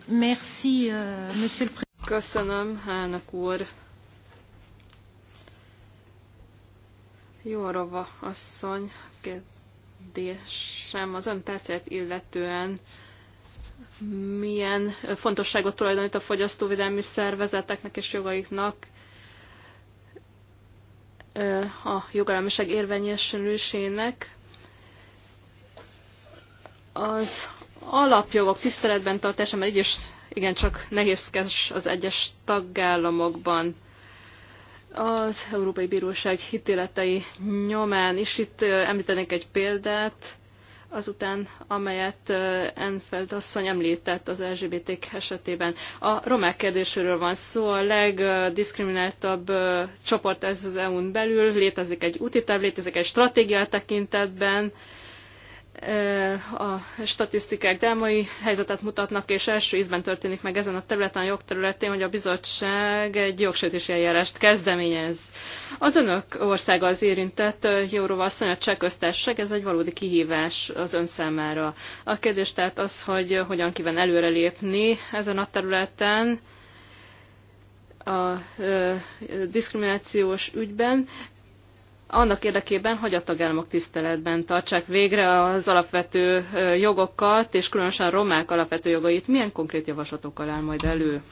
Merci, euh, monsieur le Köszönöm, elnök úr. Jórova asszony, kérdésem az ön tárcát illetően milyen fontosságot tulajdonít a fogyasztóvédelmi szervezeteknek és jogaiknak, a jogállamiság érvényesülésének az alapjogok tiszteletben tartása, mert így is igencsak nehézkes az egyes tagállamokban az Európai Bíróság hitéletei nyomán is. Itt említenék egy példát, azután, amelyet Enfeld asszony említett az lgbt esetében. A romák kérdéséről van szó, a legdiskrimináltabb csoport ez az EU-n belül, létezik egy útitáv, létezik egy stratégia tekintetben, a statisztikák drámai helyzetet mutatnak, és első ízben történik meg ezen a területen, a jogterületén, hogy a bizottság egy jogsértési eljárást kezdeményez. Az önök országa az érintett, Jóróval asszony, a cseh köztársaság, ez egy valódi kihívás az ön számára. A kérdés tehát az, hogy hogyan kíván előrelépni ezen a területen, a ö, diszkriminációs ügyben, annak érdekében, hogy a tagállamok tiszteletben tartsák végre az alapvető jogokat, és különösen a romák alapvető jogait. Milyen konkrét javaslatokkal áll majd elő?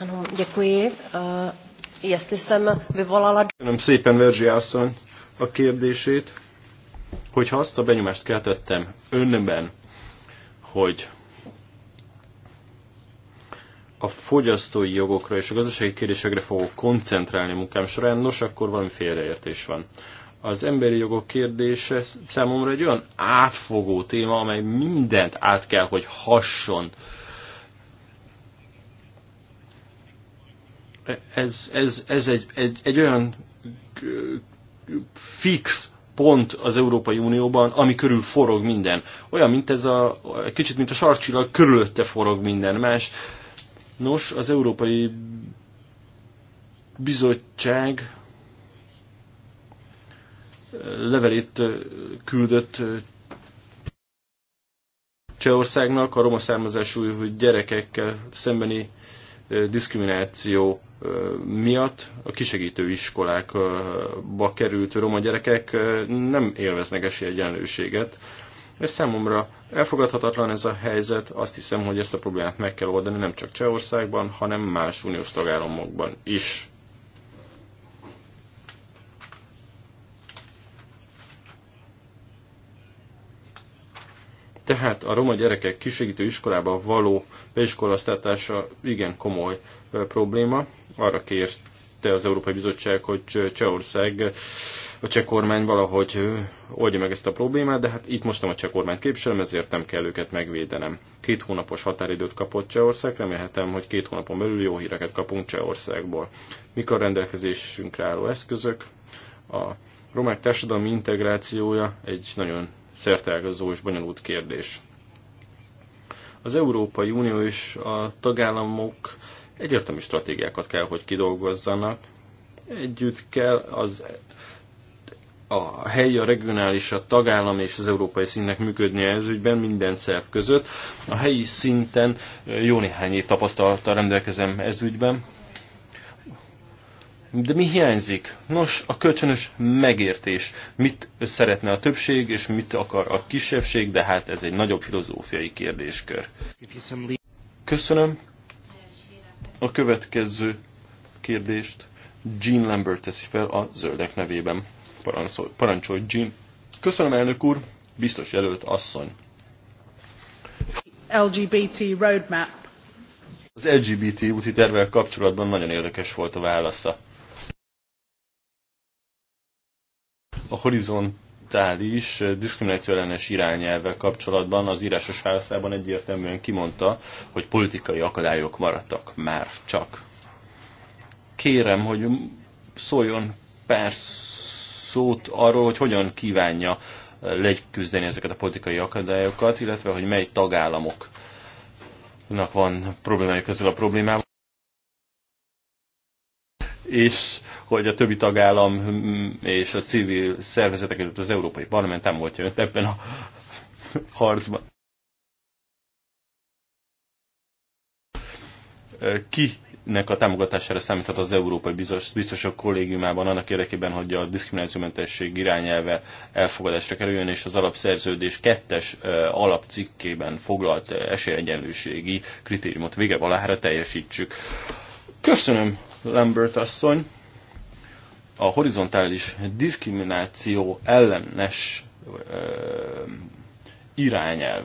Ano, děkuji. Uh, jestli jsem vyvolala... Köszönöm szépen Verzsi asszony a kérdését, hogyha azt a benyomást keltettem önben, hogy a fogyasztói jogokra és a gazdasági kérdésekre fogok koncentrálni munkám során, nos, akkor valami félreértés van. Az emberi jogok kérdése számomra egy olyan átfogó téma, amely mindent át kell, hogy hasson. Ez, ez, ez egy, egy, egy olyan fix pont az Európai Unióban, ami körül forog minden. Olyan, mint ez a, kicsit mint a sarcsillag, körülötte forog minden más. Nos, az Európai Bizottság levelét küldött Csehországnak a roma származású gyerekekkel szembeni diszkrimináció miatt a kisegítő iskolákba került roma gyerekek nem élveznek esélyegyenlőséget. Ez számomra elfogadhatatlan ez a helyzet, azt hiszem, hogy ezt a problémát meg kell oldani nem csak Csehországban, hanem más uniós tagállamokban is. Tehát a roma gyerekek kisegítő iskolába való beiskolasztatása igen komoly probléma. Arra kért kérte az Európai Bizottság, hogy Csehország, a cseh kormány valahogy oldja meg ezt a problémát, de hát itt most nem a cseh kormányt képviselem, ezért nem kell őket megvédenem. Két hónapos határidőt kapott Csehország, remélhetem, hogy két hónapon belül jó híreket kapunk Csehországból. Mik a rendelkezésünkre álló eszközök? A romák társadalmi integrációja egy nagyon szertelgazó és bonyolult kérdés. Az Európai Unió és a tagállamok Egyértelmű stratégiákat kell, hogy kidolgozzanak. Együtt kell az a helyi, a regionális, a tagállami és az európai színnek működnie ez ügyben minden szerv között. A helyi szinten jó néhány év tapasztalattal rendelkezem ez ügyben. De mi hiányzik? Nos, a kölcsönös megértés. Mit szeretne a többség, és mit akar a kisebbség, de hát ez egy nagyobb filozófiai kérdéskör. Köszönöm. A következő kérdést Jean Lambert teszi fel a zöldek nevében. Parancsol, parancsolj, Jean. Köszönöm, elnök úr, biztos jelölt asszony. LGBT roadmap. Az LGBT úti tervvel kapcsolatban nagyon érdekes volt a válasza. A Horizon horizontális eh, diszkrimináció ellenes irányelvvel kapcsolatban az írásos válaszában egyértelműen kimondta, hogy politikai akadályok maradtak már csak. Kérem, hogy szóljon pár szót arról, hogy hogyan kívánja eh, legyküzdeni ezeket a politikai akadályokat, illetve hogy mely tagállamoknak van problémájuk ezzel a problémával. És hogy a többi tagállam mm, és a civil szervezetek előtt az Európai Parlament támogatja önt ebben a harcban. Kinek a támogatására számíthat az Európai Biztosok Kollégiumában annak érdekében, hogy a diszkriminációmentesség irányelve elfogadásra kerüljön, és az alapszerződés kettes alapcikkében foglalt esélyegyenlőségi kritériumot vége valahára teljesítsük. Köszönöm, Lambert asszony! a horizontális diszkrimináció ellenes irányelv.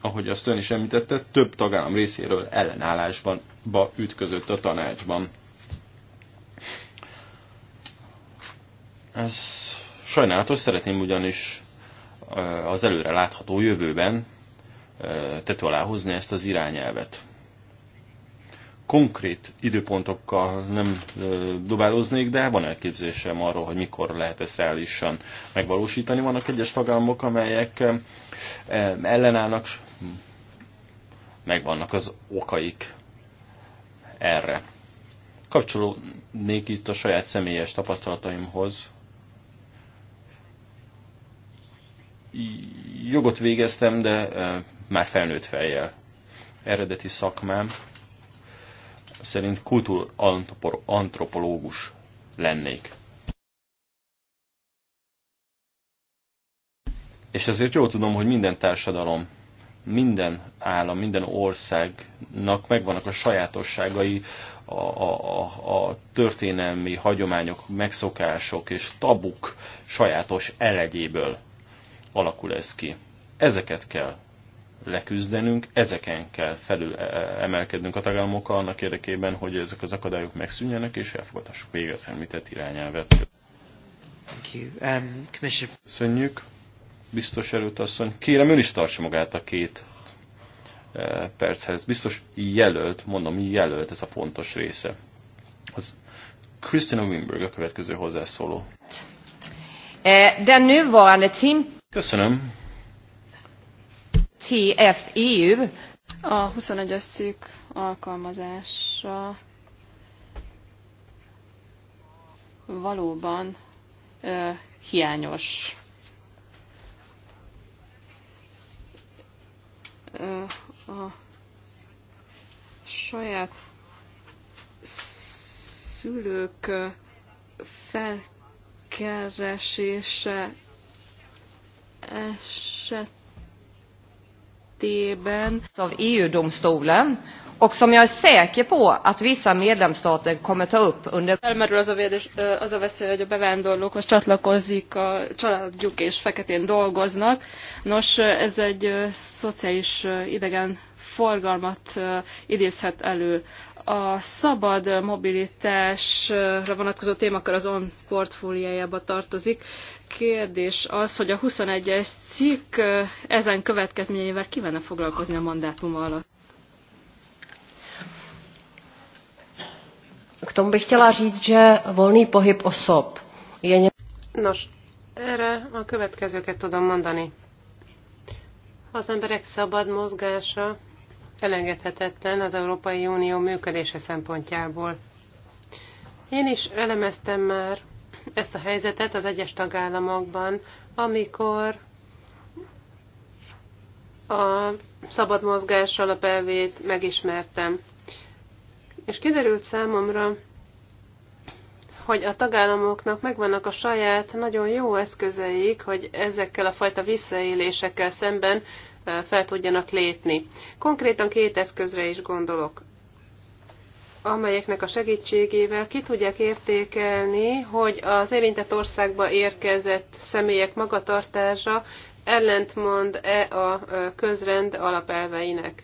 Ahogy azt ön is említette, több tagállam részéről ellenállásban ba ütközött a tanácsban. Ez sajnálatos, szeretném ugyanis az előre látható jövőben tető alá hozni ezt az irányelvet konkrét időpontokkal nem dobáloznék, de van elképzésem arról, hogy mikor lehet ezt reálisan megvalósítani. Vannak egyes tagállamok, amelyek ellenállnak, megvannak az okaik erre. Kapcsolódnék itt a saját személyes tapasztalataimhoz. Jogot végeztem, de már felnőtt fejjel. Eredeti szakmám szerint kultúrantropológus lennék. És ezért jól tudom, hogy minden társadalom, minden állam, minden országnak megvannak a sajátosságai, a, a, a, a történelmi hagyományok, megszokások és tabuk sajátos elegyéből alakul ez ki. Ezeket kell leküzdenünk, ezeken kell felül e- e- emelkednünk a tagállamokkal annak érdekében, hogy ezek az akadályok megszűnjenek, és elfogadhassuk végre az említett irányelvet. Um, Köszönjük, biztos előtt asszony. Kérem, ön is tartsa magát a két e, perchez. Biztos jelölt, mondom, jelölt ez a fontos része. Az Christina Wimberg a következő hozzászóló. Eh, den nuvarande Köszönöm. TFEU. A 21-es cikk alkalmazása valóban ö, hiányos. a saját szülők felkeresése eset esetében. Av EU-domstolen och som jag är säker på att vissa medlemsstater kommer ta upp under... Felmerül az a, védés, az a veszély, hogy a bevándorlókhoz csatlakozik, a családjuk és feketén dolgoznak. Nos, ez egy szociális idegen forgalmat idézhet elő. A szabad mobilitásra vonatkozó témakör az on portfóliájába tartozik, kérdés az, hogy a 21-es cikk ezen következményeivel kivenne foglalkozni a mandátum alatt. K tomu bych chtěla říct, že volný pohyb osob je... ně... Nos, erre a következőket tudom mondani. Az emberek szabad mozgása elengedhetetlen az Európai Unió működése szempontjából. Én is elemeztem már ezt a helyzetet az egyes tagállamokban, amikor a szabad mozgás alapelvét megismertem. És kiderült számomra, hogy a tagállamoknak megvannak a saját nagyon jó eszközeik, hogy ezekkel a fajta visszaélésekkel szemben fel tudjanak lépni. Konkrétan két eszközre is gondolok amelyeknek a segítségével ki tudják értékelni, hogy az érintett országba érkezett személyek magatartása ellentmond-e a közrend alapelveinek.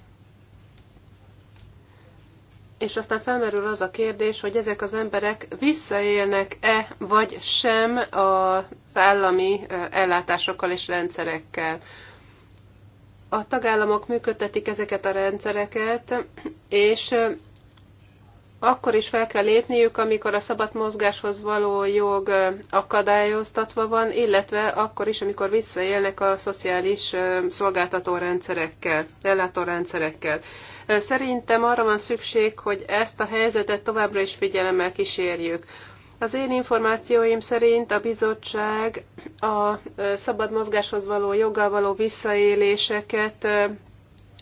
És aztán felmerül az a kérdés, hogy ezek az emberek visszaélnek-e vagy sem az állami ellátásokkal és rendszerekkel. A tagállamok működtetik ezeket a rendszereket, és akkor is fel kell lépniük, amikor a szabad mozgáshoz való jog akadályoztatva van, illetve akkor is, amikor visszaélnek a szociális szolgáltatórendszerekkel, ellátórendszerekkel. Szerintem arra van szükség, hogy ezt a helyzetet továbbra is figyelemmel kísérjük. Az én információim szerint a bizottság a szabad mozgáshoz való joggal való visszaéléseket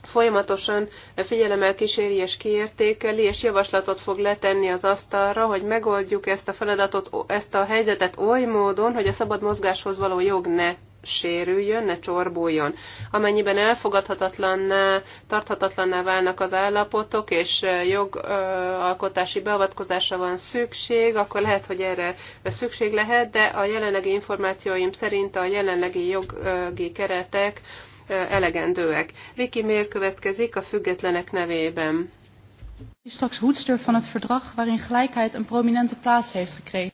folyamatosan figyelemmel kíséri és kiértékeli, és javaslatot fog letenni az asztalra, hogy megoldjuk ezt a feladatot, ezt a helyzetet oly módon, hogy a szabad mozgáshoz való jog ne sérüljön, ne csorbuljon. Amennyiben elfogadhatatlanná, tarthatatlanná válnak az állapotok, és jogalkotási beavatkozásra van szükség, akkor lehet, hogy erre szükség lehet, de a jelenlegi információim szerint a jelenlegi jogi keretek elegendőek. Viki Mér következik a függetlenek nevében. Straks hoedster van het verdrag waarin gelijkheid een prominente plaats heeft gekregen.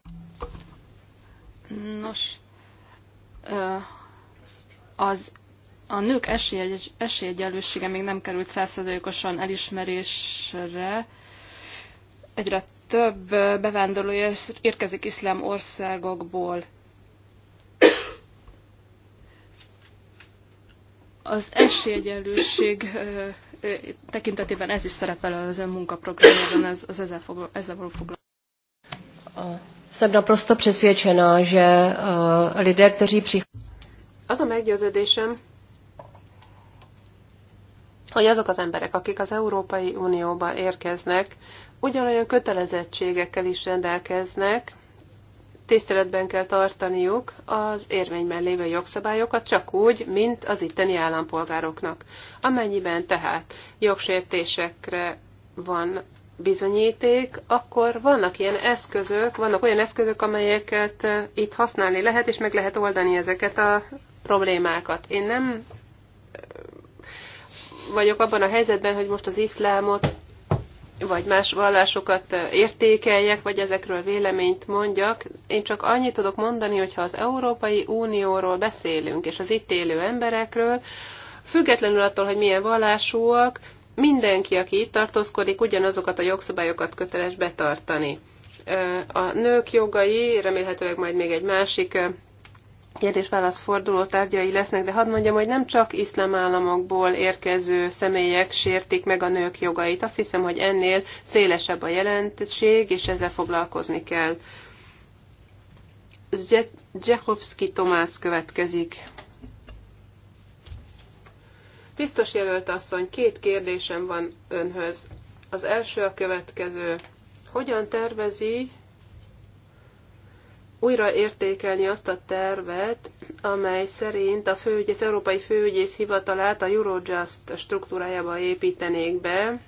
Nos, az a nők esély, esélyegyenlősége még nem került százszerzőkosan elismerésre. Egyre több bevándorló érkezik iszlám országokból. Az esélyegyenlőség tekintetében ez is szerepel az ön munkaprogramjában, ez, az ezzel, foglal, ezzel való foglalkozás. Jsem naprosto že lidé, kteří přichází. Az a meggyőződésem, hogy azok az emberek, akik az Európai Unióba érkeznek, ugyanolyan kötelezettségekkel is rendelkeznek, tiszteletben kell tartaniuk az érvényben lévő jogszabályokat, csak úgy, mint az itteni állampolgároknak. Amennyiben tehát jogsértésekre van bizonyíték, akkor vannak ilyen eszközök, vannak olyan eszközök, amelyeket eh, itt használni lehet, és meg lehet oldani ezeket a problémákat. Én nem eh, vagyok abban a helyzetben, hogy most az iszlámot vagy más vallásokat értékeljek, vagy ezekről véleményt mondjak. Én csak annyit tudok mondani, hogy ha az Európai Unióról beszélünk, és az itt élő emberekről, függetlenül attól, hogy milyen vallásúak, mindenki, aki itt tartózkodik, ugyanazokat a jogszabályokat köteles betartani. A nők jogai, remélhetőleg majd még egy másik kérdés-válasz forduló tárgyai lesznek, de hadd mondjam, hogy nem csak iszlám államokból érkező személyek sértik meg a nők jogait. Azt hiszem, hogy ennél szélesebb a jelenség, és ezzel foglalkozni kell. Zsehovszki Tomás következik. Biztos jelölt asszony, két kérdésem van önhöz. Az első a következő. Hogyan tervezi újra értékelni azt a tervet, amely szerint a főügyész, Európai Főügyész Hivatalát a Eurojust struktúrájába építenék be,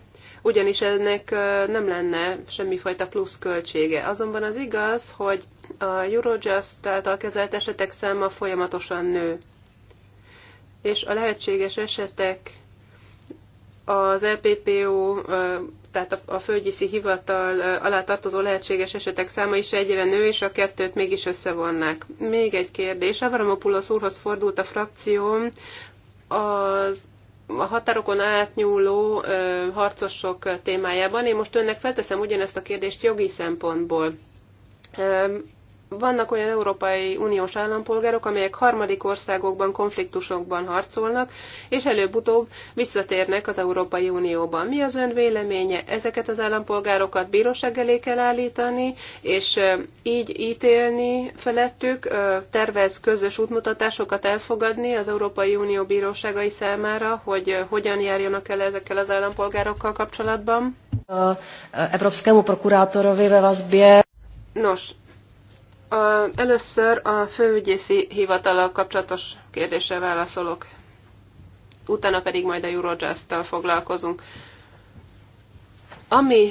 ugyanis ennek nem lenne semmifajta plusz költsége. Azonban az igaz, hogy a Eurojust által kezelt esetek száma folyamatosan nő, és a lehetséges esetek az LPPO, e tehát a földgyiszi hivatal alá tartozó lehetséges esetek száma is egyre nő, és a kettőt mégis összevonnák. Még egy kérdés. Avramopulos úrhoz fordult a frakcióm. Az a határokon átnyúló ö, harcosok témájában. Én most önnek felteszem ugyanezt a kérdést jogi szempontból vannak olyan Európai Uniós állampolgárok, amelyek harmadik országokban, konfliktusokban harcolnak, és előbb-utóbb visszatérnek az Európai Unióban. Mi az ön véleménye? Ezeket az állampolgárokat bíróság elé kell állítani, és így ítélni felettük, tervez közös útmutatásokat elfogadni az Európai Unió bíróságai számára, hogy hogyan járjanak el ezekkel az állampolgárokkal kapcsolatban? Európszkému prokurátorovi ve vazbě. Nos, a, először a főügyészi hivatalal kapcsolatos kérdésre válaszolok, utána pedig majd a Eurojust-tal foglalkozunk. Ami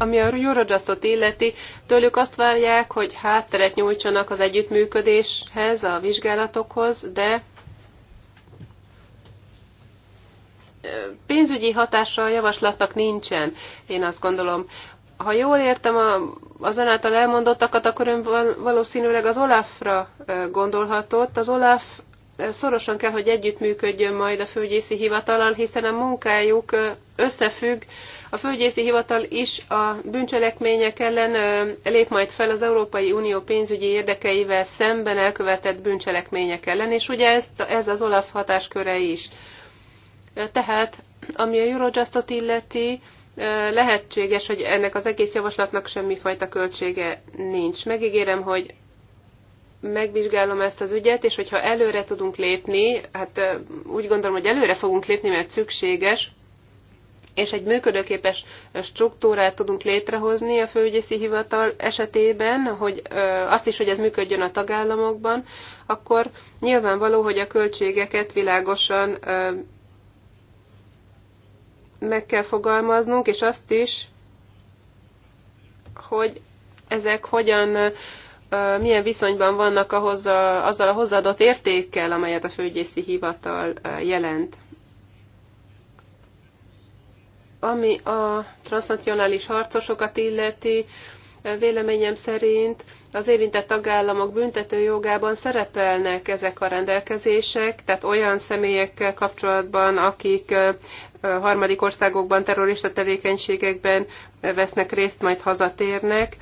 ami a Eurojustot illeti, tőlük azt várják, hogy hátteret nyújtsanak az együttműködéshez, a vizsgálatokhoz, de pénzügyi hatása a javaslatnak nincsen, én azt gondolom ha jól értem a, azonáltal elmondottakat, akkor ön valószínűleg az Olafra gondolhatott. Az Olaf szorosan kell, hogy együttműködjön majd a főgyészi hivatalal, hiszen a munkájuk összefügg. A főgyészi hivatal is a bűncselekmények ellen lép majd fel az Európai Unió pénzügyi érdekeivel szemben elkövetett bűncselekmények ellen, és ugye ez, ez az Olaf hatásköre is. Tehát, ami a Eurojustot illeti, lehetséges, hogy ennek az egész javaslatnak semmifajta költsége nincs. Megígérem, hogy megvizsgálom ezt az ügyet, és hogyha előre tudunk lépni, hát úgy gondolom, hogy előre fogunk lépni, mert szükséges, és egy működőképes struktúrát tudunk létrehozni a főügyészi hivatal esetében, hogy azt is, hogy ez működjön a tagállamokban, akkor nyilvánvaló, hogy a költségeket világosan meg kell fogalmaznunk, és azt is, hogy ezek hogyan, milyen viszonyban vannak ahhoz a, azzal a hozzáadott értékkel, amelyet a főgyészi hivatal jelent. Ami a transnacionális harcosokat illeti, Véleményem szerint az érintett tagállamok büntető jogában szerepelnek ezek a rendelkezések, tehát olyan személyekkel kapcsolatban, akik harmadik országokban terrorista tevékenységekben vesznek részt, majd hazatérnek,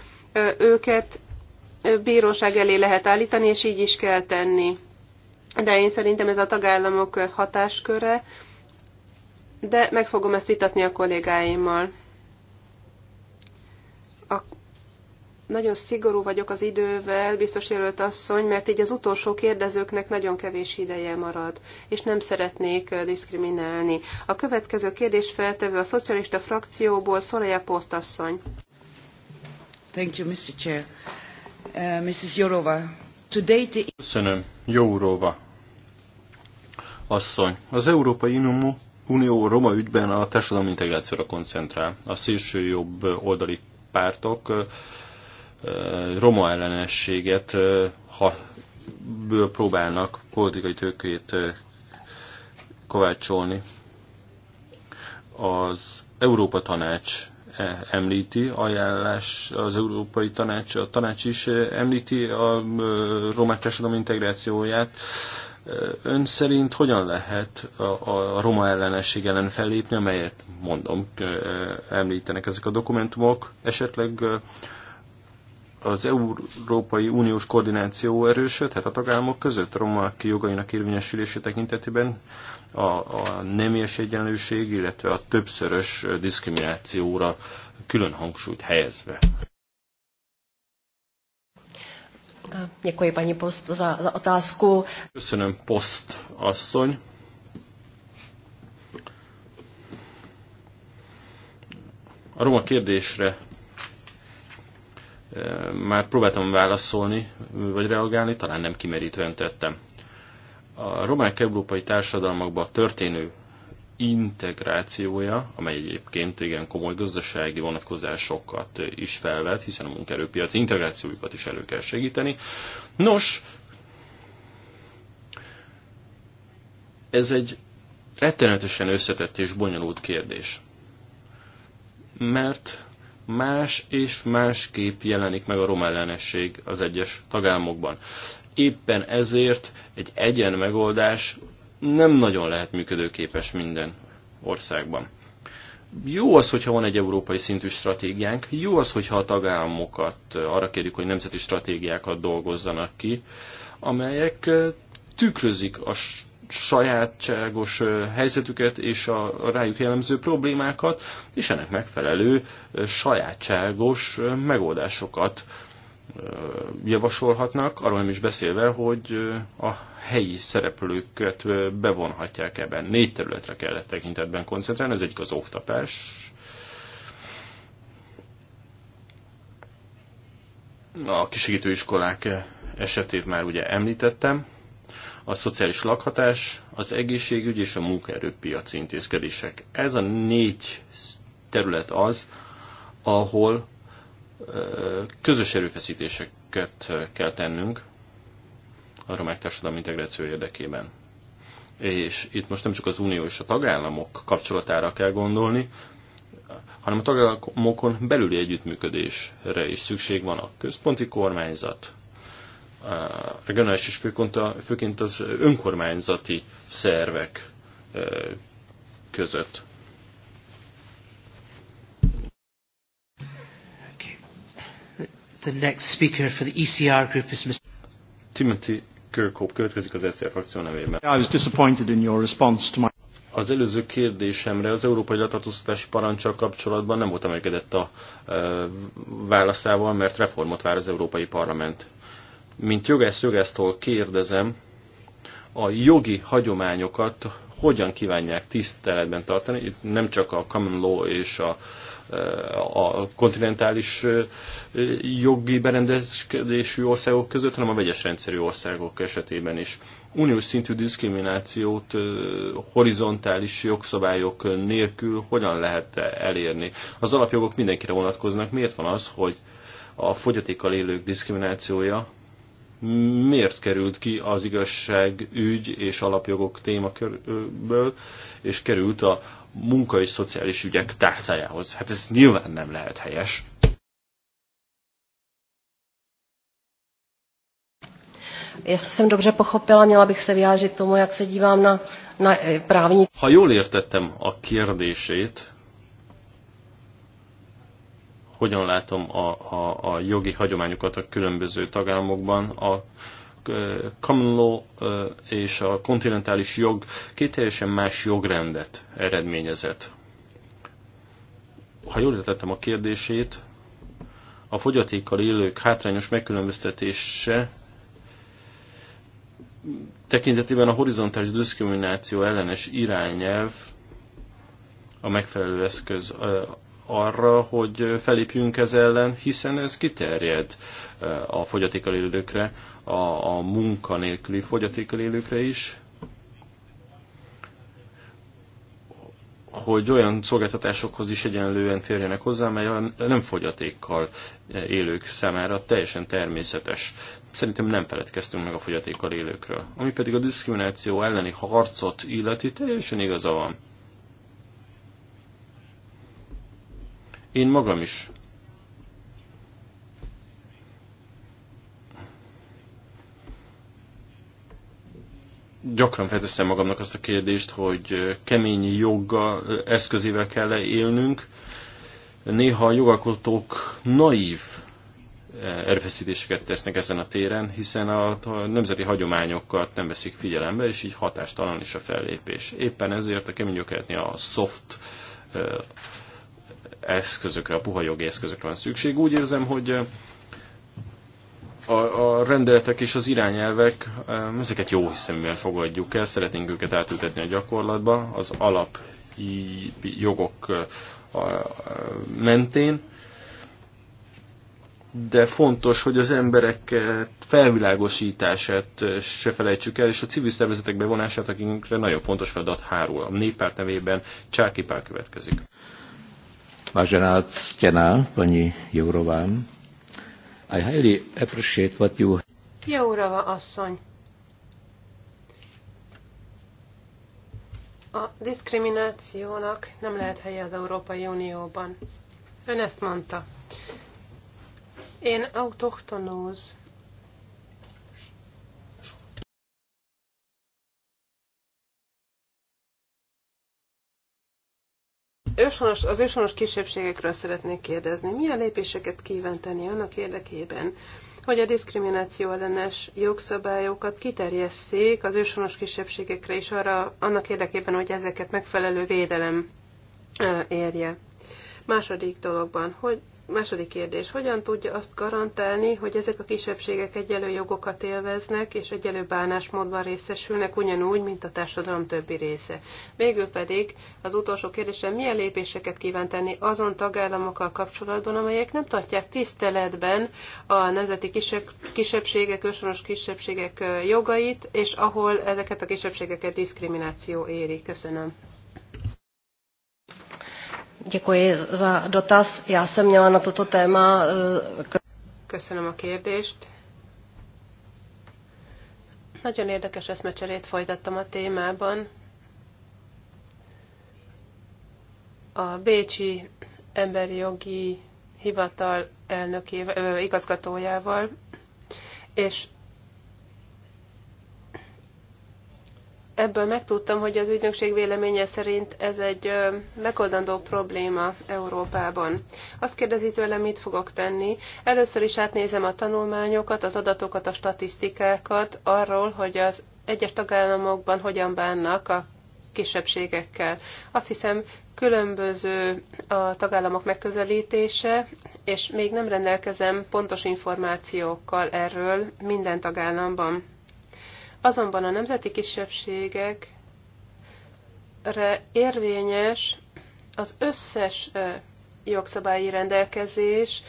őket bíróság elé lehet állítani, és így is kell tenni. De én szerintem ez a tagállamok hatásköre, de meg fogom ezt vitatni a kollégáimmal. A nagyon szigorú vagyok az idővel, biztos jelölt asszony, mert így az utolsó kérdezőknek nagyon kevés ideje marad, és nem szeretnék diszkriminálni. A következő kérdés feltevő a szocialista frakcióból Poszt asszony. Thank you, Mr. Chair. Uh, Mrs. Jorova, today the... Köszönöm, Jourova asszony. Az Európai Unió Unió Roma ügyben a társadalmi integrációra koncentrál. A szélső jobb oldali pártok roma ellenességet ha, ből próbálnak politikai tőkét kovácsolni. Az Európa Tanács e, említi ajánlás, az Európai Tanács, a tanács is említi a romák társadalom integrációját. Ön szerint hogyan lehet a, a roma ellenesség ellen fellépni, amelyet mondom, említenek ezek a dokumentumok, esetleg az Európai Uniós koordináció erősödhet a tagállamok között romák jogainak érvényesülése tekintetében a, a nemies egyenlőség, illetve a többszörös diszkriminációra külön hangsúlyt helyezve. Děkuji, Post, za, za otázku. Köszönöm, Post asszony. A roma kérdésre már próbáltam válaszolni, vagy reagálni, talán nem kimerítően tettem. A romák európai társadalmakban történő integrációja, amely egyébként igen komoly gazdasági vonatkozásokat is felvet, hiszen a munkaerőpiac integrációjukat is elő kell segíteni. Nos, ez egy rettenetesen összetett és bonyolult kérdés. Mert más és másképp jelenik meg a roma ellenesség az egyes tagállamokban. Éppen ezért egy egyen megoldás nem nagyon lehet működőképes minden országban. Jó az, hogyha van egy európai szintű stratégiánk, jó az, hogyha a tagállamokat arra kérjük, hogy nemzeti stratégiákat dolgozzanak ki, amelyek eh, tükrözik a sajátságos helyzetüket és a rájuk jellemző problémákat, és ennek megfelelő sajátságos megoldásokat javasolhatnak, arról nem is beszélve, hogy a helyi szereplőket bevonhatják ebben. Négy területre kellett tekintetben koncentrálni, ez egyik az oktatás, a kisegítőiskolák iskolák esetét már ugye említettem, a szociális lakhatás, az egészségügy és a munkaerőpiaci intézkedések. Ez a négy terület az, ahol közös erőfeszítéseket kell tennünk a romák társadalmi integráció érdekében. És itt most nem csak az unió és a tagállamok kapcsolatára kell gondolni, hanem a tagállamokon belüli együttműködésre is szükség van a központi kormányzat, regionális és főként, a, főként az önkormányzati szervek között. The next speaker for the ECR group is Mr. Timothy Kirkhope következik az ECR frakció nevében. I was disappointed in your response to my... Az előző kérdésemre az európai letartóztatási parancsal kapcsolatban nem voltam elégedett a e, válaszával, mert reformot vár az Európai Parlament mint jogász-jogásztól kérdezem, a jogi hagyományokat hogyan kívánják tiszteletben tartani, itt nem csak a common law és a, eh, a kontinentális eh, jogi berendezkedésű országok között, hanem a vegyes rendszerű országok esetében is. Uniós szintű diszkriminációt eh, horizontális jogszabályok nélkül hogyan lehet elérni? Az alapjogok mindenkire vonatkoznak. Miért van az, hogy a fogyatékkal élők diszkriminációja miért került ki az igazság ügy és alapjogok témakörből, és került a munka és szociális ügyek tárcájához. Hát ez nyilván nem lehet helyes. Jestli jsem dobře pochopila, měla bych se vyjádřit tomu, jak se dívám na, na eh, právní... Ha jól értettem a kérdését, hogyan látom a, a, a jogi hagyományokat a különböző tagállamokban. A common law és a kontinentális jog két teljesen más jogrendet eredményezett. Ha jól értettem a kérdését, a fogyatékkal élők hátrányos megkülönböztetése tekintetében a horizontális diszkrimináció ellenes irányelv a megfelelő eszköz arra, hogy felépjünk ez ellen, hiszen ez kiterjed eh, a fogyatékkal élőkre, a, a munkanélküli fogyatékkal élőkre is, hogy olyan szolgáltatásokhoz is egyenlően férjenek hozzá, mely a nem fogyatékkal eh, élők számára teljesen természetes. Szerintem nem feledkeztünk meg a fogyatékkal élőkről. Ami pedig a diszkrimináció elleni harcot illeti, teljesen igaza van. Én magam is gyakran felteszem magamnak azt a kérdést, hogy kemény joggal eszközével kell -e élnünk. Néha a jogalkotók naív erőfeszítéseket tesznek ezen a téren, hiszen a nemzeti hagyományokat nem veszik figyelembe, és így hatástalan is a fellépés. Éppen ezért a kemény a soft eszközökre, a puha jogi eszközökre van szükség. Úgy érzem, hogy eh, a, a rendeletek és az irányelvek, eh, ezeket jó hiszeműen fogadjuk el, szeretnénk őket átültetni a gyakorlatba, az alap jogok eh, mentén, de fontos, hogy az emberek felvilágosítását se felejtsük el, és a civil szervezetek bevonását, akikre nagyon fontos feladat hárul. A néppárt nevében Csáki Pál következik. Vážená ctěná paní Jourová, I highly appreciate what you... Jourova asszony, a diszkriminációnak nem lehet helye az Európai Unióban. Ön ezt mondta. Én autochtonóz Őshonos, az őshonos kisebbségekről szeretnék kérdezni. Milyen lépéseket kíván tenni annak érdekében, hogy a diszkrimináció ellenes jogszabályokat kiterjesszék az őshonos kisebbségekre is arra, annak érdekében, hogy ezeket megfelelő védelem érje. Második dologban, hogy Második kérdés, hogyan tudja azt garantálni, hogy ezek a kisebbségek egyelő jogokat élveznek, és egyelő bánásmódban részesülnek, ugyanúgy, mint a társadalom többi része? Végül pedig az utolsó kérdésem, milyen lépéseket kíván tenni azon tagállamokkal kapcsolatban, amelyek nem tartják tiszteletben a nemzeti kisebbségek, őshonos kisebbségek jogait, és ahol ezeket a kisebbségeket diszkrimináció éri? Köszönöm. Děkuji za dotaz. Já jsem měla na toto téma... Eh, Köszönöm a kérdést. Nagyon érdekes eszmecserét folytattam a témában. A Bécsi Emberi Jogi Hivatal elnökével, igazgatójával, és ebből megtudtam, hogy az ügynökség véleménye szerint ez egy megoldandó probléma Európában. Azt kérdezi tőlem, mit fogok tenni. Először is átnézem a tanulmányokat, az adatokat, a statisztikákat arról, hogy az egyes tagállamokban hogyan bánnak a kisebbségekkel. Azt hiszem, különböző a tagállamok megközelítése, és még nem rendelkezem pontos információkkal erről minden tagállamban. Azonban a nemzeti kisebbségekre érvényes az összes jogszabályi rendelkezés,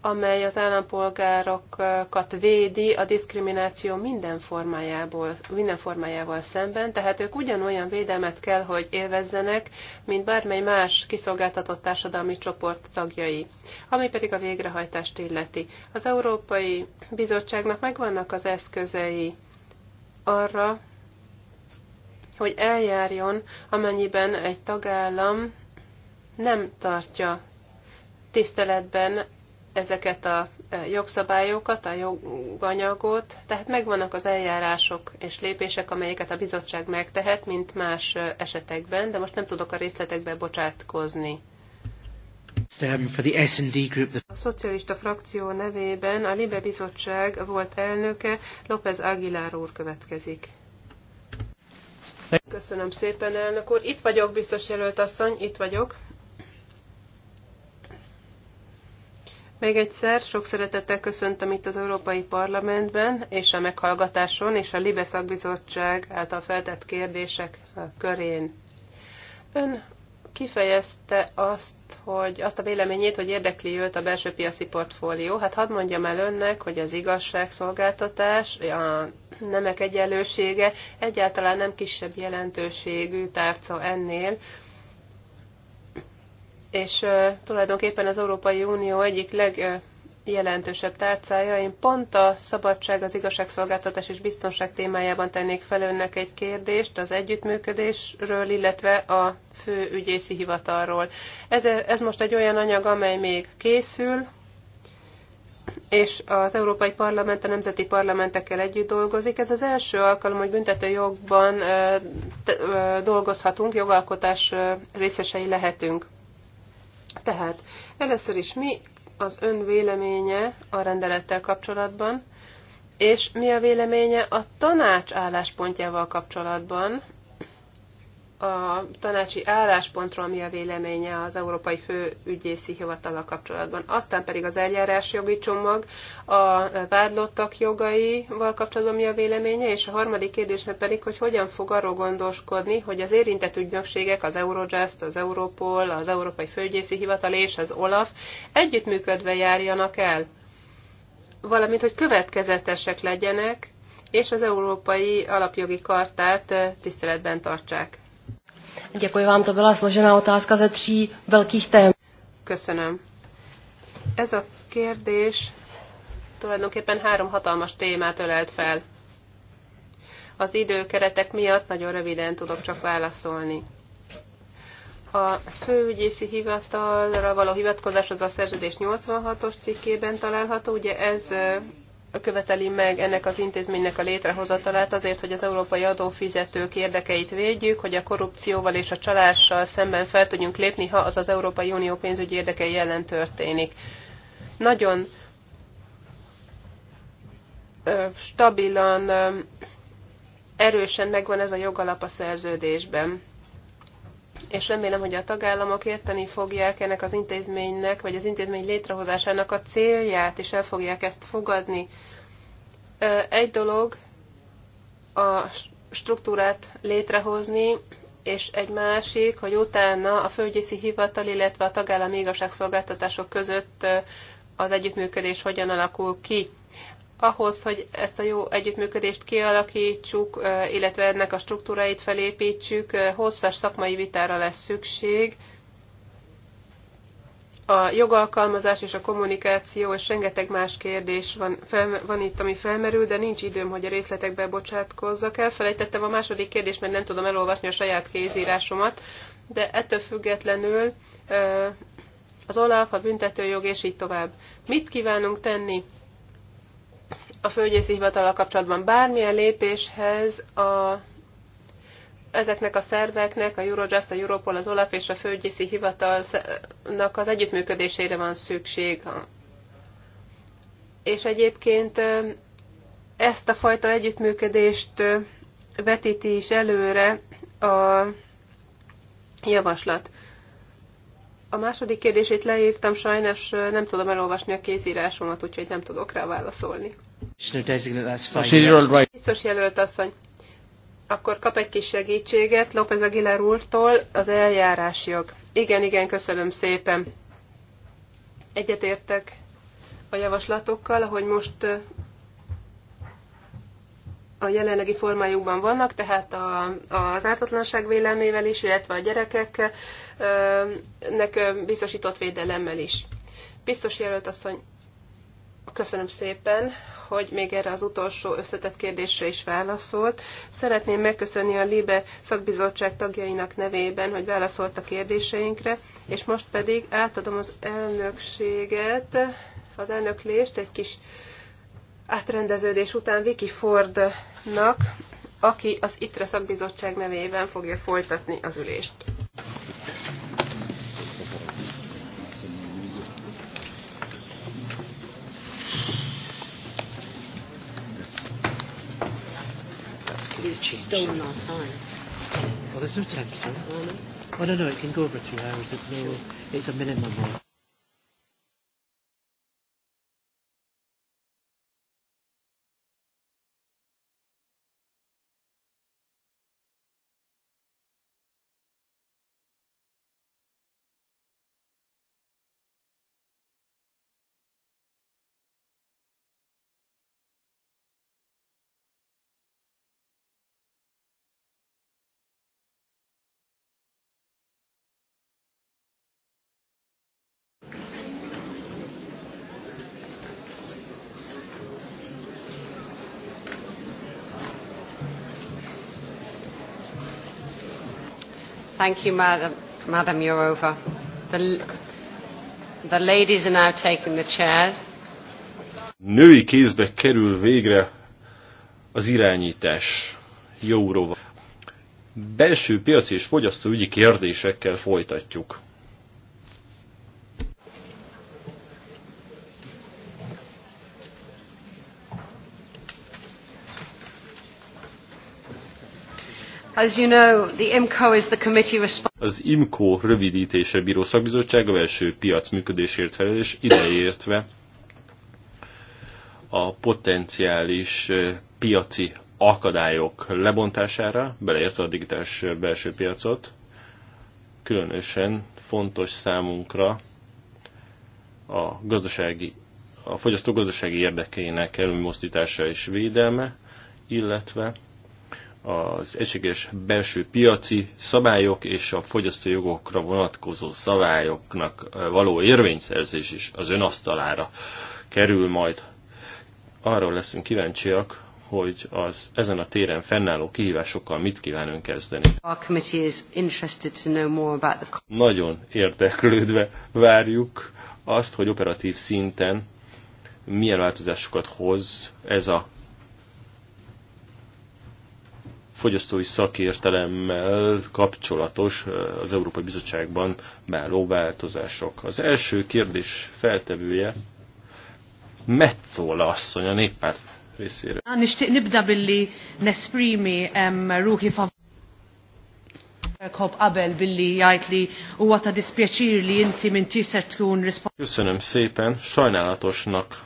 amely az állampolgárokat védi a diszkrimináció minden, formájából, minden formájával szemben, tehát ők ugyanolyan védelmet kell, hogy élvezzenek, mint bármely más kiszolgáltatott társadalmi csoport tagjai. Ami pedig a végrehajtást illeti. Az Európai Bizottságnak megvannak az eszközei arra, hogy eljárjon, amennyiben egy tagállam nem tartja tiszteletben ezeket a e, jogszabályokat, a joganyagot, tehát megvannak az eljárások és lépések, amelyeket a bizottság megtehet, mint más e, esetekben, de most nem tudok a részletekbe bocsátkozni. A szocialista frakció nevében a Libe Bizottság volt elnöke, López Aguilar úr következik. Köszönöm szépen, elnök úr. Itt vagyok, biztos jelölt asszony, itt vagyok. Még egyszer sok szeretettel köszöntöm itt az Európai Parlamentben és a meghallgatáson és a Libe Szakbizottság által feltett kérdések körén. Ön kifejezte azt, hogy azt a véleményét, hogy érdekli őt a belső piaci portfólió. Hát hadd mondjam el önnek, hogy az igazságszolgáltatás, a nemek egyenlősége egyáltalán nem kisebb jelentőségű tárca ennél. És uh, tulajdonképpen az Európai Unió egyik leg uh, jelentősebb tárcája. Én pont a szabadság, az igazságszolgáltatás és biztonság témájában tennék fel önnek egy kérdést az együttműködésről, illetve a fő ügyészi hivatalról. Ez, ez most egy olyan anyag, amely még készül, és az Európai Parlament a nemzeti parlamentekkel együtt dolgozik. Ez az első alkalom, hogy jogban dolgozhatunk, jogalkotás részesei lehetünk. Tehát először is mi az ön véleménye a rendelettel kapcsolatban, és mi a véleménye a tanács álláspontjával kapcsolatban, a tanácsi álláspontról mi a véleménye az Európai Főügyészi Hivatallal kapcsolatban. Aztán pedig az eljárás jogi csomag, a vádlottak jogaival kapcsolatban mi a véleménye, és a harmadik kérdésem pedig, hogy hogyan fog arról gondoskodni, hogy az érintett ügynökségek, az Eurojust, az Europol, az Európai Főügyészi Hivatal és az OLAF együttműködve járjanak el, valamint, hogy következetesek legyenek, és az Európai Alapjogi Kartát tiszteletben tartsák. Děkuji vám, to byla složená otázka ze tří velkých tém. Köszönöm. Ez a kérdés tulajdonképpen három hatalmas témát ölelt fel. Az időkeretek miatt nagyon röviden tudok csak válaszolni. A főügyészi hivatalra való hivatkozás az a szerződés 86-os cikkében található, ugye ez követeli meg ennek az intézménynek a létrehozatalát azért, hogy az európai adófizetők érdekeit védjük, hogy a korrupcióval és a csalással szemben fel tudjunk lépni, ha az az Európai Unió pénzügyi érdekei ellen történik. Nagyon stabilan, erősen megvan ez a jogalap a szerződésben és remélem, hogy a tagállamok érteni fogják ennek az intézménynek, vagy az intézmény létrehozásának a célját, és el fogják ezt fogadni. Egy dolog a struktúrát létrehozni, és egy másik, hogy utána a földgyészi hivatal, illetve a tagállami igazságszolgáltatások között az együttműködés hogyan alakul ki ahhoz, hogy ezt a jó együttműködést kialakítsuk, illetve ennek a struktúráit felépítsük, hosszas szakmai vitára lesz szükség. A jogalkalmazás és a kommunikáció és rengeteg más kérdés van, fel, van itt, ami felmerül, de nincs időm, hogy a részletekbe bocsátkozzak el. Felejtettem a második kérdést, mert nem tudom elolvasni a saját kézírásomat, de ettől függetlenül az OLAF, a büntetőjog és így tovább. Mit kívánunk tenni a földgyészi hivatal kapcsolatban bármilyen lépéshez a, ezeknek a szerveknek, a Eurojust, a Europol, az Olaf és a földgyészi hivatalnak az együttműködésére van szükség. És egyébként ezt a fajta együttműködést vetíti is előre a javaslat. A második kérdését leírtam, sajnos nem tudom elolvasni a kézírásomat, úgyhogy nem tudok rá válaszolni. Biztos jelölt asszony, akkor kap egy kis segítséget López Aguilar úrtól az eljárásjog. Igen, igen, köszönöm szépen. Egyetértek a javaslatokkal, ahogy most a jelenlegi formájukban vannak, tehát a, a ártatlanság vélemével is, illetve a gyerekeknek biztosított védelemmel is. Biztos jelölt asszony, köszönöm szépen, hogy még erre az utolsó összetett kérdésre is válaszolt. Szeretném megköszönni a LIBE szakbizottság tagjainak nevében, hogy válaszolt a kérdéseinkre, és most pedig átadom az elnökséget, az elnöklést egy kis átrendeződés után Vicky Fordnak, aki az ITRE szakbizottság nevében fogja folytatni az ülést. changed. stolen our time. Well, there's no time, sir. Oh, no? oh, no, no, it can go over two hours. It's, no, it's a minimum. Thank you, Madam, Madam Jourova. The, the ladies are now taking the chair. Női kézbe kerül végre az irányítás. Jóróva. Belső piaci és fogyasztóügyi kérdésekkel folytatjuk. az IMCO rövidítése bíró szakbizottság a belső piac működésért felelős, ideértve a potenciális piaci akadályok lebontására, beleértve a digitális belső piacot. Különösen fontos számunkra a gazdasági a fogyasztó gazdasági érdekeinek előmozdítása és védelme, illetve az egységes belső piaci szabályok és a fogyasztói jogokra vonatkozó szabályoknak való érvényszerzés is az asztalára kerül majd. Arról leszünk kíváncsiak, hogy az ezen a téren fennálló kihívásokkal mit kíván ön kezdeni. Nagyon érdeklődve várjuk azt, hogy operatív szinten milyen változásokat hoz ez a fogyasztói szakértelemmel kapcsolatos az Európai Bizottságban melló változások. Az első kérdés feltevője Metzola asszony a néppárt részéről. nesprimi Köszönöm szépen, sajnálatosnak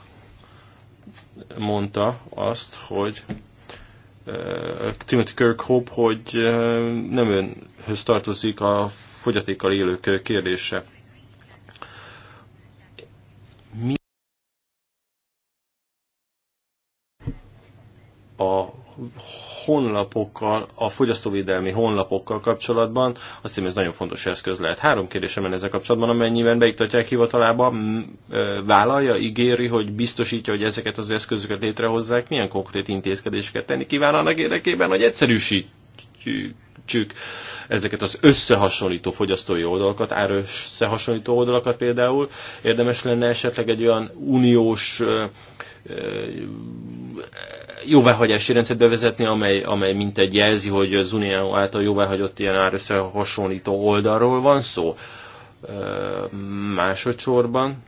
mondta azt, hogy Timothy Kirkhope, hogy nem önhöz tartozik a fogyatékkal élők kérdése. Mi a honlapokkal, a fogyasztóvédelmi honlapokkal kapcsolatban. Azt hiszem, ez nagyon fontos eszköz lehet. Három kérdésem van ezzel kapcsolatban, amennyiben beiktatják hivatalába, vállalja, ígéri, hogy biztosítja, hogy ezeket az eszközöket létrehozzák, milyen konkrét intézkedéseket tenni kíván annak érdekében, hogy egyszerűsít segítsük ezeket az összehasonlító fogyasztói oldalakat, összehasonlító oldalakat például. Érdemes lenne esetleg egy olyan uniós jóváhagyási rendszert bevezetni, amely, amely mint egy jelzi, hogy az Unió által jóváhagyott ilyen összehasonlító oldalról van szó. Másodszorban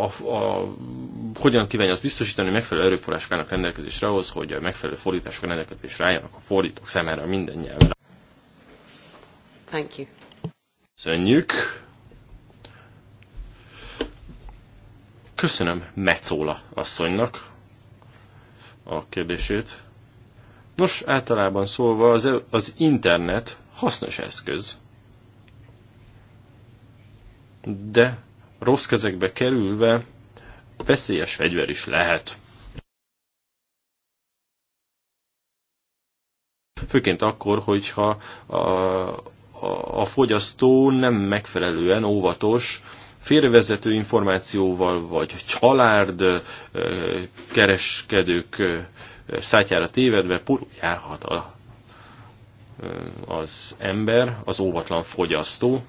a, a hogyan kívánja azt biztosítani, hogy megfelelő erőforrások állnak rendelkezésre ahhoz, hogy a megfelelő fordítások rendelkezésre álljanak a fordítók szemére minden nyelvre. Thank you. Köszönjük. Köszönöm Mecóla asszonynak a kérdését. Nos, általában szólva az, az internet hasznos eszköz, de rossz kezekbe kerülve veszélyes fegyver is lehet. Főként akkor, hogyha a, a, a fogyasztó nem megfelelően óvatos, félrevezető információval, vagy család kereskedők szátyára tévedve járhat a, az ember, az óvatlan fogyasztó,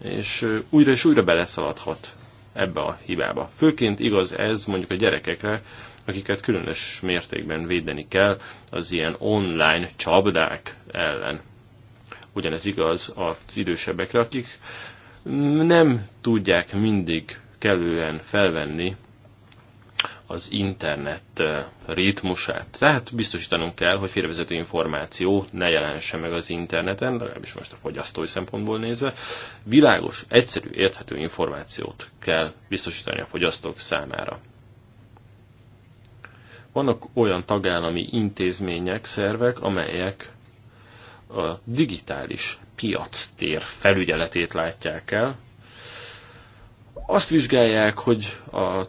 és újra és újra beleszaladhat ebbe a hibába. Főként igaz ez mondjuk a gyerekekre, akiket különös mértékben védeni kell az ilyen online csapdák ellen. Ugyanez igaz az idősebbekre, akik nem tudják mindig kellően felvenni az internet ritmusát. Tehát biztosítanunk kell, hogy félrevezető információ ne jelense meg az interneten, legalábbis most a fogyasztói szempontból nézve. Világos, egyszerű, érthető információt kell biztosítani a fogyasztók számára. Vannak olyan tagállami intézmények, szervek, amelyek a digitális piactér felügyeletét látják el. Azt vizsgálják, hogy a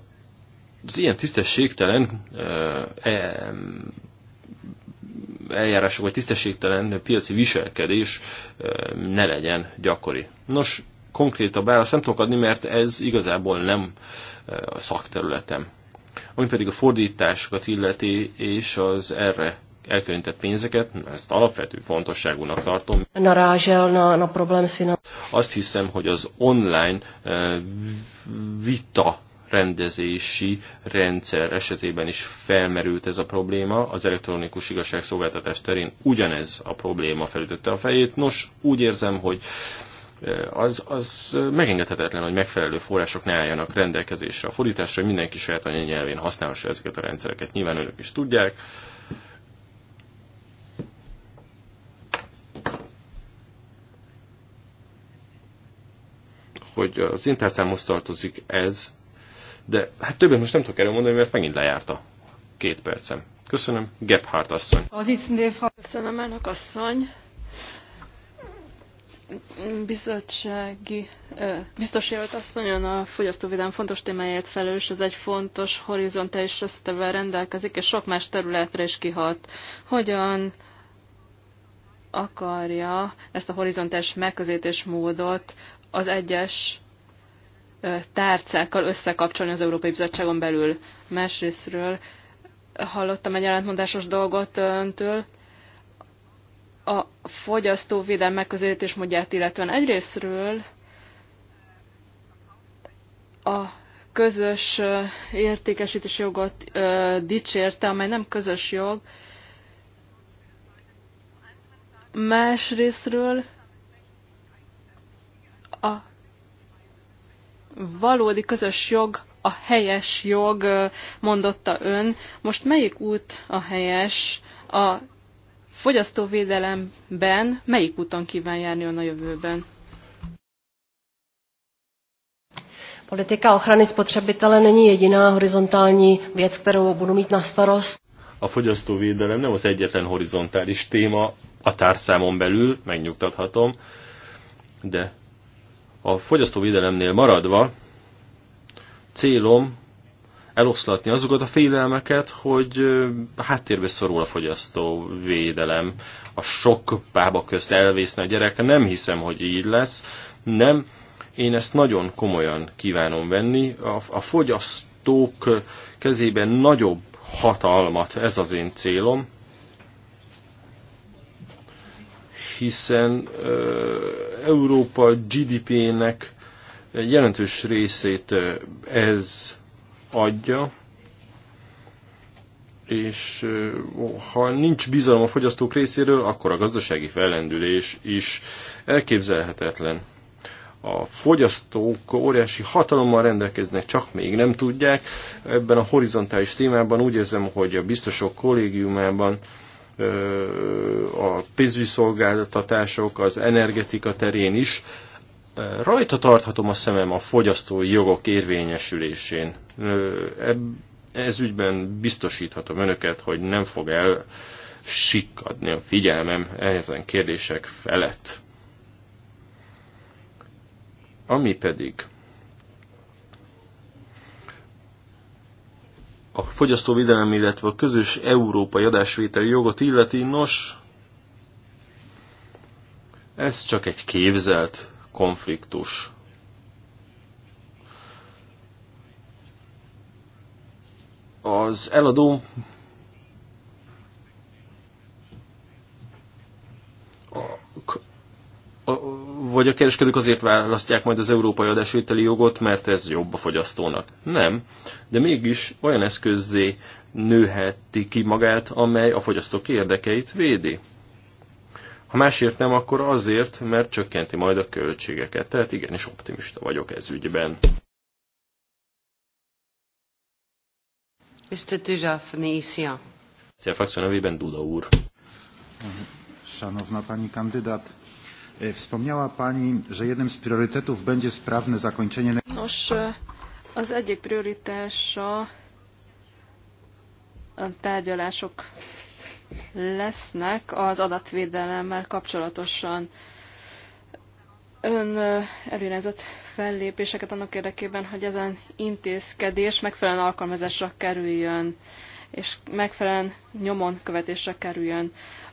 az ilyen tisztességtelen e, eljárások, vagy tisztességtelen piaci viselkedés ne legyen gyakori. Nos, konkrétabb választ nem tudok adni, mert ez igazából nem a szakterületem. Ami pedig a fordításokat illeti, és az erre elkönyvített pénzeket, ezt alapvető fontosságúnak tartom. Narážel na, na problém Azt hiszem, hogy az online vita rendezési rendszer esetében is felmerült ez a probléma, az elektronikus igazságszolgáltatás terén ugyanez a probléma felütötte a fejét. Nos, úgy érzem, hogy eh, az, az megengedhetetlen, hogy megfelelő források ne álljanak rendelkezésre a fordításra, hogy mindenki saját anyanyelvén használhassa ezeket a rendszereket. Nyilván önök is tudják. hogy az intercámhoz tartozik ez, de hát többet most nem tudok erről mondani, mert megint lejárt a két percem. Köszönöm, Gebhardt asszony. Az itt köszönöm, elnök asszony. Bizottsági, biztos jelölt asszonyon a fogyasztóvédelem fontos témáját felelős, ez egy fontos horizontális összetevel rendelkezik, és sok más területre is kihat. Hogyan akarja ezt a horizontális megközelítés módot az egyes tárcákkal összekapcsolni az Európai Bizottságon belül. Másrésztről hallottam egy jelentmondásos dolgot öntől, a fogyasztóvédelem megközelítés módját illetően egyrésztről a közös értékesítési jogot ö, dicsérte, amely nem közös jog. Másrésztről a valódi közös jog a helyes jog, mondotta ön. Most melyik út a helyes? A fogyasztóvédelemben melyik úton kíván járni ön a jövőben? Politika ochrany spotřebitele není jediná horizontální věc, kterou budu mít na starost. A fogyasztóvédelem nem az egyetlen horizontális téma a tárcámon belül, megnyugtathatom, de a fogyasztóvédelemnél maradva célom eloszlatni azokat a félelmeket, hogy háttérbe szorul a fogyasztóvédelem. A sok pába közt elvészne a gyerek, nem hiszem, hogy így lesz. Nem, én ezt nagyon komolyan kívánom venni. A, a fogyasztók kezében nagyobb hatalmat, ez az én célom. hiszen Európa GDP-nek jelentős részét ez adja, és ha nincs bizalom a fogyasztók részéről, akkor a gazdasági fellendülés is elképzelhetetlen. A fogyasztók óriási hatalommal rendelkeznek, csak még nem tudják. Ebben a horizontális témában úgy érzem, hogy a biztosok kollégiumában a pénzügyi szolgáltatások, az energetika terén is. Rajta tarthatom a szemem a fogyasztói jogok érvényesülésén. Ez ügyben biztosíthatom önöket, hogy nem fog el sikkadni a figyelmem ezen kérdések felett. Ami pedig a fogyasztóvédelem, illetve a közös európai adásvételi jogot illeti, nos, ez csak egy képzelt konfliktus. Az eladó a, a, hogy a kereskedők azért választják majd az európai adásvételi jogot, mert ez jobb a fogyasztónak. Nem, de mégis olyan eszközzé nőheti ki magát, amely a fogyasztók érdekeit védi. Ha másért nem, akkor azért, mert csökkenti majd a költségeket. Tehát igenis optimista vagyok ez ügyben. Mr. Duda from e Szia, frakció nevében Duda úr. Szanowna pani kandydat, E, wspomniała Pani, że jednym z priorytetów będzie sprawne zakończenie... Nos, e, az egyik prioritása a tárgyalások lesznek az adatvédelemmel kapcsolatosan. Ön e, előrezett fellépéseket annak érdekében, hogy ezen intézkedés megfelelően alkalmazásra kerüljön és megfelelően nyomon követésre kerüljön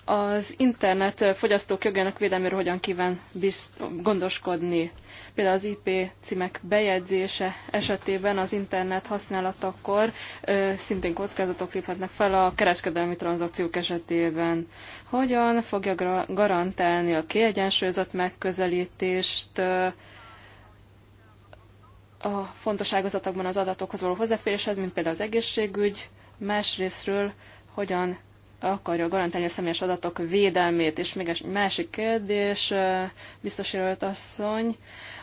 az internet fogyasztók jogainak védelméről hogyan kíván gondoskodni. Például az IP címek bejegyzése esetében az internet használatakor szintén kockázatok léphetnek fel a kereskedelmi tranzakciók esetében. Hogyan fogja garantálni a kiegyensúlyozott megközelítést a fontos ágazatokban az adatokhoz való hozzáféréshez, mint például az egészségügy, másrésztről hogyan akarja garantálni a személyes adatok védelmét. És még egy másik kérdés, biztos jelölt asszony.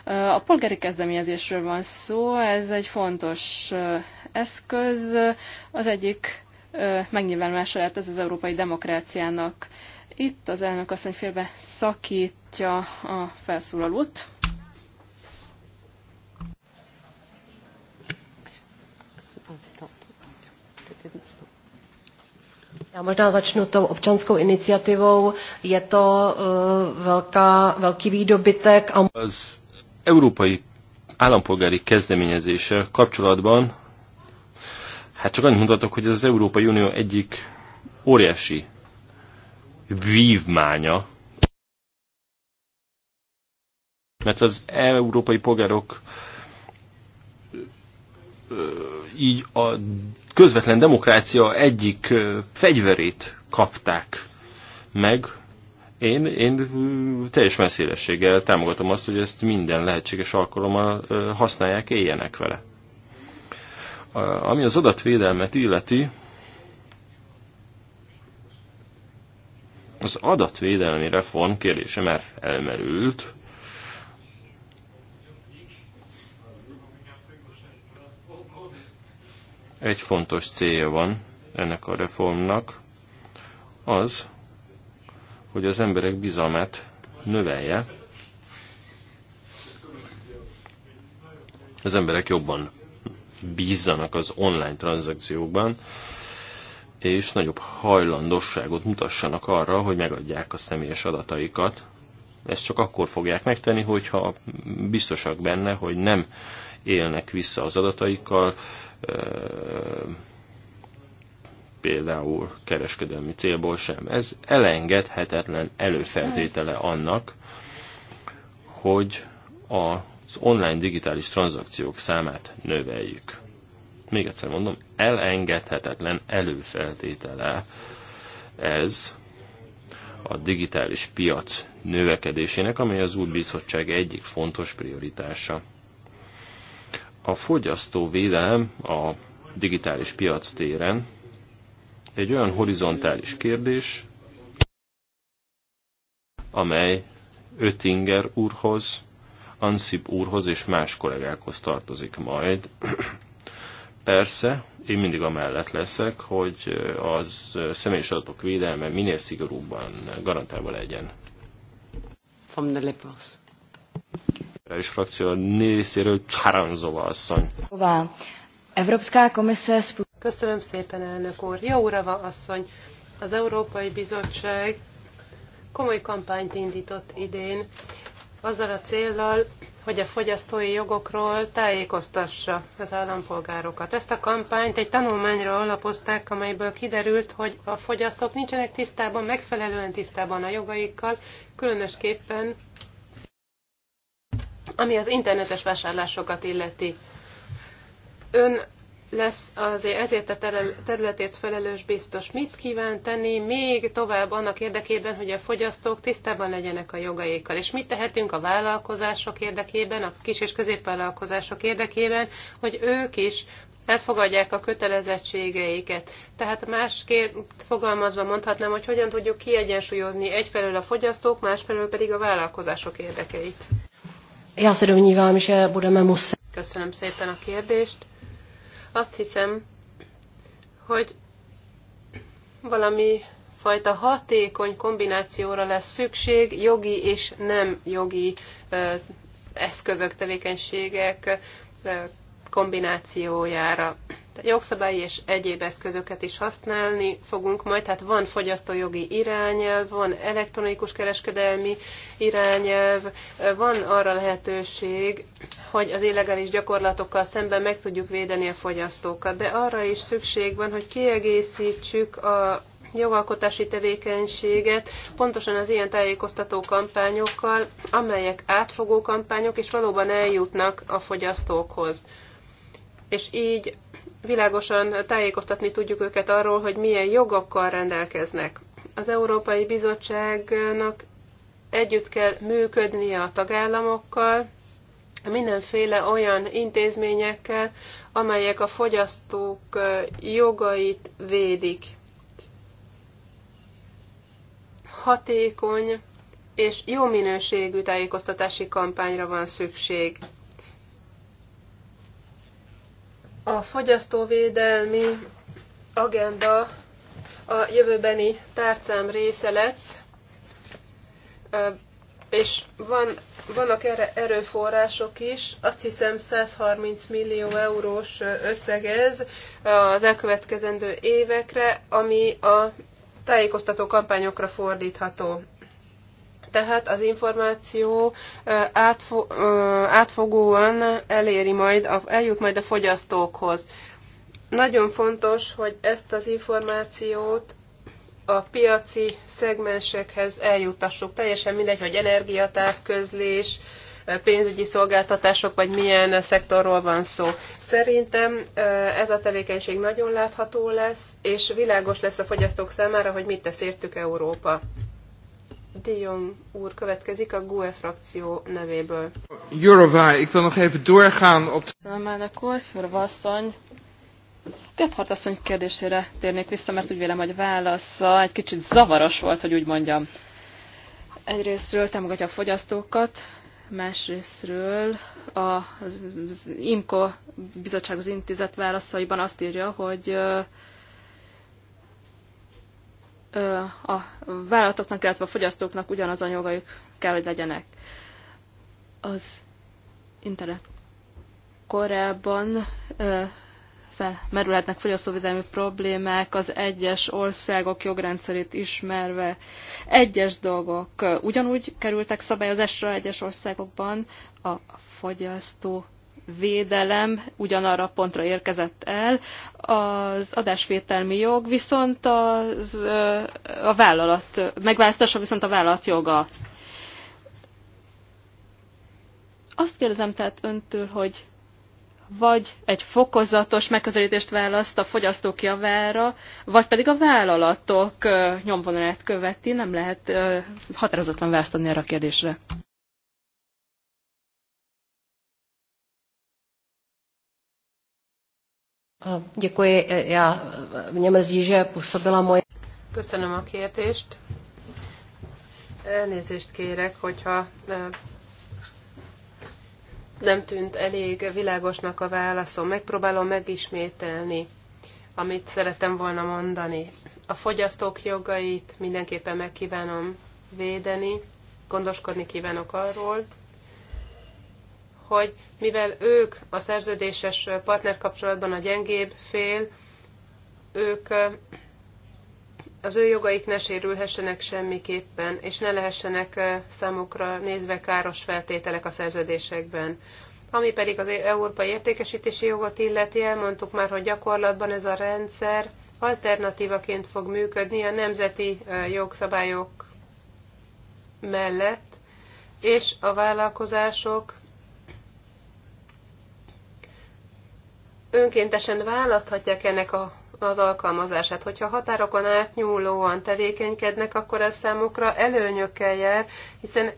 A polgári kezdeményezésről van szó, ez egy fontos eszköz. Az egyik megnyilvánulása lehet ez az európai demokráciának. Itt az elnök asszony félbe szakítja a felszólalót. Stop. Já možná začnu tou občanskou iniciativou. Je to uh, velká, velký výdobytek. A... Az európai állampolgári kezdeményezéssel kapcsolatban hát csak annyit mutatok, hogy ez az Európai Unió egyik óriási vívmánya, mert az európai polgárok így a közvetlen demokrácia egyik fegyverét kapták meg. Én, én teljes messzélességgel támogatom azt, hogy ezt minden lehetséges alkalommal használják, éljenek vele. Ami az adatvédelmet illeti, az adatvédelmi reform kérdése már elmerült, Egy fontos célja van ennek a reformnak, az, hogy az emberek bizalmát növelje, az emberek jobban bízzanak az online tranzakciókban, és nagyobb hajlandosságot mutassanak arra, hogy megadják a személyes adataikat. Ezt csak akkor fogják megtenni, hogyha biztosak benne, hogy nem élnek vissza az adataikkal, például kereskedelmi célból sem. Ez elengedhetetlen előfeltétele annak, hogy az online digitális tranzakciók számát növeljük. Még egyszer mondom, elengedhetetlen előfeltétele ez a digitális piac növekedésének, amely az új bizottság egyik fontos prioritása. A fogyasztóvédelem a digitális piac téren egy olyan horizontális kérdés, amely Öttinger úrhoz, Ansip úrhoz és más kollégákhoz tartozik majd. Persze, én mindig amellett leszek, hogy az személyes adatok védelme minél szigorúbban garantálva legyen. From the liberális frakció részéről Csaranzova asszony. Köszönöm szépen, elnök úr. Jaurava asszony, az Európai Bizottság komoly kampányt indított idén, azzal a céllal, hogy a fogyasztói jogokról tájékoztassa az állampolgárokat. Ezt a kampányt egy tanulmányra alapozták, amelyből kiderült, hogy a fogyasztók nincsenek tisztában, megfelelően tisztában a jogaikkal, különösképpen ami az internetes vásárlásokat illeti, ön lesz azért ezért a területért felelős biztos. Mit kíván tenni még tovább annak érdekében, hogy a fogyasztók tisztában legyenek a jogaikkal? És mit tehetünk a vállalkozások érdekében, a kis és középvállalkozások érdekében, hogy ők is elfogadják a kötelezettségeiket. Tehát másképp fogalmazva mondhatnám, hogy hogyan tudjuk kiegyensúlyozni egyfelől a fogyasztók, másfelől pedig a vállalkozások érdekeit. Já se domnívám, že budeme muset. Köszönöm szépen a kérdést. Azt hiszem, hogy valami fajta hatékony kombinációra lesz szükség jogi és nem jogi eszközök, tevékenységek kombinációjára jogszabályi és egyéb eszközöket is használni fogunk majd, tehát van fogyasztójogi irányelv, van elektronikus kereskedelmi irányelv, van arra lehetőség, hogy az illegális gyakorlatokkal szemben meg tudjuk védeni a fogyasztókat, de arra is szükség van, hogy kiegészítsük a jogalkotási tevékenységet, pontosan az ilyen tájékoztató kampányokkal, amelyek átfogó kampányok, és valóban eljutnak a fogyasztókhoz. És így világosan tájékoztatni tudjuk őket arról, hogy milyen jogokkal rendelkeznek. Az Európai Bizottságnak együtt kell működnie a tagállamokkal, mindenféle olyan intézményekkel, amelyek a fogyasztók jogait védik. Hatékony és jó minőségű tájékoztatási kampányra van szükség. A fogyasztóvédelmi agenda a jövőbeni tárcám része lett, és van, vannak erre erőforrások is, azt hiszem 130 millió eurós összegez az elkövetkezendő évekre, ami a tájékoztató kampányokra fordítható tehát az információ átfogóan eléri majd, eljut majd a fogyasztókhoz. Nagyon fontos, hogy ezt az információt a piaci szegmensekhez eljuttassuk. Teljesen mindegy, hogy energiatávközlés, pénzügyi szolgáltatások, vagy milyen szektorról van szó. Szerintem ez a tevékenység nagyon látható lesz, és világos lesz a fogyasztók számára, hogy mit tesz értük Európa. Dion úr következik a GUE frakció nevéből. Jurova, ik wil nog even doorgaan op... Köszönöm elnök úr, Jurova asszony. Gebhardt asszony kérdésére térnék vissza, mert úgy vélem, hogy válasza egy kicsit zavaros volt, hogy úgy mondjam. Egyrésztről támogatja a fogyasztókat, másrésztről az IMCO az intézet válaszaiban azt írja, hogy a vállalatoknak, illetve a fogyasztóknak ugyanaz a jogaik kell, hogy legyenek. Az internet korábban felmerülhetnek fogyasztóvédelmi problémák az egyes országok jogrendszerét ismerve. Egyes dolgok ugyanúgy kerültek szabályozásra egyes országokban, a fogyasztó védelem ugyanarra a pontra érkezett el. Az adásvételmi jog viszont az, a vállalat, megválasztása viszont a vállalat joga. Azt kérdezem tehát öntől, hogy vagy egy fokozatos megközelítést választ a fogyasztók javára, vagy pedig a vállalatok nyomvonalát követi, nem lehet határozottan választani erre a kérdésre. Děkuji, já, mě mrzí, že působila moje... Köszönöm a kérdést. Elnézést kérek, hogyha nem tűnt elég világosnak a válaszom. Megpróbálom megismételni, amit szerettem volna mondani. A fogyasztók jogait mindenképpen megkívánom védeni, gondoskodni kívánok arról, hogy mivel ők a szerződéses partnerkapcsolatban a gyengébb fél, ők az ő jogaik ne sérülhessenek semmiképpen, és ne lehessenek számukra nézve káros feltételek a szerződésekben. Ami pedig az európai értékesítési jogot illeti, elmondtuk már, hogy gyakorlatban ez a rendszer alternatívaként fog működni a nemzeti jogszabályok mellett, és a vállalkozások önkéntesen választhatják ennek a, az alkalmazását. Hogyha határokon átnyúlóan tevékenykednek, akkor ez számukra előnyökkel jár, hiszen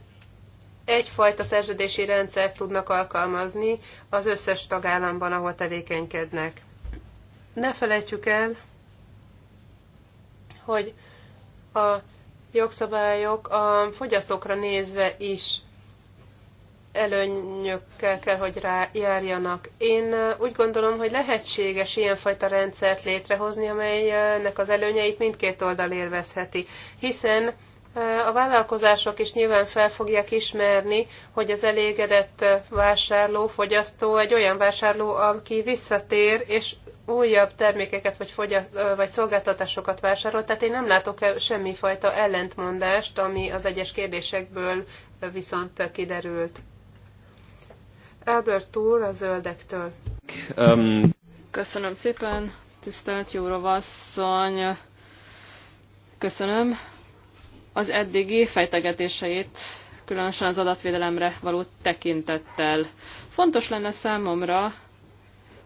egyfajta szerződési rendszert tudnak alkalmazni az összes tagállamban, ahol tevékenykednek. Ne felejtsük el, hogy a jogszabályok a fogyasztókra nézve is előnyökkel kell, hogy rájárjanak. Én úgy gondolom, hogy lehetséges ilyenfajta rendszert létrehozni, amelynek az előnyeit mindkét oldal élvezheti, hiszen a vállalkozások is nyilván fel fogják ismerni, hogy az elégedett vásárló, fogyasztó egy olyan vásárló, aki visszatér, és újabb termékeket vagy, fogyat, vagy szolgáltatásokat vásárol, tehát én nem látok semmifajta ellentmondást, ami az egyes kérdésekből viszont kiderült. Albert úr a zöldektől. Um. Köszönöm szépen, tisztelt Jórovasszony. Köszönöm az eddigi fejtegetéseit, különösen az adatvédelemre való tekintettel. Fontos lenne számomra,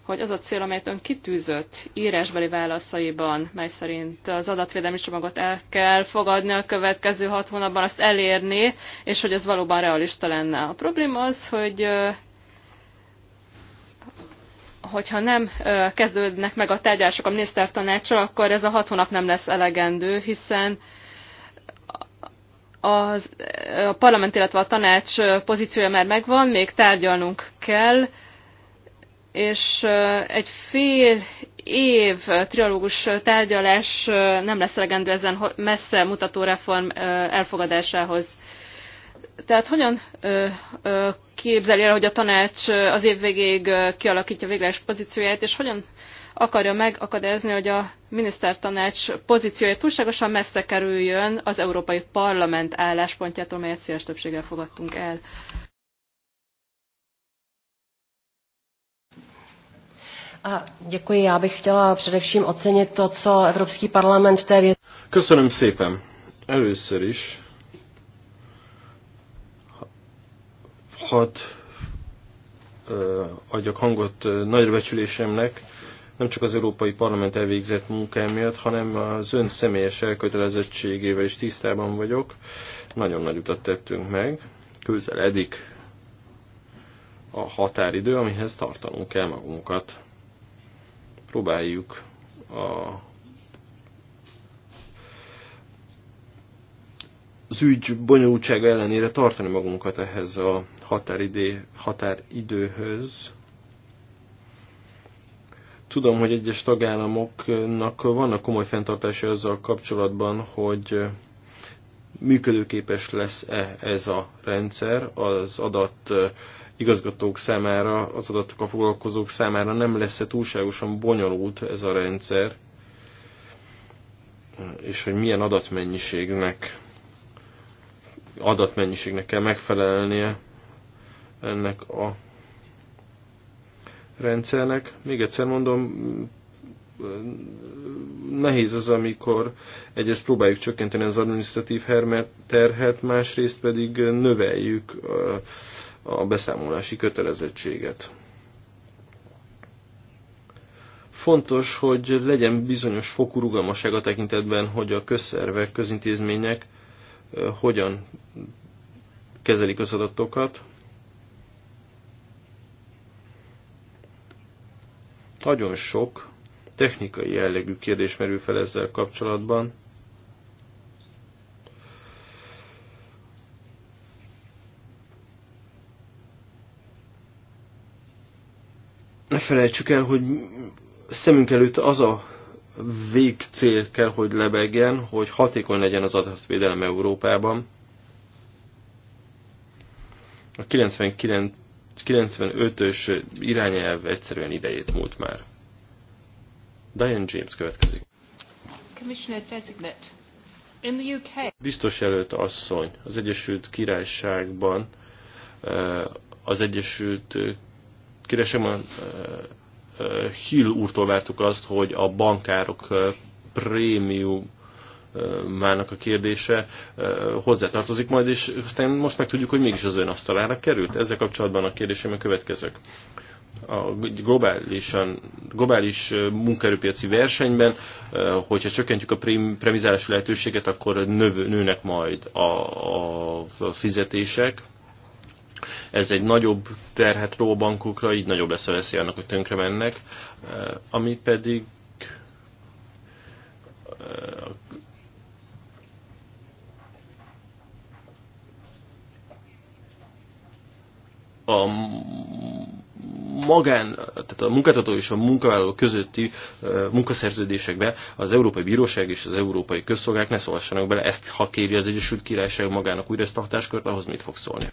hogy az a cél, amelyet ön kitűzött írásbeli válaszaiban, mely szerint az adatvédelmi csomagot el kell fogadni a következő hat hónapban, azt elérni, és hogy ez valóban realista lenne. A probléma az, hogy hogyha nem kezdődnek meg a tárgyalások a minisztertanácsal, akkor ez a hat hónap nem lesz elegendő, hiszen az, a parlament, illetve a tanács pozíciója már megvan, még tárgyalnunk kell, és egy fél év trialógus tárgyalás nem lesz elegendő ezen messze mutató reform elfogadásához. Tehát hogyan ö, ö, képzeli el, hogy a tanács az év végéig kialakítja végleges pozícióját, és hogyan akarja megakadályozni, hogy a minisztertanács pozíciója túlságosan messze kerüljön az Európai Parlament álláspontjától, melyet széles többséggel fogadtunk el. Děkuji, já bych chtěla především ocenit to, co Evropský parlament té věci. Köszönöm szépen. Először is hat adjak hangot nagyra becsülésemnek, nem csak az Európai Parlament elvégzett munkám miatt, hanem az ön személyes elkötelezettségével is tisztában vagyok. Nagyon nagy utat tettünk meg, közeledik a határidő, amihez tartanunk kell magunkat. Próbáljuk a az ügy bonyolultsága ellenére tartani magunkat ehhez a határidő, határidőhöz. Tudom, hogy egyes tagállamoknak vannak komoly fenntartása azzal kapcsolatban, hogy működőképes lesz-e ez a rendszer az adat igazgatók számára, az adatok a foglalkozók számára nem lesz-e túlságosan bonyolult ez a rendszer, és hogy milyen adatmennyiségnek adatmennyiségnek kell megfelelnie ennek a rendszernek. Még egyszer mondom, nehéz az, amikor egyrészt próbáljuk csökkenteni az administratív terhet, másrészt pedig növeljük a beszámolási kötelezettséget. Fontos, hogy legyen bizonyos fokú rugalmasság a tekintetben, hogy a közszervek, közintézmények eh, hogyan kezelik az adatokat, Nagyon sok technikai jellegű kérdés merül fel ezzel kapcsolatban. Ne felejtsük el, hogy szemünk előtt az a végcél kell, hogy lebegjen, hogy hatékony legyen az adatvédelem Európában. A 99 95-ös irányelv egyszerűen idejét múlt már. Diane James következik. Commissioner Designate. In the UK. Biztos előtt asszony az Egyesült Királyságban eh, az Egyesült eh, Királyságban eh, Hill úrtól vártuk azt, hogy a bankárok prémium mának a kérdése hozzátartozik majd, és aztán most meg tudjuk, hogy mégis az ön asztalára került. Ezzel kapcsolatban a kérdésem a következők. A globálisan, globális munkaerőpiaci versenyben, hogyha csökkentjük a premizálási lehetőséget, akkor növ, nőnek majd a, a fizetések, ez egy nagyobb terhet ró bankokra, így nagyobb lesz a veszély annak, hogy tönkre mennek, ami pedig a magán, tehát a munkáltató és a munkavállaló közötti munkaszerződésekbe az Európai Bíróság és az Európai Közszolgák ne szólhassanak bele, ezt ha kéri az Egyesült Királyság magának újra ezt a hatáskört, ahhoz mit fog szólni?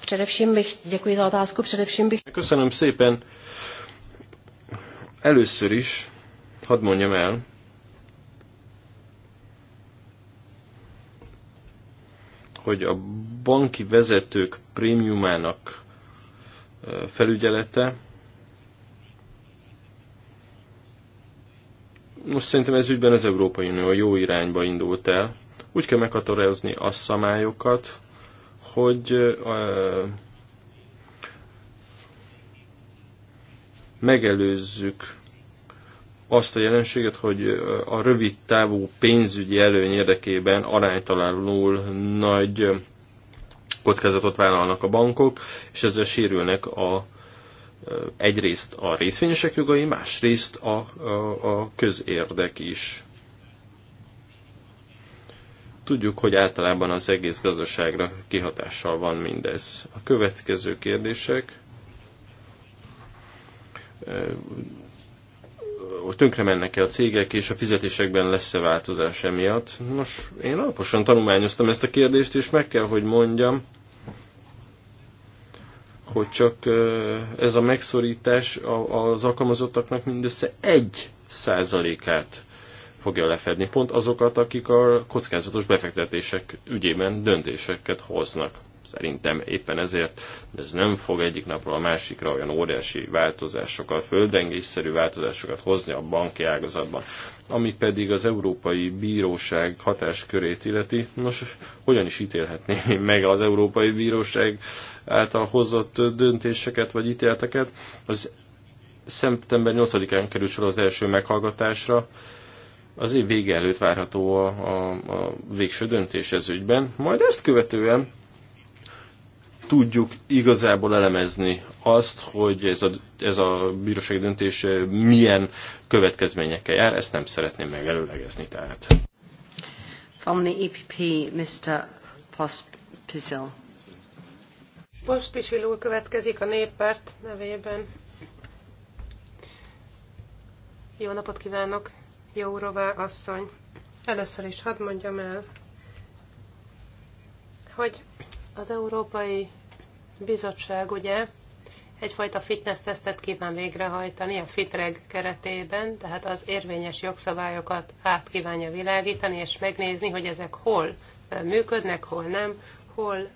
Především bych, děkuji za otázku, především bych... Köszönöm szépen. Először is, hadd mondjam el, hogy a banki vezetők prémiumának felügyelete. Most szerintem ez ügyben az Európai Unió a jó irányba indult el. Úgy kell meghatározni a szamályokat, hogy megelőzzük azt a jelenséget, hogy a rövid távú pénzügyi előny érdekében aránytalanul nagy kockázatot vállalnak a bankok, és ezzel sérülnek a, egyrészt a részvényesek jogai, másrészt a, a, a közérdek is. Tudjuk, hogy általában az egész gazdaságra kihatással van mindez. A következő kérdések hogy tönkre mennek-e a cégek, és a fizetésekben lesz-e változás emiatt. Nos, én alaposan tanulmányoztam ezt a kérdést, és meg kell, hogy mondjam, hogy csak ez a megszorítás az alkalmazottaknak mindössze egy százalékát fogja lefedni, pont azokat, akik a kockázatos befektetések ügyében döntéseket hoznak. Szerintem éppen ezért ez nem fog egyik napról a másikra olyan óriási változásokat, földrengésszerű változásokat hozni a banki ágazatban. Ami pedig az Európai Bíróság hatáskörét illeti, nos, hogyan is ítélhetném meg az Európai Bíróság által hozott döntéseket vagy ítélteket? Az szeptember 8-án került sor az első meghallgatásra, az év vége előtt várható a, a, a végső döntés ez ügyben. Majd ezt követően tudjuk igazából elemezni azt, hogy ez a, ez a bíróság döntés milyen következményekkel jár, ezt nem szeretném megelőlegezni tehát. From the EPP, Mr. Pospisil. Pospisil úr következik a néppárt nevében. Jó napot kívánok, Jórová asszony. Először is hadd mondjam el, hogy az Európai Bizottság ugye egyfajta fitness tesztet kíván végrehajtani a FITREG keretében, tehát az érvényes jogszabályokat át kívánja világítani, és megnézni, hogy ezek hol működnek, hol nem, hol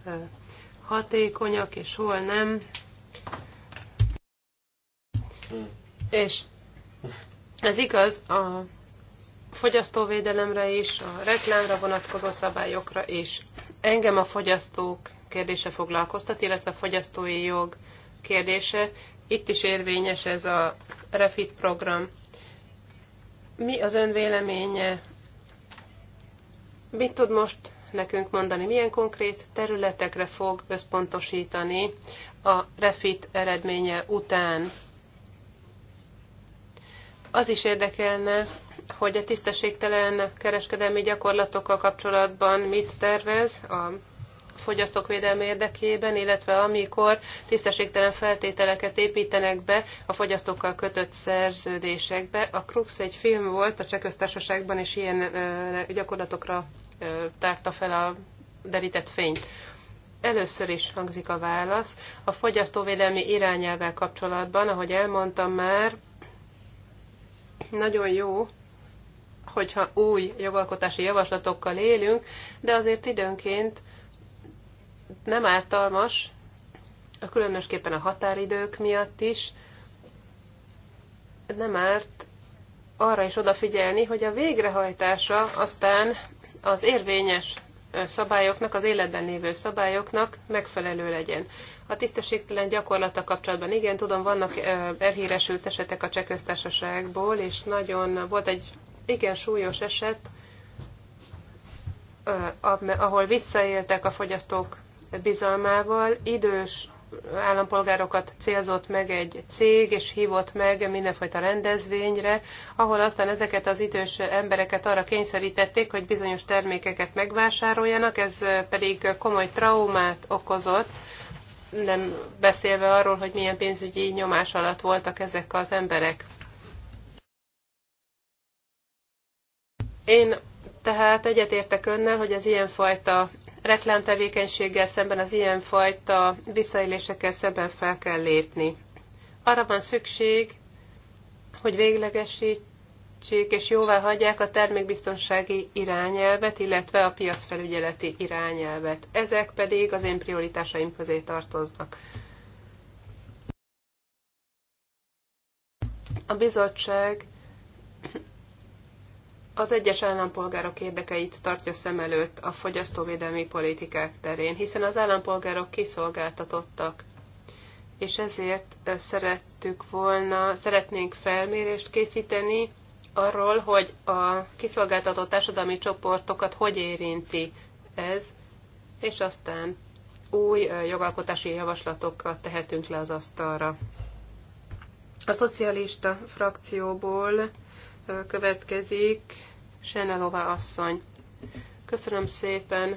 hatékonyak, és hol nem. És ez igaz a fogyasztóvédelemre is, a reklámra vonatkozó szabályokra is. Engem a fogyasztók kérdése foglalkoztat, illetve a fogyasztói jog kérdése. Itt is érvényes ez a Refit program. Mi az ön véleménye? Mit tud most nekünk mondani, milyen konkrét területekre fog összpontosítani a refit eredménye után. Az is érdekelne, hogy a tisztességtelen kereskedelmi gyakorlatokkal kapcsolatban mit tervez a fogyasztók védelme érdekében, illetve amikor tisztességtelen feltételeket építenek be a fogyasztókkal kötött szerződésekbe. A Krux egy film volt a Csehköztársaságban, és ilyen gyakorlatokra tárta fel a derített fényt. Először is hangzik a válasz. A fogyasztóvédelmi irányelvvel kapcsolatban, ahogy elmondtam már, nagyon jó, hogyha új jogalkotási javaslatokkal élünk, de azért időnként nem ártalmas, különösképpen a határidők miatt is, nem árt arra is odafigyelni, hogy a végrehajtása aztán az érvényes szabályoknak, az életben lévő szabályoknak megfelelő legyen. A tisztességtelen gyakorlata kapcsolatban igen, tudom, vannak elhíresült esetek a cseh és nagyon volt egy igen súlyos eset, ahol visszaéltek a fogyasztók bizalmával, idős állampolgárokat célzott meg egy cég, és hívott meg mindenfajta rendezvényre, ahol aztán ezeket az idős embereket arra kényszerítették, hogy bizonyos termékeket megvásároljanak, ez pedig komoly traumát okozott, nem beszélve arról, hogy milyen pénzügyi nyomás alatt voltak ezek az emberek. Én tehát egyetértek önnel, hogy az ilyenfajta reklámtevékenységgel szemben, az ilyenfajta visszaélésekkel szemben fel kell lépni. Arra van szükség, hogy véglegesítsék és jóvá hagyják a termékbiztonsági irányelvet, illetve a piacfelügyeleti irányelvet. Ezek pedig az én prioritásaim közé tartoznak. A bizottság az egyes állampolgárok érdekeit tartja szem előtt a fogyasztóvédelmi politikák terén, hiszen az állampolgárok kiszolgáltatottak. És ezért szerettük volna, szeretnénk felmérést készíteni arról, hogy a kiszolgáltatott társadalmi csoportokat hogy érinti ez, és aztán új jogalkotási javaslatokat tehetünk le az asztalra. A szocialista frakcióból következik Senelová asszony. Köszönöm szépen,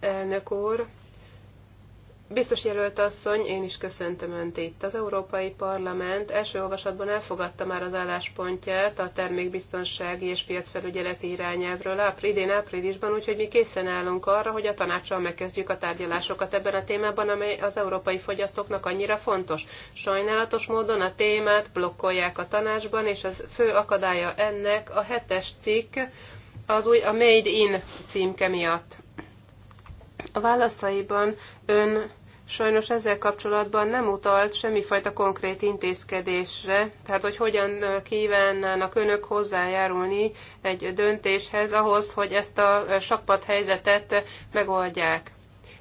elnök úr! Biztos jelölt asszony, én is köszöntöm Önt itt. Az Európai Parlament első olvasatban elfogadta már az álláspontját a termékbiztonsági és piacfelügyeleti irányelvről ápr idén áprilisban, úgyhogy mi készen állunk arra, hogy a tanácssal megkezdjük a tárgyalásokat ebben a témában, amely az európai fogyasztóknak annyira fontos. Sajnálatos módon a témát blokkolják a tanácsban, és az fő akadálya ennek a hetes cikk, az új, a Made in címke miatt a válaszaiban ön sajnos ezzel kapcsolatban nem utalt semmifajta konkrét intézkedésre, tehát hogy hogyan kívánnának önök hozzájárulni egy döntéshez ahhoz, hogy ezt a sakpat helyzetet megoldják.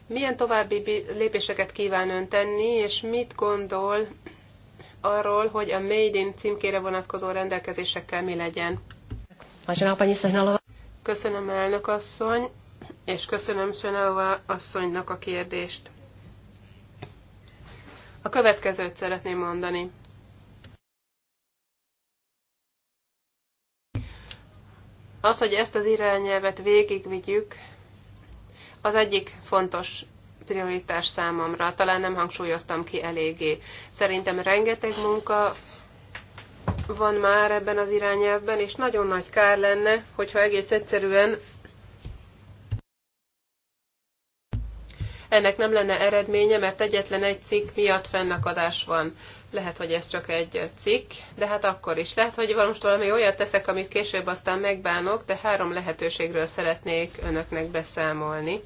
Milyen további lépéseket kíván ön tenni, és mit gondol arról, hogy a Made in címkére vonatkozó rendelkezésekkel mi legyen? Köszönöm, elnök asszony és köszönöm Sönelva asszonynak a kérdést. A következőt szeretném mondani. Az, hogy ezt az irányelvet végigvigyük, az egyik fontos prioritás számomra. Talán nem hangsúlyoztam ki eléggé. Szerintem rengeteg munka van már ebben az irányelvben, és nagyon nagy kár lenne, hogyha egész egyszerűen ennek nem lenne eredménye, mert egyetlen egy cikk miatt fennakadás van. Lehet, hogy ez csak egy cikk, de hát akkor is. Lehet, hogy most valami olyat teszek, amit később aztán megbánok, de három lehetőségről szeretnék önöknek beszámolni.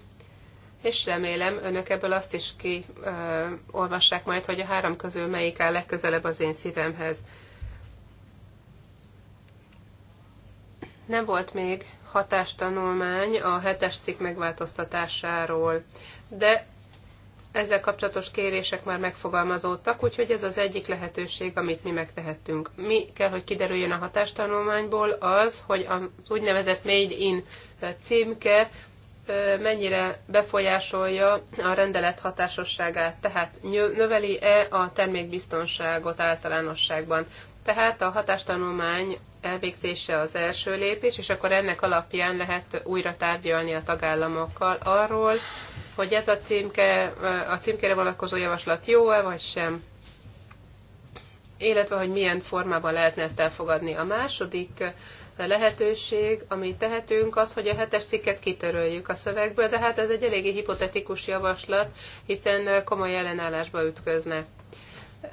És remélem, önök ebből azt is kiolvassák majd, hogy a három közül melyik áll legközelebb az én szívemhez. nem volt még hatástanulmány a hetes cikk megváltoztatásáról, de ezzel kapcsolatos kérések már megfogalmazódtak, úgyhogy ez az egyik lehetőség, amit mi megtehettünk. Mi kell, hogy kiderüljön a hatástanulmányból az, hogy az úgynevezett Made in címke mennyire befolyásolja a rendelet hatásosságát, tehát növeli-e a termékbiztonságot általánosságban. Tehát a hatástanulmány elvégzése az első lépés, és akkor ennek alapján lehet újra tárgyalni a tagállamokkal arról, hogy ez a címke, a címkére vonatkozó javaslat jó-e vagy sem, illetve hogy milyen formában lehetne ezt elfogadni. A második lehetőség, amit tehetünk, az, hogy a hetes cikket kitöröljük a szövegből, de hát ez egy eléggé hipotetikus javaslat, hiszen komoly ellenállásba ütközne.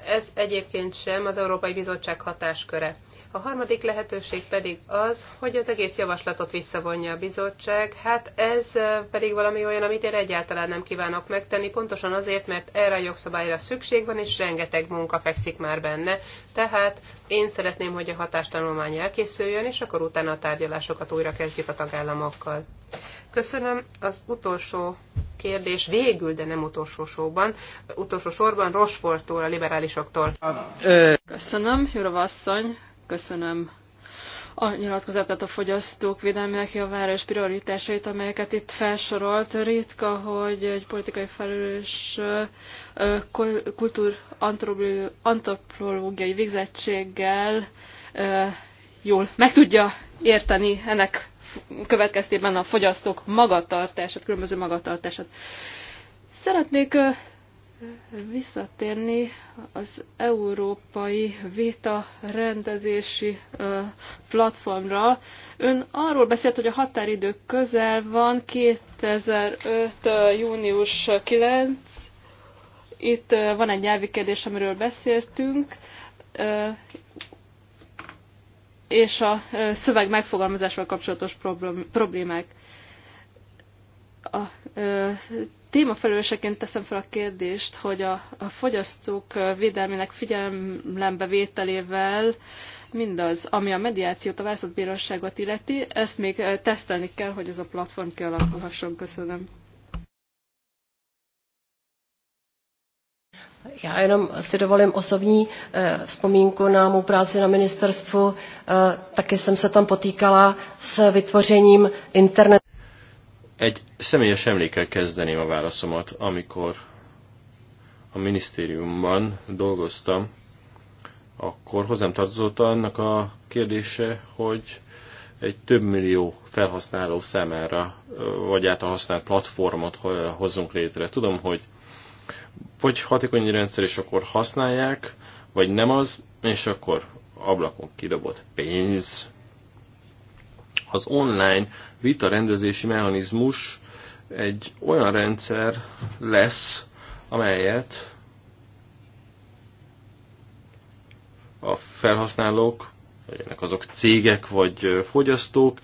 Ez egyébként sem az Európai Bizottság hatásköre. A harmadik lehetőség pedig az, hogy az egész javaslatot visszavonja a bizottság. Hát ez pedig valami olyan, amit én egyáltalán nem kívánok megtenni, pontosan azért, mert erre a jogszabályra szükség van, és rengeteg munka fekszik már benne. Tehát én szeretném, hogy a hatástanulmány elkészüljön, és akkor utána a tárgyalásokat újra kezdjük a tagállamokkal. Köszönöm. Az utolsó kérdés végül, de nem utolsó sorban, utolsó sorban Rosfortól, a liberálisoktól. Köszönöm, Jurova Köszönöm a nyilatkozatát a fogyasztók védelmének javára és prioritásait, amelyeket itt felsorolt. Ritka, hogy egy politikai felelős kultúrantropológiai végzettséggel jól meg tudja érteni ennek következtében a fogyasztók magatartását, különböző magatartását. Szeretnék visszatérni az európai vita rendezési platformra. Ön arról beszélt, hogy a határidő közel van, 2005. június 9. Itt van egy nyelvi kérdés, amiről beszéltünk, és a szöveg megfogalmazásával kapcsolatos problémák. A témafelelőseként teszem fel a kérdést, hogy a, a fogyasztók védelmének figyelembe vételével mindaz, ami a mediációt, a választatbíróságot illeti, ezt még tesztelni kell, hogy ez a platform kialakulhasson. Köszönöm. Já jenom si dovolím osobní vzpomínku na mou práci na ministerstvu. Taky jsem se tam potýkala s vytvořením internetu. Egy személyes emlékkel kezdeném a válaszomat, amikor a minisztériumban dolgoztam, akkor hozzám tartozott annak a kérdése, hogy egy több millió felhasználó számára vagy által használt platformot hozzunk létre. Tudom, hogy vagy hatékony rendszer, és akkor használják, vagy nem az, és akkor ablakon kidobott pénz az online vita rendezési mechanizmus egy olyan rendszer lesz, amelyet a felhasználók, vagy ennek azok cégek vagy fogyasztók,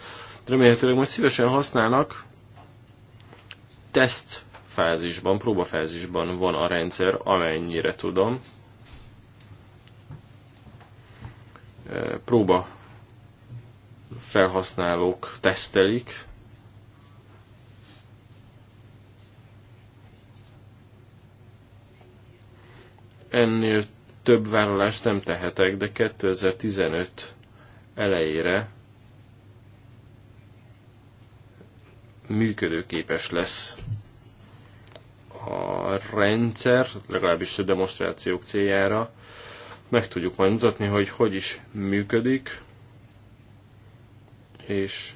remélhetőleg majd szívesen használnak. Teszt fázisban, próbafázisban van a rendszer, amennyire tudom. Próba felhasználók tesztelik, ennél több vállalást nem tehetek, de 2015 elejére működőképes lesz a rendszer, legalábbis a demonstrációk céljára. Meg tudjuk majd mutatni, hogy hogy is működik és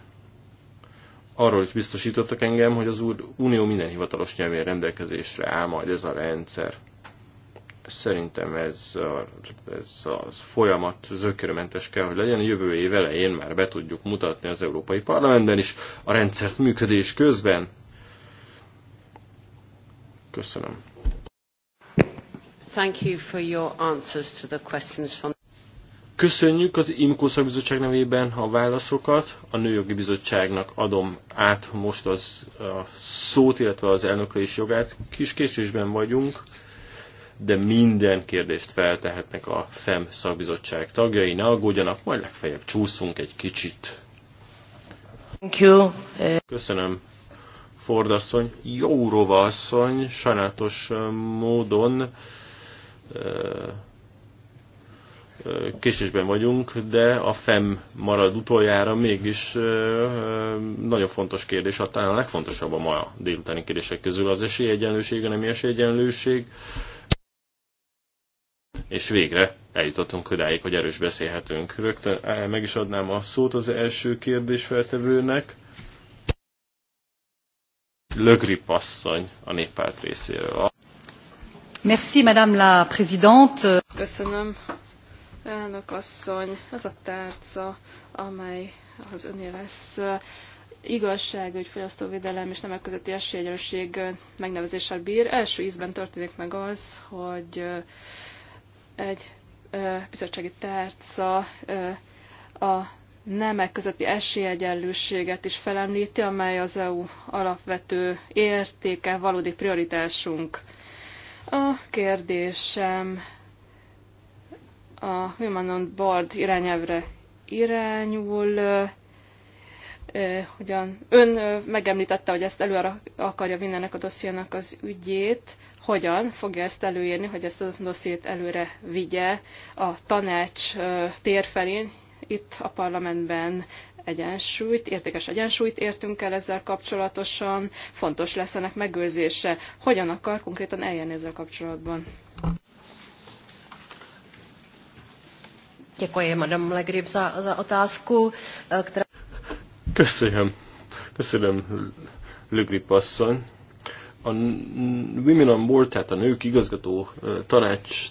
arról is biztosítottak engem, hogy az Unió minden hivatalos nyelvén rendelkezésre áll majd ez a rendszer. Szerintem ez, a, ez az folyamat zökörömentes kell, hogy legyen. A Jövő év elején már be tudjuk mutatni az Európai Parlamentben is a rendszert működés közben. Köszönöm. Thank you for your answers to the questions from Köszönjük az IMKO szakbizottság nevében a válaszokat. A Nőjogi Bizottságnak adom át most az, a szót, illetve az elnökre is jogát. Kis késésben vagyunk, de minden kérdést feltehetnek a FEM szakbizottság tagjai. Ne aggódjanak, majd legfeljebb csúszunk egy kicsit. Thank you. Köszönöm. Fordasszony, jó Jórova asszony sajnálatos módon késésben vagyunk, de a FEM marad utoljára, mégis nagyon fontos kérdés, talán a legfontosabb a ma délutáni kérdések közül az esélyegyenlőség, a nemi esélyegyenlőség, és végre eljutottunk odáig, hogy erős beszélhetünk. Rögtön meg is adnám a szót az első kérdésfeltevőnek. Lögri passzony a néppárt részéről. Merci, Madame la Présidente. Köszönöm, Elnök asszony, ez a tárca, amely az öné lesz igazság, hogy fogyasztóvédelem és nemek közötti esélyegyenlőség megnevezéssel bír. Első ízben történik meg az, hogy egy bizottsági tárca a nemek közötti esélyegyenlőséget is felemlíti, amely az EU alapvető értéke, valódi prioritásunk. A kérdésem a Human on Board irányelvre irányul. Hogyan? Ön megemlítette, hogy ezt előre akarja vinni ennek a dossziának az ügyét. Hogyan fogja ezt előírni, hogy ezt a dossziét előre vigye a tanács felén, itt a parlamentben egyensúlyt, értékes egyensúlyt értünk el ezzel kapcsolatosan, fontos lesz ennek megőrzése. Hogyan akar konkrétan eljönni ezzel kapcsolatban? Děkuji, Madame Legrib, za, za otázku, eh, která... Köszönöm. Köszönöm, Legrib asszony. A Women on Board, tehát a nők igazgató eh, tanács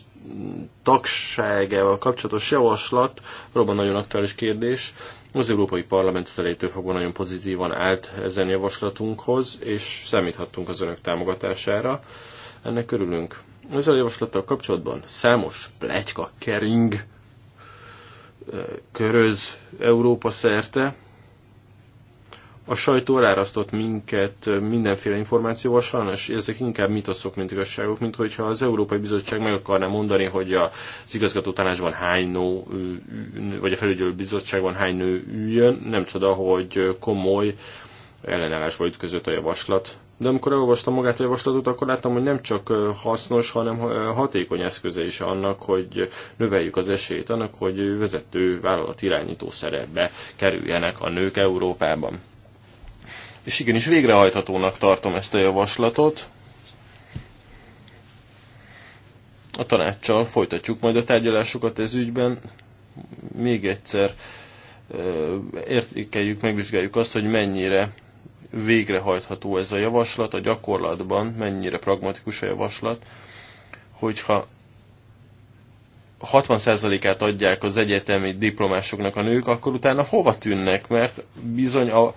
tagságával kapcsolatos javaslat, valóban nagyon aktuális kérdés. Az Európai Parlament felétől fogva nagyon pozitívan állt ezen javaslatunkhoz, és számíthattunk az önök támogatására. Ennek örülünk. Ezzel a javaslattal kapcsolatban számos pletyka kering köröz Európa szerte. A sajtó elárasztott minket mindenféle információval, sajnos ezek inkább mitoszok, mint igazságok, mint hogyha az Európai Bizottság meg akarná mondani, hogy az igazgató tanácsban hány nő, vagy a felügyelő bizottságban hány nő üljön. Nem csoda, hogy komoly ellenállásba ütközött a javaslat de amikor elolvastam magát a javaslatot, akkor láttam, hogy nem csak hasznos, hanem hatékony eszköze is annak, hogy növeljük az esélyt annak, hogy vezető vállalat irányító szerepbe kerüljenek a nők Európában. És igenis végrehajthatónak tartom ezt a javaslatot. A tanácssal folytatjuk majd a tárgyalásokat ez ügyben. Még egyszer értékeljük, megvizsgáljuk azt, hogy mennyire végrehajtható ez a javaslat, a gyakorlatban mennyire pragmatikus a javaslat, hogyha 60%-át adják az egyetemi diplomásoknak a nők, akkor utána hova tűnnek, mert bizony a,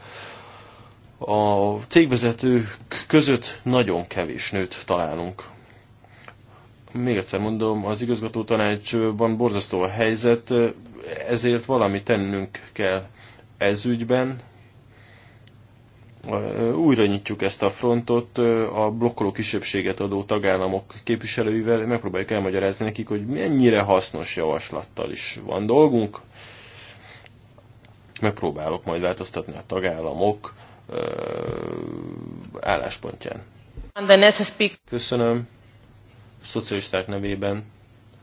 a cégvezetők között nagyon kevés nőt találunk. Még egyszer mondom, az igazgató tanácsban borzasztó a helyzet, ezért valami tennünk kell ez ügyben, újra nyitjuk ezt a frontot, a blokkoló kisebbséget adó tagállamok képviselőivel megpróbáljuk elmagyarázni nekik, hogy mennyire hasznos javaslattal is van dolgunk. Megpróbálok majd változtatni a tagállamok álláspontján. Köszönöm. A szocialisták nevében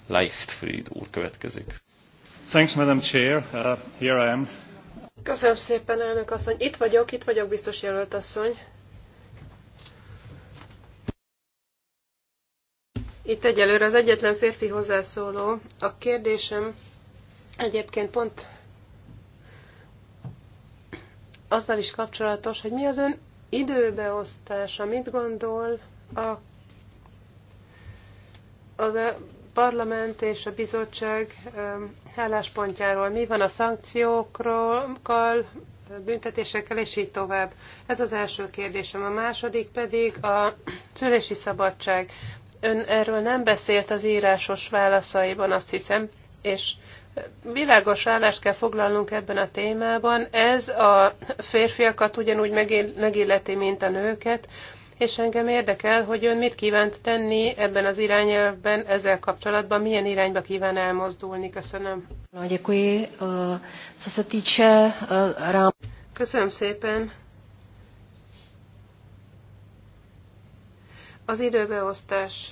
Leichtfried úr következik. Thanks, Madam Chair. Uh, here I am. Köszönöm szépen, elnök asszony. Itt vagyok, itt vagyok, biztos jelölt asszony. Itt egyelőre az egyetlen férfi hozzászóló. A kérdésem egyébként pont azzal is kapcsolatos, hogy mi az ön időbeosztása, mit gondol a, az e- parlament és a bizottság álláspontjáról, mi van a szankciókról, büntetésekkel, és így tovább. Ez az első kérdésem. A második pedig a szülési szabadság. Ön erről nem beszélt az írásos válaszaiban, azt hiszem, és világos állást kell foglalnunk ebben a témában. Ez a férfiakat ugyanúgy megilleti, mint a nőket, és engem érdekel, hogy ön mit kívánt tenni ebben az irányelvben, ezzel kapcsolatban, milyen irányba kíván elmozdulni. Köszönöm. Eh, eh, Köszönöm szépen. Az időbeosztás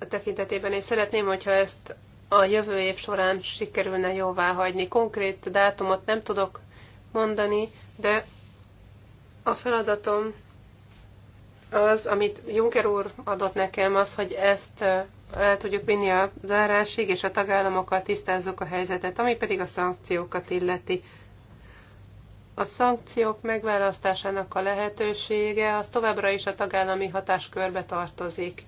a tekintetében én szeretném, hogyha ezt a jövő év során sikerülne jóvá hagyni. Konkrét dátumot nem tudok mondani, de a feladatom az, amit Juncker úr adott nekem, az, hogy ezt el tudjuk vinni a zárásig, és a tagállamokkal tisztázzuk a helyzetet, ami pedig a szankciókat illeti. A szankciók megválasztásának a lehetősége az továbbra is a tagállami hatáskörbe tartozik.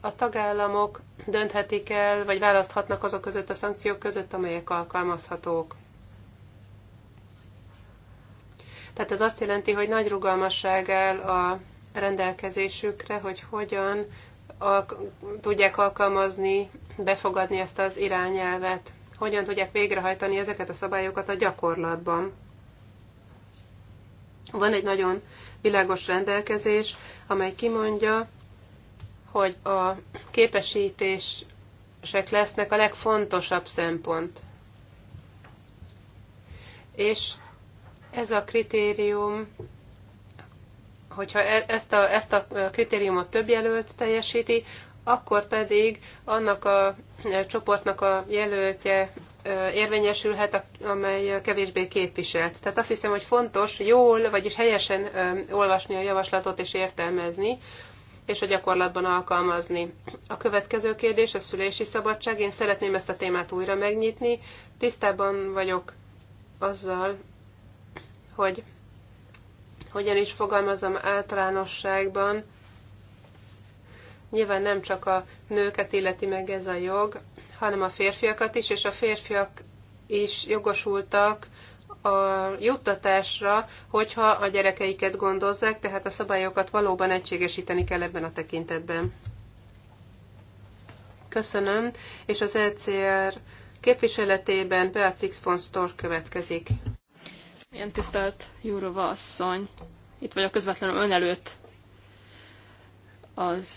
A tagállamok dönthetik el, vagy választhatnak azok között a szankciók között, amelyek alkalmazhatók. Tehát ez azt jelenti, hogy nagy rugalmasság áll a rendelkezésükre, hogy hogyan alk- tudják alkalmazni, befogadni ezt az irányelvet, hogyan tudják végrehajtani ezeket a szabályokat a gyakorlatban. Van egy nagyon világos rendelkezés, amely kimondja, hogy a képesítések lesznek a legfontosabb szempont. És ez a kritérium, hogyha e- ezt a, ezt a kritériumot több jelölt teljesíti, akkor pedig annak a e, csoportnak a jelöltje e, érvényesülhet, amely kevésbé képviselt. Tehát azt hiszem, hogy fontos jól, vagyis helyesen olvasni a javaslatot és értelmezni, és a gyakorlatban alkalmazni. A következő kérdés a szülési szabadság. Én szeretném ezt a témát újra megnyitni. Tisztában vagyok azzal, hogy hogyan is fogalmazom általánosságban, nyilván nem csak a nőket illeti meg ez a jog, hanem a férfiakat is, és a férfiak is jogosultak a juttatásra, hogyha a gyerekeiket gondozzák, tehát a szabályokat valóban egységesíteni kell ebben a tekintetben. Köszönöm, és az ECR képviseletében Beatrix von Stor következik. Ilyen tisztelt Jurova asszony, itt vagyok közvetlenül ön előtt. Az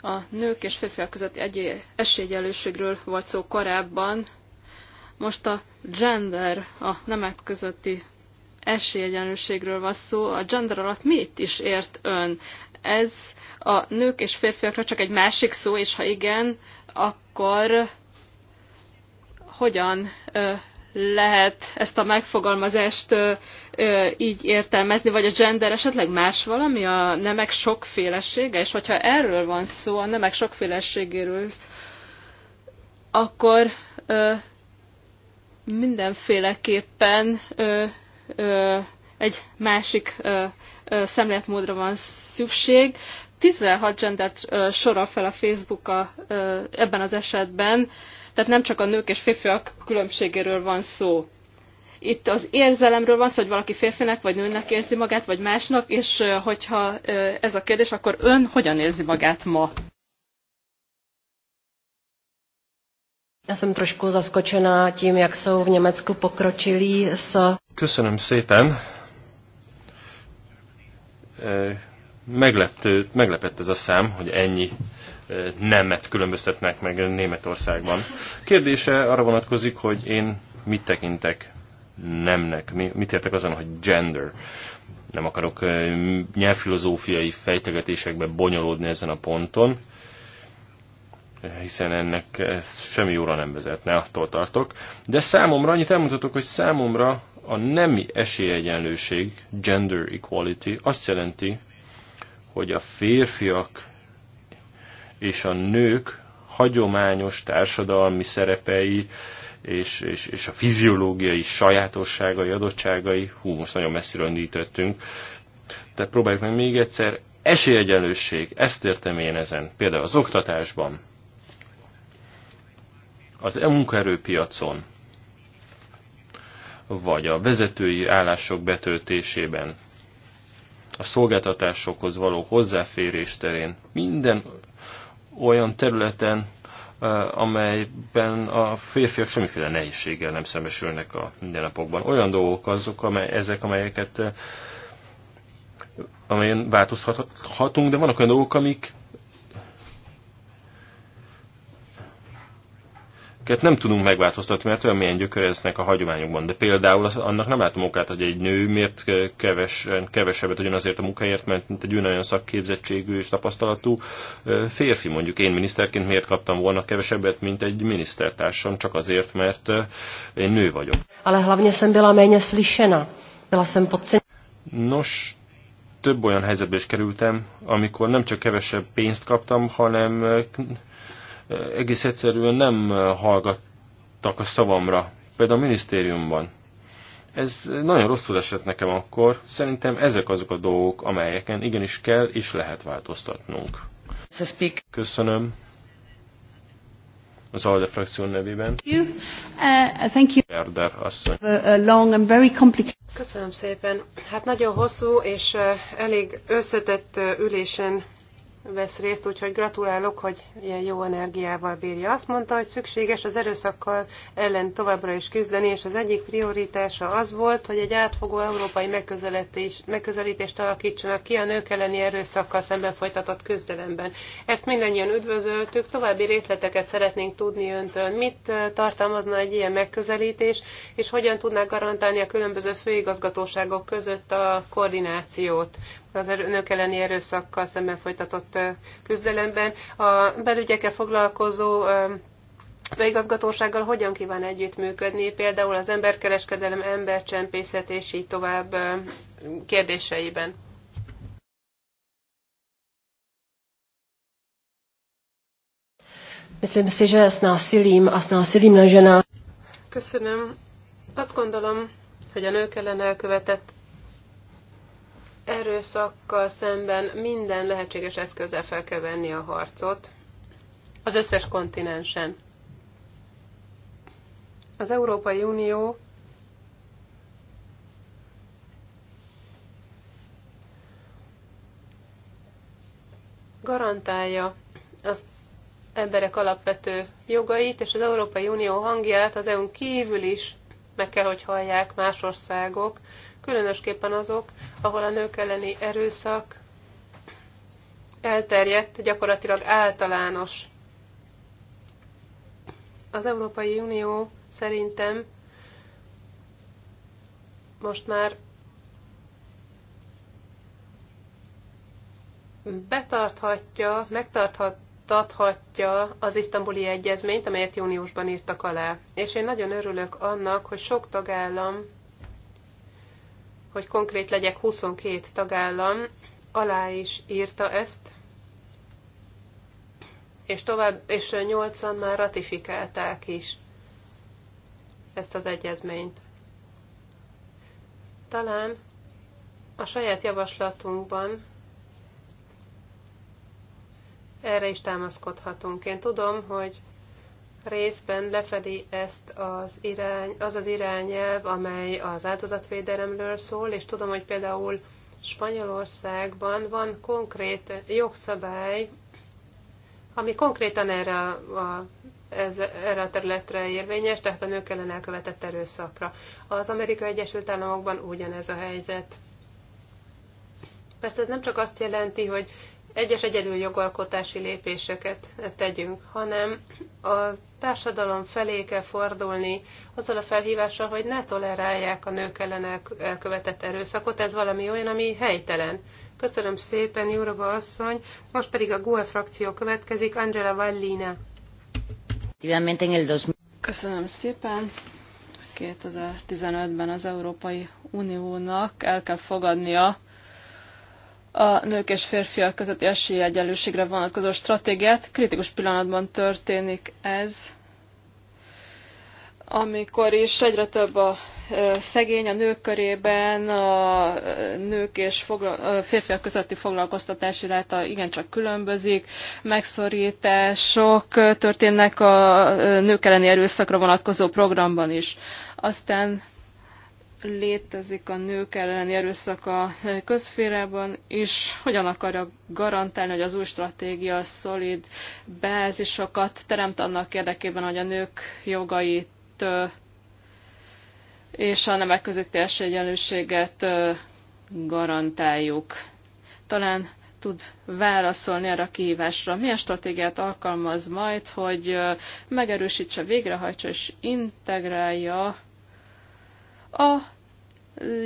a nők és férfiak közötti egy esélyegyenlőségről volt szó korábban. Most a gender, a nemek közötti esélyegyenlőségről van szó. A gender alatt mit is ért ön? Ez a nők és férfiakra csak egy másik szó, és ha igen, akkor hogyan lehet ezt a megfogalmazást így értelmezni, vagy a gender esetleg más valami, a nemek sokfélesége, és hogyha erről van szó, a nemek sokféleségéről, akkor ö, mindenféleképpen ö, ö, egy másik ö, ö, szemléletmódra van szükség. 16 gendert ö, sorol fel a Facebook a, ö, ebben az esetben, ö, tehát nem csak a nők és férfiak különbségéről van szó. Itt az érzelemről van szó, hogy valaki férfinek vagy nőnek érzi magát, vagy másnak, és hogyha ez a kérdés, akkor ön hogyan érzi magát ma? Já jsem trošku zaskočená tím, jak jsou v Německu pokročilí s... Köszönöm szépen. Megleptő, meglepett ez a szám, hogy ennyi nemet különböztetnek meg Németországban. Kérdése arra vonatkozik, hogy én mit tekintek nemnek, mit értek azon, hogy gender. Nem akarok nyelvfilozófiai fejtegetésekbe bonyolódni ezen a ponton, hiszen ennek ez semmi jóra nem vezetne, attól tartok. De számomra, annyit elmondhatok, hogy számomra a nemi esélyegyenlőség, gender equality, azt jelenti, hogy a férfiak és a nők hagyományos társadalmi szerepei és, és, és a fiziológiai sajátosságai, adottságai, hú, most nagyon messziről indítottunk, tehát próbáljuk meg még egyszer, esélyegyenlőség, ezt értem én ezen, például az oktatásban, az e munkaerőpiacon, vagy a vezetői állások betöltésében, a szolgáltatásokhoz való hozzáférés terén, minden olyan területen, amelyben a férfiak semmiféle nehézséggel nem szembesülnek a mindennapokban. Olyan dolgok azok, amely, ezek, amelyeket amelyen változhatunk, de vannak olyan dolgok, amik amiket nem tudunk megváltoztatni, mert olyan milyen gyökereznek a hagyományokban. De például annak nem látom okát, hogy egy nő miért keves, kevesebbet adjon azért a munkáért, mert mint egy olyan szakképzettségű és tapasztalatú férfi. Mondjuk én miniszterként miért kaptam volna kevesebbet, mint egy minisztertársam, csak azért, mert én nő vagyok. Ale hlavně jsem byla méně slyšena. Byla jsem podcen... Nos, több olyan helyzetbe is kerültem, amikor nem csak kevesebb pénzt kaptam, hanem egész egyszerűen nem hallgattak a szavamra, például a minisztériumban. Ez nagyon rosszul esett nekem akkor. Szerintem ezek azok a dolgok, amelyeken igenis kell és lehet változtatnunk. Köszönöm. Az ALDE frakció nevében. Uh, Köszönöm szépen. Hát nagyon hosszú és elég összetett ülésen vesz részt, úgyhogy gratulálok, hogy ilyen jó energiával bírja. Azt mondta, hogy szükséges az erőszakkal ellen továbbra is küzdeni, és az egyik prioritása az volt, hogy egy átfogó európai megközelítés, megközelítést alakítsanak ki a nők elleni erőszakkal szemben folytatott küzdelemben. Ezt mindannyian üdvözöltük, további részleteket szeretnénk tudni öntől. Mit tartalmazna egy ilyen megközelítés, és hogyan tudnák garantálni a különböző főigazgatóságok között a koordinációt? az önök elleni erőszakkal szemben folytatott küzdelemben. A belügyekkel foglalkozó főigazgatósággal hogyan kíván együttműködni, például az emberkereskedelem, embercsempészet és így tovább kérdéseiben. Köszönöm. Azt gondolom, hogy a nők ellen elkövetett erőszakkal szemben minden lehetséges eszközzel fel kell venni a harcot az összes kontinensen. Az Európai Unió garantálja az emberek alapvető jogait, és az Európai Unió hangját az EU-n kívül is meg kell, hogy hallják más országok, különösképpen azok, ahol a nők elleni erőszak elterjedt, gyakorlatilag általános. Az Európai Unió szerintem most már betarthatja, megtarthatja az isztambuli egyezményt, amelyet júniusban írtak alá. És én nagyon örülök annak, hogy sok tagállam hogy konkrét legyek, 22 tagállam alá is írta ezt, és tovább, és 80 már ratifikálták is ezt az egyezményt. Talán a saját javaslatunkban erre is támaszkodhatunk. Én tudom, hogy részben lefedi ezt az irány, az az irányelv, amely az áldozatvédelemről szól, és tudom, hogy például Spanyolországban van konkrét jogszabály, ami konkrétan erre a, ez, erre a területre érvényes, tehát a nők ellen elkövetett erőszakra. Az Amerikai Egyesült Államokban ugyanez a helyzet. Persze ez nem csak azt jelenti, hogy egyes egyedül jogalkotási lépéseket tegyünk, hanem a társadalom felé kell fordulni azzal a felhívással, hogy ne tolerálják a nők ellen elkövetett erőszakot. Ez valami olyan, ami helytelen. Köszönöm szépen, Jurova asszony. Most pedig a GUE frakció következik, Angela Vallina. Köszönöm szépen. 2015-ben az Európai Uniónak el kell fogadnia a nők és férfiak közötti esélyegyenlőségre vonatkozó stratégiát. Kritikus pillanatban történik ez, amikor is egyre több a szegény a nők körében, a nők és fogla- férfiak közötti foglalkoztatási ráta igencsak különbözik, megszorítások történnek a nők elleni erőszakra vonatkozó programban is. Aztán létezik a nők elleni erőszak a közférában, és hogyan akarja garantálni, hogy az új stratégia szolid bázisokat teremt annak érdekében, hogy a nők jogait és a nemek közötti esélyegyenlőséget garantáljuk. Talán tud válaszolni erre a kihívásra. Milyen stratégiát alkalmaz majd, hogy megerősítse, végrehajtsa és integrálja a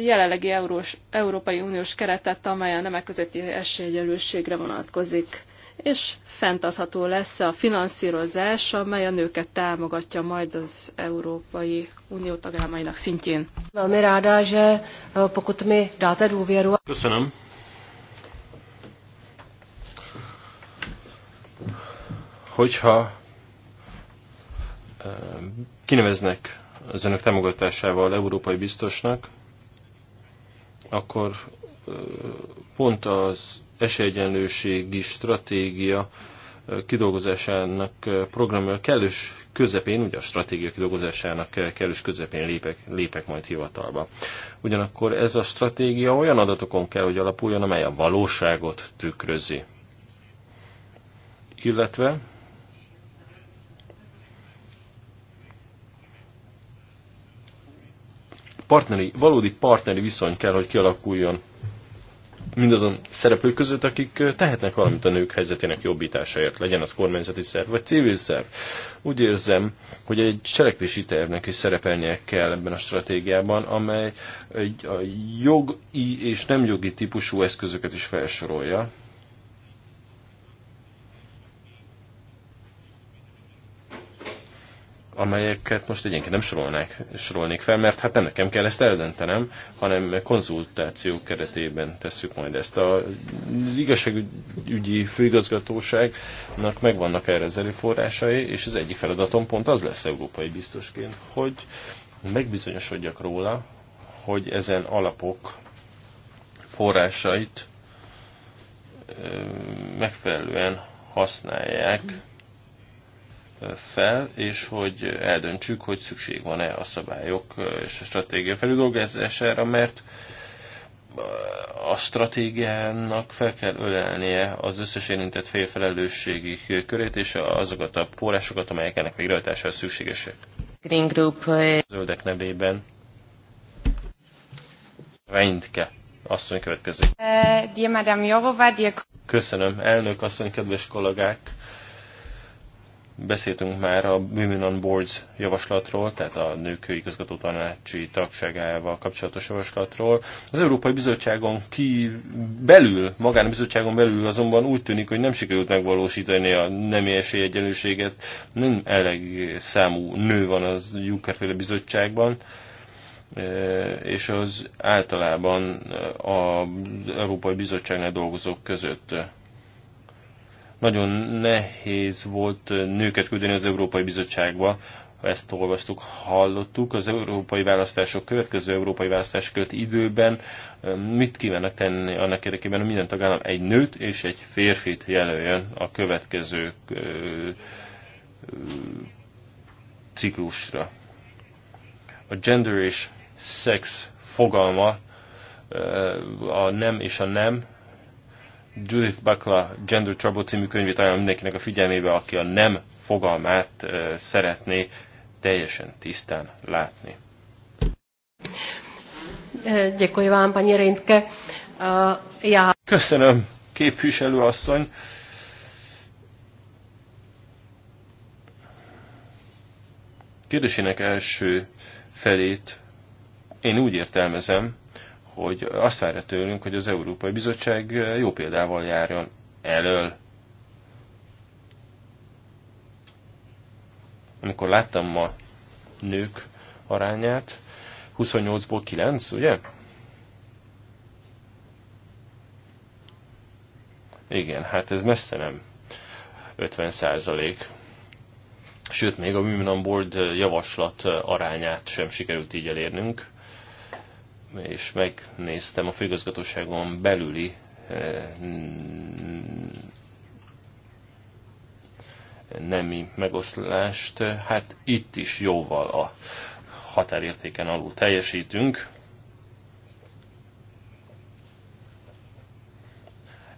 jelenlegi Eurós, Európai Uniós keretet, amely a nemek közötti esélyegyenlőségre vonatkozik, és fenntartható lesz a finanszírozás, amely a nőket támogatja majd az Európai Unió tagállamainak szintjén. Eh, Köszönöm. Hogyha eh, kineveznek az önök támogatásával európai biztosnak, akkor pont az esélyegyenlőségi stratégia kidolgozásának programja kellős közepén, ugye a stratégia kidolgozásának kellős közepén lépek, lépek majd hivatalba. Ugyanakkor ez a stratégia olyan adatokon kell, hogy alapuljon, amely a valóságot tükrözi. Illetve partneri, valódi partneri viszony kell, hogy kialakuljon mindazon szereplők között, akik tehetnek valamit a nők helyzetének jobbításáért, legyen az kormányzati szerv vagy civil szerv. Úgy érzem, hogy egy cselekvési tervnek is szerepelnie kell ebben a stratégiában, amely egy a jogi és nem jogi típusú eszközöket is felsorolja, amelyeket most egyenként nem sorolnák, sorolnék fel, mert hát nem nekem kell ezt eldöntenem, hanem konzultáció keretében tesszük majd ezt. Az igazságügyi főigazgatóságnak megvannak erre az erőforrásai, és az egyik feladatom pont az lesz európai biztosként, hogy megbizonyosodjak róla, hogy ezen alapok forrásait megfelelően használják, fel, és hogy eldöntsük, hogy szükség van-e a szabályok és a stratégia felüldolgozására, mert a stratégiának fel kell ölelnie az összes érintett fél körét és azokat a pórásokat, amelyek ennek végrehajtására szükségesek. Green Group. Zöldek nevében. Reintke. Asszony következik. Eh, Köszönöm, elnök asszony, kedves kollégák. Beszéltünk már a Women on Boards javaslatról, tehát a nők igazgató tanácsi tagságával kapcsolatos javaslatról. Az Európai Bizottságon ki belül, magán a bizottságon belül azonban úgy tűnik, hogy nem sikerült megvalósítani a nemi esélyegyenlőséget. Nem elég számú nő van az Juncker bizottságban e, és az általában az Európai Bizottságnál dolgozók között nagyon nehéz volt nőket küldeni az Európai Bizottságba, ezt olvastuk, hallottuk. Az európai választások következő európai választás költ időben mit kívánnak tenni annak érdekében, hogy minden tagállam egy nőt és egy férfit jelöljön a következő ciklusra. A gender és sex fogalma a nem és a nem Judith Buckla Gender Trouble című könyvét ajánlom mindenkinek a figyelmébe, aki a nem fogalmát szeretné teljesen tisztán látni. Děkuji vám, Köszönöm, képviselő asszony. Kérdésének első felét én úgy értelmezem, hogy azt várja tőlünk, hogy az Európai Bizottság jó példával járjon elől. Amikor láttam ma nők arányát, 28-ból 9, ugye? Igen, hát ez messze nem 50 százalék. Sőt, még a Women on Board javaslat arányát sem sikerült így elérnünk és megnéztem a főigazgatóságon belüli eh, nemi megoszlást, hát itt is jóval a határértéken alul teljesítünk.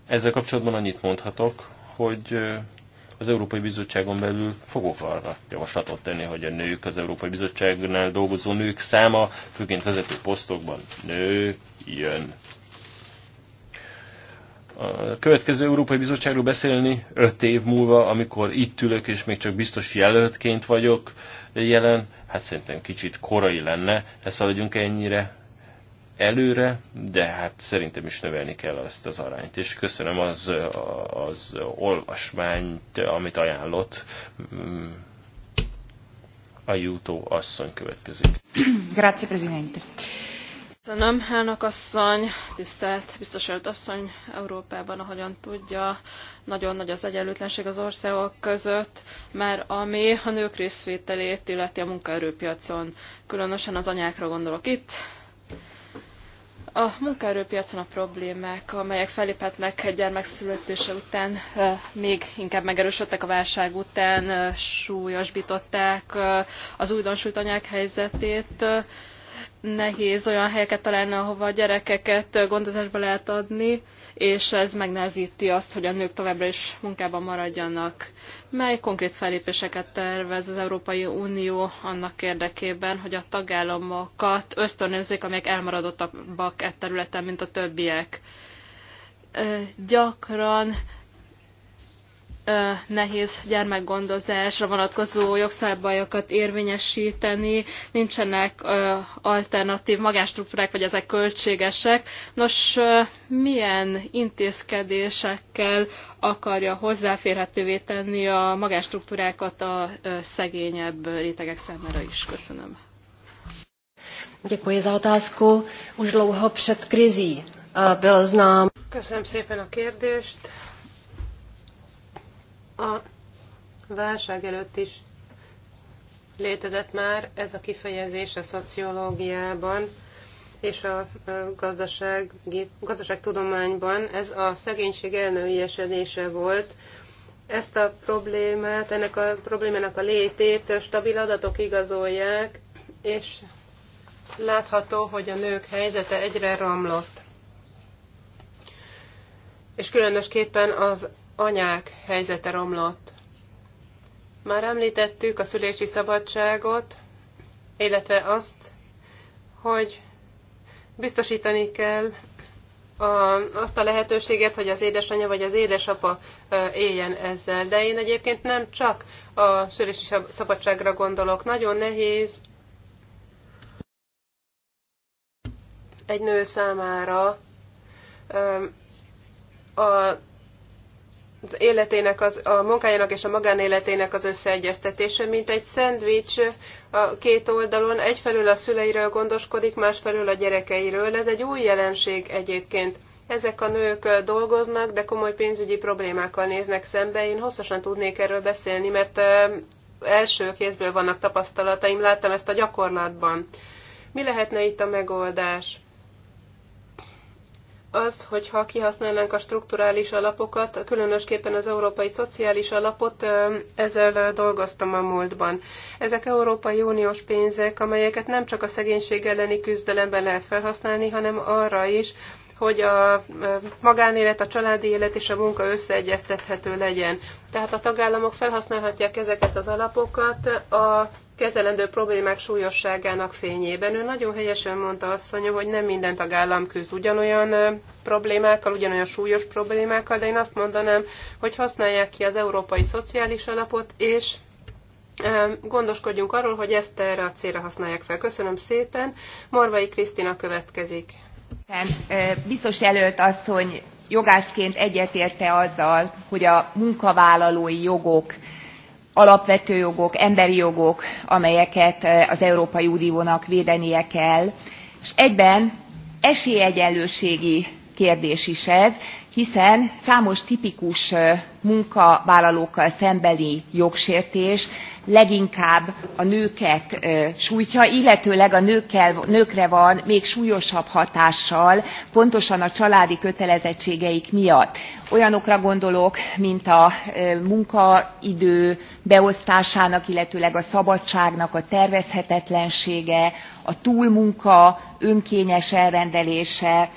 Ezzel kapcsolatban annyit mondhatok, hogy eh, az Európai Bizottságon belül fogok arra javaslatot tenni, hogy a nők, az Európai Bizottságnál dolgozó nők száma, főként vezető posztokban nő jön. A következő Európai Bizottságról beszélni öt év múlva, amikor itt ülök és még csak biztos jelöltként vagyok jelen, hát szerintem kicsit korai lenne, ne szaladjunk ennyire előre, de hát szerintem is növelni kell ezt az arányt. És köszönöm az, az olvasmányt, amit ajánlott a jutó asszony következik. Grazie, Presidente. Köszönöm, elnök asszony, tisztelt biztos asszony Európában, ahogyan tudja, nagyon nagy az egyenlőtlenség az országok között, mert ami a nők részvételét illeti a munkaerőpiacon, különösen az anyákra gondolok itt, a munkaerőpiacon a problémák, amelyek feléphetnek egy gyermek születése után, még inkább megerősödtek a válság után, súlyosbították az újdonsült anyák helyzetét. Nehéz olyan helyeket találni, ahova a gyerekeket gondozásba lehet adni, és ez megnehezíti azt, hogy a nők továbbra is munkában maradjanak. Mely konkrét fellépéseket tervez az Európai Unió annak érdekében, hogy a tagállamokat ösztönözzék, amelyek elmaradottabbak e területen, mint a többiek? Gyakran nehéz gyermekgondozásra vonatkozó jogszabályokat érvényesíteni, nincsenek alternatív magánstruktúrák, vagy ezek költségesek. Nos, milyen intézkedésekkel akarja hozzáférhetővé tenni a magánstruktúrákat a szegényebb rétegek számára is? Köszönöm. Děkuji za otázku. Už dlouho před krizí byl znám. Köszönöm szépen a kérdést a válság előtt is létezett már ez a kifejezés a szociológiában és a gazdaság, gazdaságtudományban. Ez a szegénység elnőiesedése volt. Ezt a problémát, ennek a problémának a létét stabil adatok igazolják, és látható, hogy a nők helyzete egyre romlott. És különösképpen az anyák helyzete romlott. Már említettük a szülési szabadságot, illetve azt, hogy biztosítani kell a, azt a lehetőséget, hogy az édesanyja vagy az édesapa éljen ezzel. De én egyébként nem csak a szülési szabadságra gondolok. Nagyon nehéz egy nő számára a az életének, az, a munkájának és a magánéletének az összeegyeztetése, mint egy szendvics a két oldalon, egyfelől a szüleiről gondoskodik, másfelől a gyerekeiről. Ez egy új jelenség egyébként. Ezek a nők dolgoznak, de komoly pénzügyi problémákkal néznek szembe. Én hosszasan tudnék erről beszélni, mert első kézből vannak tapasztalataim, láttam ezt a gyakorlatban. Mi lehetne itt a megoldás? az, hogyha kihasználnánk a strukturális alapokat, különösképpen az európai szociális alapot, ezzel dolgoztam a múltban. Ezek Európai Uniós pénzek, amelyeket nem csak a szegénység elleni küzdelemben lehet felhasználni, hanem arra is, hogy a magánélet, a családi élet és a munka összeegyeztethető legyen. Tehát a tagállamok felhasználhatják ezeket az alapokat a kezelendő problémák súlyosságának fényében. Ő nagyon helyesen mondta asszony, hogy nem minden tagállam küzd ugyanolyan problémákkal, ugyanolyan súlyos problémákkal, de én azt mondanám, hogy használják ki az Európai Szociális Alapot, és gondoskodjunk arról, hogy ezt erre a célra használják fel. Köszönöm szépen. Morvai Krisztina következik. Biztos jelölt asszony jogászként egyetérte azzal, hogy a munkavállalói jogok alapvető jogok emberi jogok amelyeket eh, az európai uniónak védenie kell és egyben esélyegyenlőségi kérdés is ez hiszen számos tipikus eh, munkavállalókkal szembeni jogsértés leginkább a nőket sújtja, illetőleg a nőkkel, nőkre van még súlyosabb hatással, pontosan a családi kötelezettségeik miatt. Olyanokra gondolok, mint a munkaidő beosztásának, illetőleg a szabadságnak a tervezhetetlensége, a túlmunka önkényes elrendelése,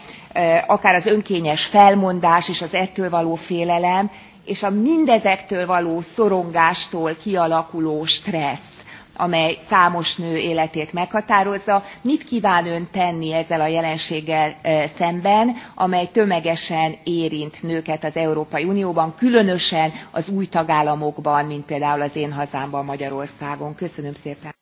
akár az önkényes felmondás és az ettől való félelem és a mindezektől való szorongástól kialakuló stressz amely számos nő életét meghatározza mit kván ön tenni ezzel a jelenséggel szemben amely tömegesen érint nőket az európai unióban különösen az új tagállamokban mint például az én hazámban magyarországon? köszönöm szépen!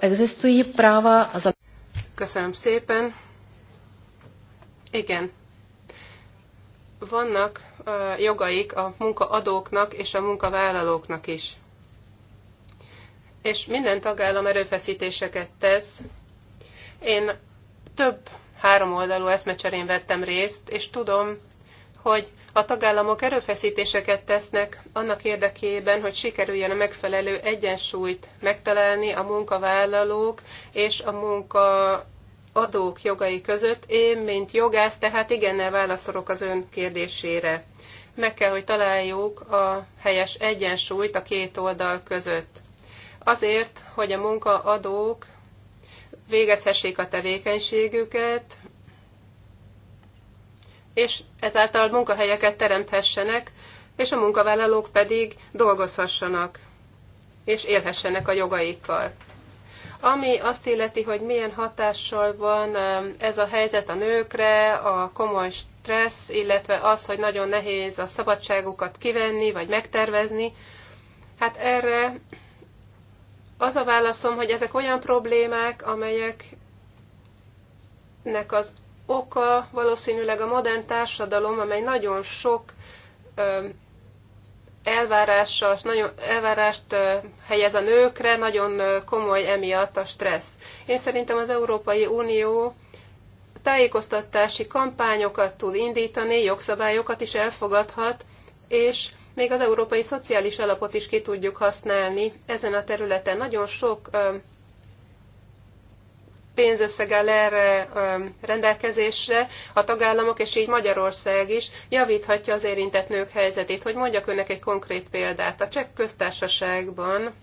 Existují práva Köszönöm szépen. Igen. Vannak jogaik a munkaadóknak és a munkavállalóknak is. És minden tagállam erőfeszítéseket tesz. Én több három oldalú eszmecserén vettem részt, és tudom, hogy a tagállamok erőfeszítéseket tesznek annak érdekében, hogy sikerüljön a megfelelő egyensúlyt megtalálni a munkavállalók és a munkaadók jogai között. Én, mint jogász, tehát igennel válaszolok az ön kérdésére. Meg kell, hogy találjuk a helyes egyensúlyt a két oldal között. Azért, hogy a munkaadók végezhessék a tevékenységüket, és ezáltal munkahelyeket teremthessenek, és a munkavállalók pedig dolgozhassanak, és élhessenek a jogaikkal. Ami azt illeti, hogy milyen hatással van um, ez a helyzet a nőkre, a komoly stressz, illetve az, hogy nagyon nehéz a szabadságukat kivenni, vagy megtervezni, hát erre az a válaszom, hogy ezek olyan problémák, amelyeknek az oka valószínűleg a modern társadalom, amely nagyon sok elvárással, nagyon elvárást helyez a nőkre, nagyon komoly emiatt a stressz. Én szerintem az Európai Unió tájékoztatási kampányokat tud indítani, jogszabályokat is elfogadhat, és még az európai szociális alapot is ki tudjuk használni ezen a területen. Nagyon sok pénzösszege erre rendelkezésre a tagállamok, és így Magyarország is javíthatja az érintett nők helyzetét. Hogy mondjak önnek egy konkrét példát. A Csekk köztársaságban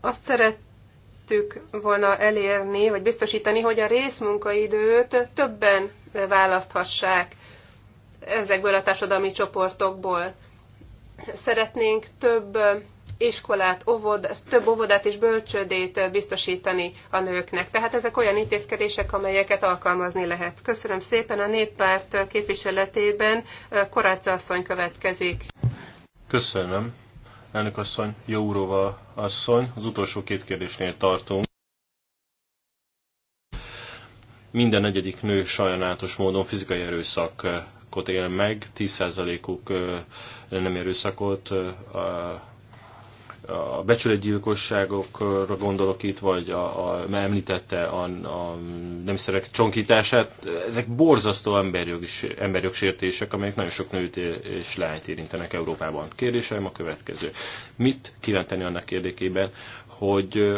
azt szerettük volna elérni, vagy biztosítani, hogy a részmunkaidőt többen választhassák ezekből a társadalmi csoportokból. Szeretnénk több iskolát, óvod, több óvodát és bölcsődét biztosítani a nőknek. Tehát ezek olyan intézkedések, amelyeket alkalmazni lehet. Köszönöm szépen. A néppárt képviseletében Korácsa asszony következik. Köszönöm. Elnök asszony, Jóurova asszony, az utolsó két kérdésnél tartunk. Minden negyedik nő sajnálatos módon fizikai erőszakot él meg, 10%-uk nem erőszakot, a becsületgyilkosságokra gondolok itt, vagy a, a említette a, a nemiszerek csonkítását, ezek borzasztó emberjogs, emberjogsértések, amelyek nagyon sok nőt és lányt érintenek Európában. kérdéseim a következő. Mit kíván annak érdekében, hogy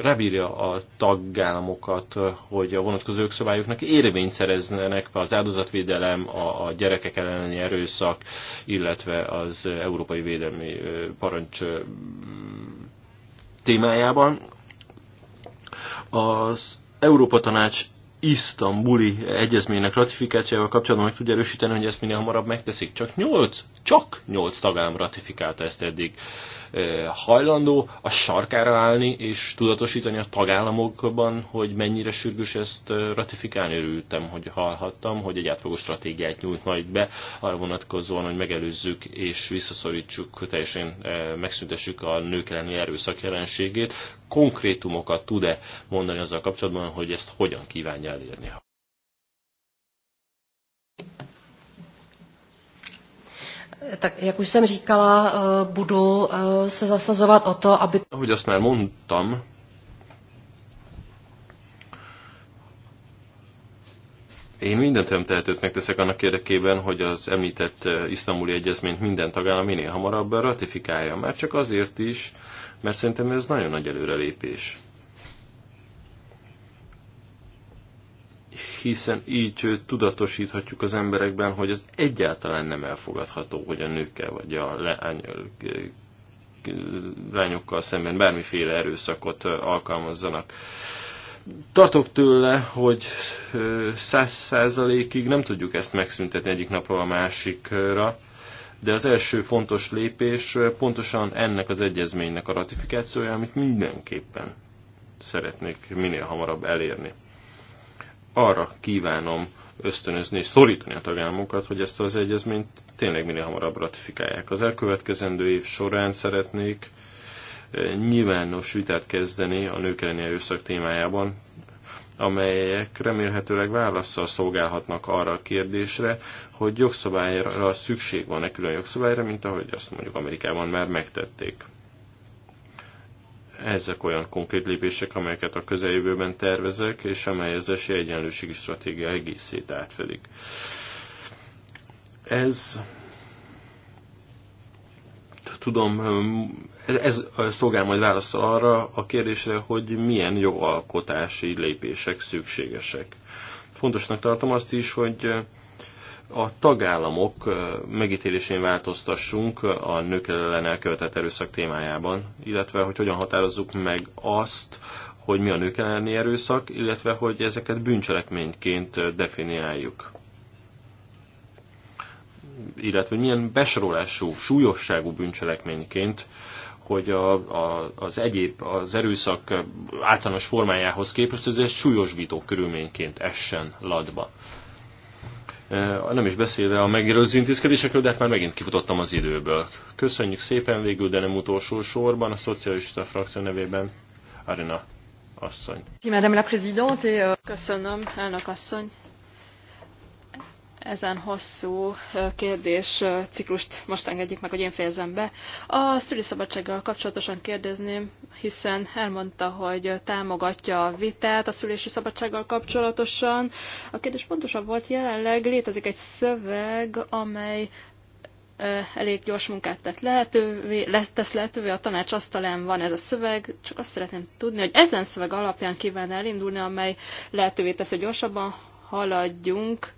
rebírja a tagállamokat, hogy a vonatkozó jogszabályoknak érvényt szerezzenek az áldozatvédelem, a, gyerekek elleni erőszak, illetve az európai védelmi parancs témájában. Az Európa Tanács isztambuli egyezménynek ratifikációjával kapcsolatban meg tudja erősíteni, hogy ezt minél hamarabb megteszik. Csak 8, csak 8 tagállam ratifikálta ezt eddig hajlandó a sarkára állni és tudatosítani a tagállamokban, hogy mennyire sürgős ezt ratifikálni. Örültem, hogy hallhattam, hogy egy átfogó stratégiát nyújt majd be arra vonatkozóan, hogy megelőzzük és visszaszorítsuk, teljesen megszüntessük a nők elleni erőszak jelenségét. Konkrétumokat tud-e mondani azzal kapcsolatban, hogy ezt hogyan kívánja elérni? tak jak už jsem říkala, eh, budu eh, se zasazovat o to, aby... Ahogy azt már mondtam, Én mindent nem tehetőt megteszek annak érdekében, hogy az említett eh, isztambuli egyezményt minden tagállam minél hamarabb ratifikálja. Már csak azért is, mert szerintem ez nagyon nagy előrelépés. hiszen így tudatosíthatjuk az emberekben, hogy ez egyáltalán nem elfogadható, hogy a nőkkel vagy a lányokkal szemben bármiféle erőszakot alkalmazzanak. Tartok tőle, hogy száz százalékig nem tudjuk ezt megszüntetni egyik napról a másikra, de az első fontos lépés pontosan ennek az egyezménynek a ratifikációja, amit mindenképpen szeretnék minél hamarabb elérni arra kívánom ösztönözni és szorítani a tagállamokat, hogy ezt az egyezményt tényleg minél hamarabb ratifikálják. Az elkövetkezendő év során szeretnék eh, nyilvános vitát kezdeni a nők elleni erőszak témájában, amelyek remélhetőleg válaszsal szolgálhatnak arra a kérdésre, hogy jogszabályra szükség van-e külön jogszabályra, mint ahogy azt mondjuk Amerikában már megtették. Ezek olyan konkrét lépések, amelyeket a közeljövőben tervezek, és amely az egyenlőségi stratégia egészét átfedik. Ez tudom, ez szolgál majd válaszol arra a kérdésre, hogy milyen jogalkotási lépések szükségesek. Fontosnak tartom azt is, hogy a tagállamok megítélésén változtassunk a nők ellen elkövetett erőszak témájában, illetve hogy hogyan határozzuk meg azt, hogy mi a nők elleni erőszak, illetve hogy ezeket bűncselekményként definiáljuk. Illetve hogy milyen besorolású, súlyosságú bűncselekményként, hogy a, a, az egyéb, az erőszak általános formájához képest ez egy súlyosbító körülményként essen ladba. Eh, nem is beszélve a megérőző intézkedésekről, de hát már megint kifutottam az időből. Köszönjük szépen végül, de nem utolsó sorban a szocialista frakció nevében Arina asszony. Madame la Présidente, euh, köszönöm, elnök asszony ezen hosszú kérdés ciklust most engedjék meg, hogy én fejezem be. A szülésszabadsággal kapcsolatosan kérdezném, hiszen elmondta, hogy támogatja a vitát a szülési szabadsággal kapcsolatosan. A kérdés pontosabb volt, jelenleg létezik egy szöveg, amely elég gyors munkát tett lehetővé, tesz lehetővé, a tanács asztalán van ez a szöveg, csak azt szeretném tudni, hogy ezen szöveg alapján kíván elindulni, amely lehetővé tesz, hogy gyorsabban haladjunk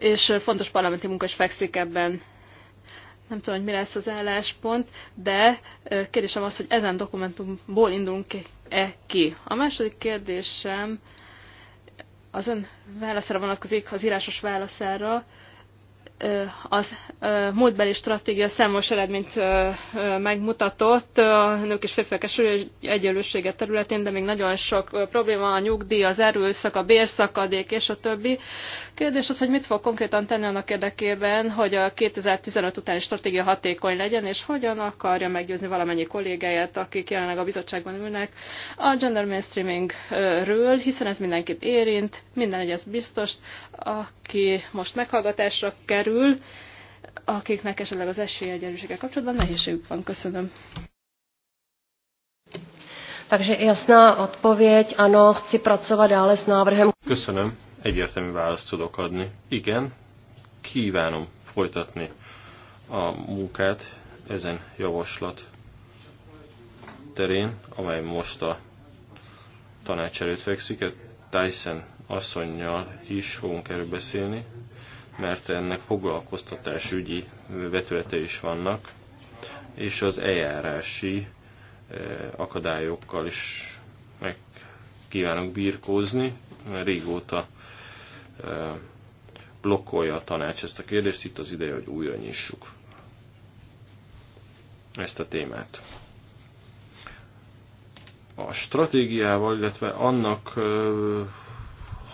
és fontos parlamenti munka is fekszik ebben. Nem tudom, hogy mi lesz az álláspont, de kérdésem az, hogy ezen dokumentumból indulunk-e ki. A második kérdésem az ön válaszára vonatkozik, az írásos válaszára a múltbeli stratégia számos eredményt megmutatott a nők és férfiak egyenlősége területén, de még nagyon sok probléma a nyugdíj, az erőszak, a bérszakadék és a többi. Kérdés az, hogy mit fog konkrétan tenni annak érdekében, hogy a 2015 utáni stratégia hatékony legyen, és hogyan akarja meggyőzni valamennyi kollégáját, akik jelenleg a bizottságban ülnek, a gender mainstreamingről, hiszen ez mindenkit érint, minden egyes biztos, aki most meghallgatásra kerül, kerül, akiknek esetleg az esélyegyenlőséggel kapcsolatban nehézségük van. Köszönöm. Takže jasná odpověď, ano, chci pracovat dále s návrhem. Köszönöm, egyértelmű választ tudok adni. Igen, kívánom folytatni a munkát ezen javaslat terén, amely most a tanács előtt fekszik. Tyson asszonynal is fogunk erről beszélni mert ennek foglalkoztatásügyi vetülete is vannak, és az eljárási eh, akadályokkal is meg kívánok birkózni. Régóta eh, blokkolja a tanács ezt a kérdést, itt az ideje, hogy újra nyissuk ezt a témát. A stratégiával, illetve annak eh,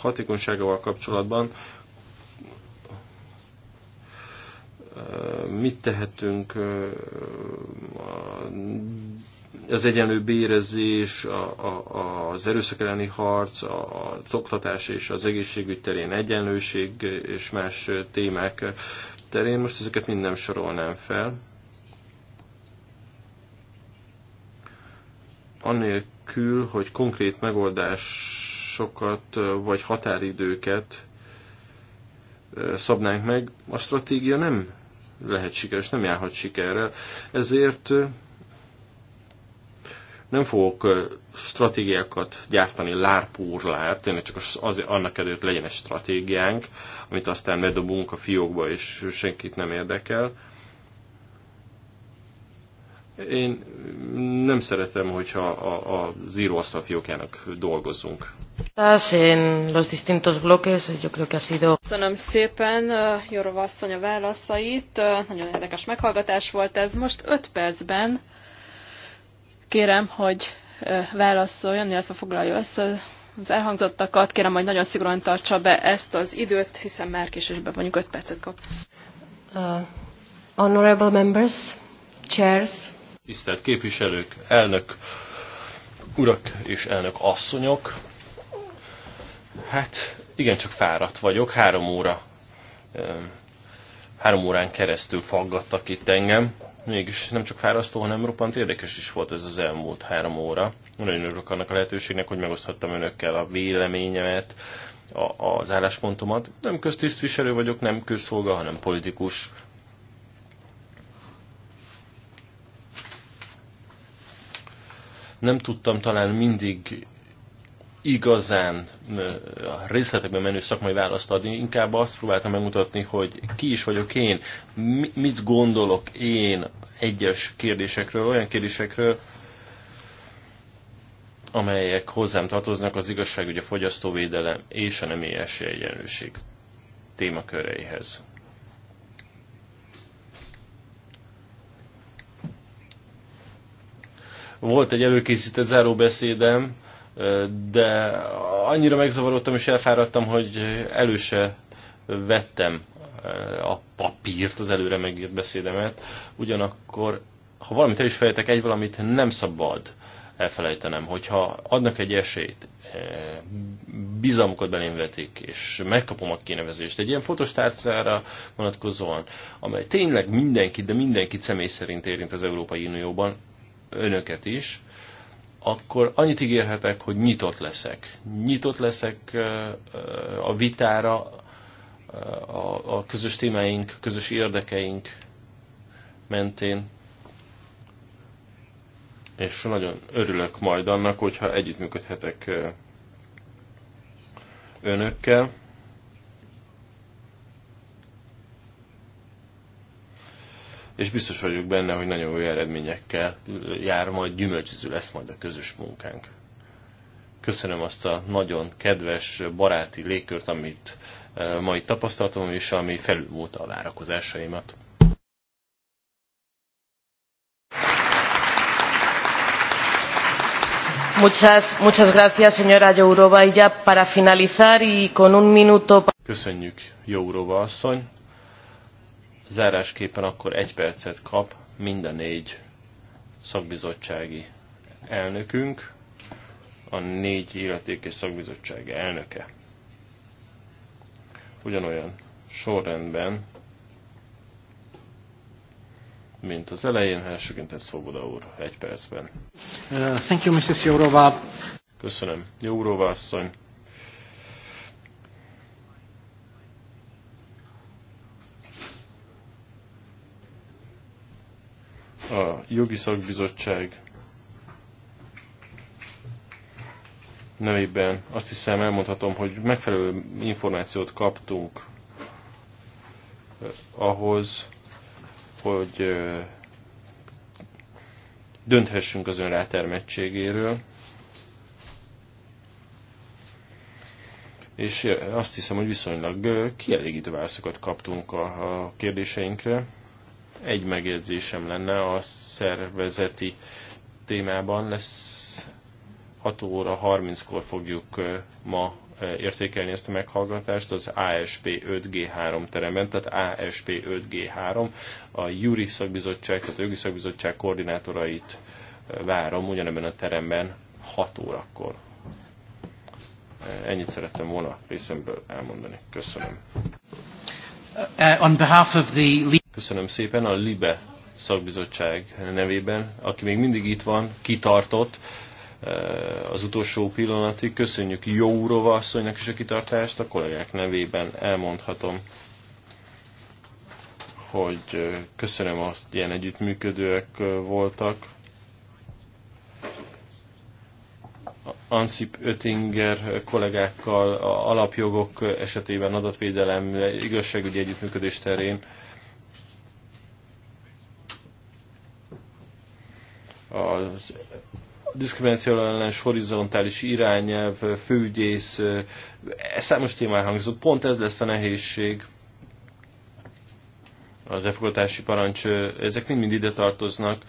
hatékonyságával kapcsolatban mit tehetünk az egyenlő bérezés, a, az erőszak elleni harc, az oktatás és az egészségügy terén egyenlőség és más témák terén. Most ezeket mind nem sorolnám fel. Annélkül, hogy konkrét megoldásokat vagy határidőket szabnánk meg, a stratégia nem lehet sikeres, nem járhat sikerrel. Ezért nem fogok stratégiákat gyártani lárpúrlár, tényleg csak az, annak előtt legyen egy stratégiánk, amit aztán bedobunk a fiókba, és senkit nem érdekel. Én nem szeretem, hogyha a, a zíróasztal fiókjának dolgozzunk. En los distintos bloques, yo creo que ha sido... Köszönöm szépen eh, Jorova asszony a válaszait. Eh, nagyon érdekes meghallgatás volt ez. Most 5 percben kérem, hogy eh, válaszoljon, illetve foglalja össze az elhangzottakat. Kérem, hogy nagyon szigorúan tartsa be ezt az időt, hiszen már késésben mondjuk 5 percet kap. Uh, honorable members, chairs, tisztelt képviselők, elnök urak és elnök asszonyok. Hát igencsak fáradt vagyok, három óra, három órán keresztül faggattak itt engem. Mégis nem csak fárasztó, hanem roppant érdekes is volt ez az elmúlt három óra. Nagyon örülök annak a lehetőségnek, hogy megoszthattam önökkel a véleményemet, a, az álláspontomat. Nem köztisztviselő vagyok, nem közszolga, hanem politikus. nem tudtam talán mindig igazán a részletekben menő szakmai választ adni, inkább azt próbáltam megmutatni, hogy ki is vagyok én, mit gondolok én egyes kérdésekről, olyan kérdésekről, amelyek hozzám tartoznak az igazságügy, a fogyasztóvédelem és a nemélyes egyenlőség témaköreihez. Volt egy előkészített záróbeszédem, de annyira megzavarodtam és elfáradtam, hogy előse vettem a papírt, az előre megírt beszédemet. Ugyanakkor, ha valamit el is fejtek, egy valamit nem szabad elfelejtenem, hogyha adnak egy esélyt, bizalmukat belém vetik, és megkapom a kinevezést. Egy ilyen fotós tárcára vonatkozóan, amely tényleg mindenkit, de mindenkit személy szerint érint az Európai Unióban, önöket is, akkor annyit ígérhetek, hogy nyitott leszek. Nyitott leszek a vitára, a közös témáink, közös érdekeink mentén. És nagyon örülök majd annak, hogyha együttműködhetek önökkel. és biztos vagyok benne, hogy nagyon jó eredményekkel jár, majd gyümölcsöző lesz majd a közös munkánk. Köszönöm azt a nagyon kedves, baráti légkört, amit eh, mai tapasztalatom, és ami felülmúlta a várakozásaimat. Muchas, muchas gracias, señora Jourova. Y ya para finalizar y con un minuto... Köszönjük, Jourova asszony. Zárásképpen akkor egy percet kap mind a négy szakbizottsági elnökünk, a négy illetékes szakbizottsági elnöke. Ugyanolyan sorrendben, mint az elején, elsőként ez Szoboda úr, egy percben. Uh, thank you, Mrs. Jourova. Köszönöm, Jóróvá asszony. jogi szakbizottság nevében azt hiszem elmondhatom, hogy megfelelő információt kaptunk eh, ahhoz, hogy eh, dönthessünk az ön rátermettségéről. És eh, azt hiszem, hogy viszonylag kielégítő válaszokat kaptunk a kérdéseinkre. Egy megjegyzésem lenne a szervezeti témában lesz 6 óra 30-kor fogjuk ma értékelni ezt a meghallgatást az ASP 5G3 teremben, tehát ASP 5G3, a Juri szakbizottság, tehát a jogi szakbizottság koordinátorait várom ugyanebben a teremben 6 órakor. Ennyit szerettem volna részemből elmondani. Köszönöm. Uh, on behalf of the... Köszönöm szépen a LIBE szakbizottság nevében, aki még mindig itt van, kitartott uh, az utolsó pillanatig. Köszönjük Jóurova asszonynak is a kitartást, a kollégák nevében elmondhatom, hogy uh, köszönöm, azt ilyen együttműködőek voltak. Ansip Ötinger kollégákkal a alapjogok esetében adatvédelem, igazságügyi együttműködés terén. Az diszkrimináció ellenes horizontális irányelv, főügyész, e számos témán hangzott. Pont ez lesz a nehézség, az elfogadási parancs, ezek mind-mind ide tartoznak.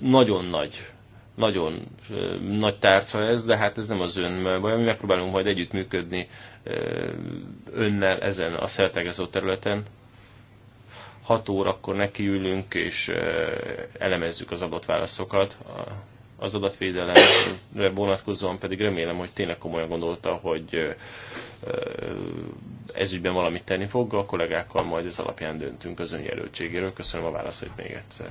Nagyon nagy nagyon nagy tárca ez, de hát ez nem az ön baj. Mi megpróbálunk majd együttműködni önnel ezen a szertegező területen. 6 órakor nekiülünk és elemezzük az adott válaszokat. Az adatvédelemre vonatkozóan pedig remélem, hogy tényleg komolyan gondolta, hogy ez ügyben valamit tenni fog, a kollégákkal majd ez alapján döntünk az önjelöltségéről. Köszönöm a válaszait még egyszer.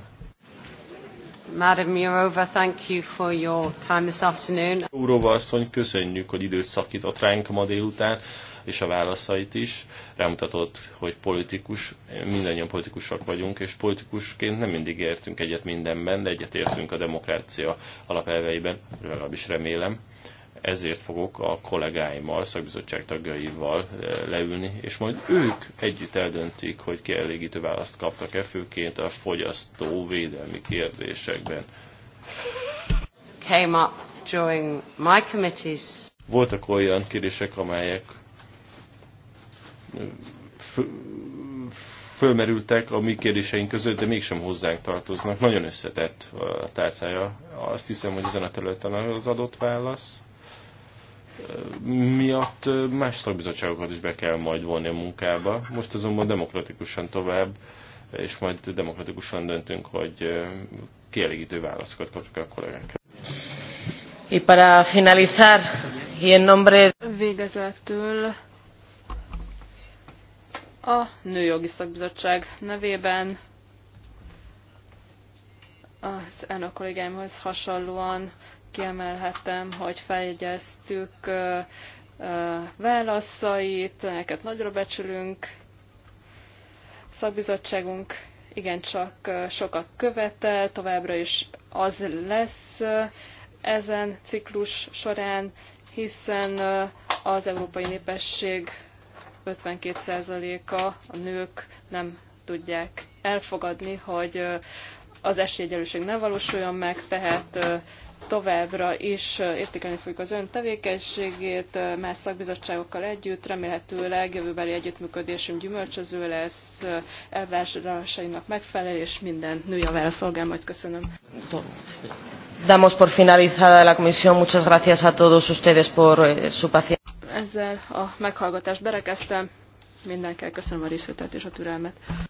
Madam Jourova, thank you for your time this afternoon. Jourova asszony, köszönjük, hogy időt szakított ránk ma délután, és a válaszait is. Rámutatott, hogy politikus, mindannyian politikusak vagyunk, és politikusként nem mindig értünk egyet mindenben, de egyet értünk a demokrácia alapelveiben, legalábbis remélem ezért fogok a kollégáimmal, szakbizottság tagjaival eh, leülni, és majd ők együtt eldöntik, hogy kielégítő választ kaptak-e főként a fogyasztó védelmi kérdésekben. Came up during my committees. Voltak olyan kérdések, amelyek eh, fölmerültek a mi kérdéseink között, de mégsem hozzánk tartoznak. Nagyon összetett a tárcája. Azt hiszem, hogy ezen a területen az adott válasz miatt más tagbizottságokat is be kell majd vonni a munkába. Most azonban demokratikusan tovább, és majd demokratikusan döntünk, hogy kielégítő válaszokat kapjuk a kollégák. Y para finalizar, y en nombre... Végezetül a Nőjogi Szakbizottság nevében az elnök kollégáimhoz hasonlóan kiemelhetem, hogy feljegyeztük válaszait, neket nagyra becsülünk. Szakbizottságunk igencsak sokat követel, továbbra is az lesz ezen ciklus során, hiszen az európai népesség 52%-a a nők nem tudják elfogadni, hogy az esélyegyelőség ne valósuljon meg, tehát továbbra is értékelni fogjuk az ön tevékenységét, más szakbizottságokkal együtt, remélhetőleg jövőbeli együttműködésünk gyümölcsöző lesz, elvárásainak megfelel, és minden nőjavára szolgál, majd köszönöm. Damos por finalizada la comisión. Muchas gracias a todos ustedes por eh, su paciencia. Ezzel a meghallgatást berekeztem. Mindenkel köszönöm a részvételt és a türelmet.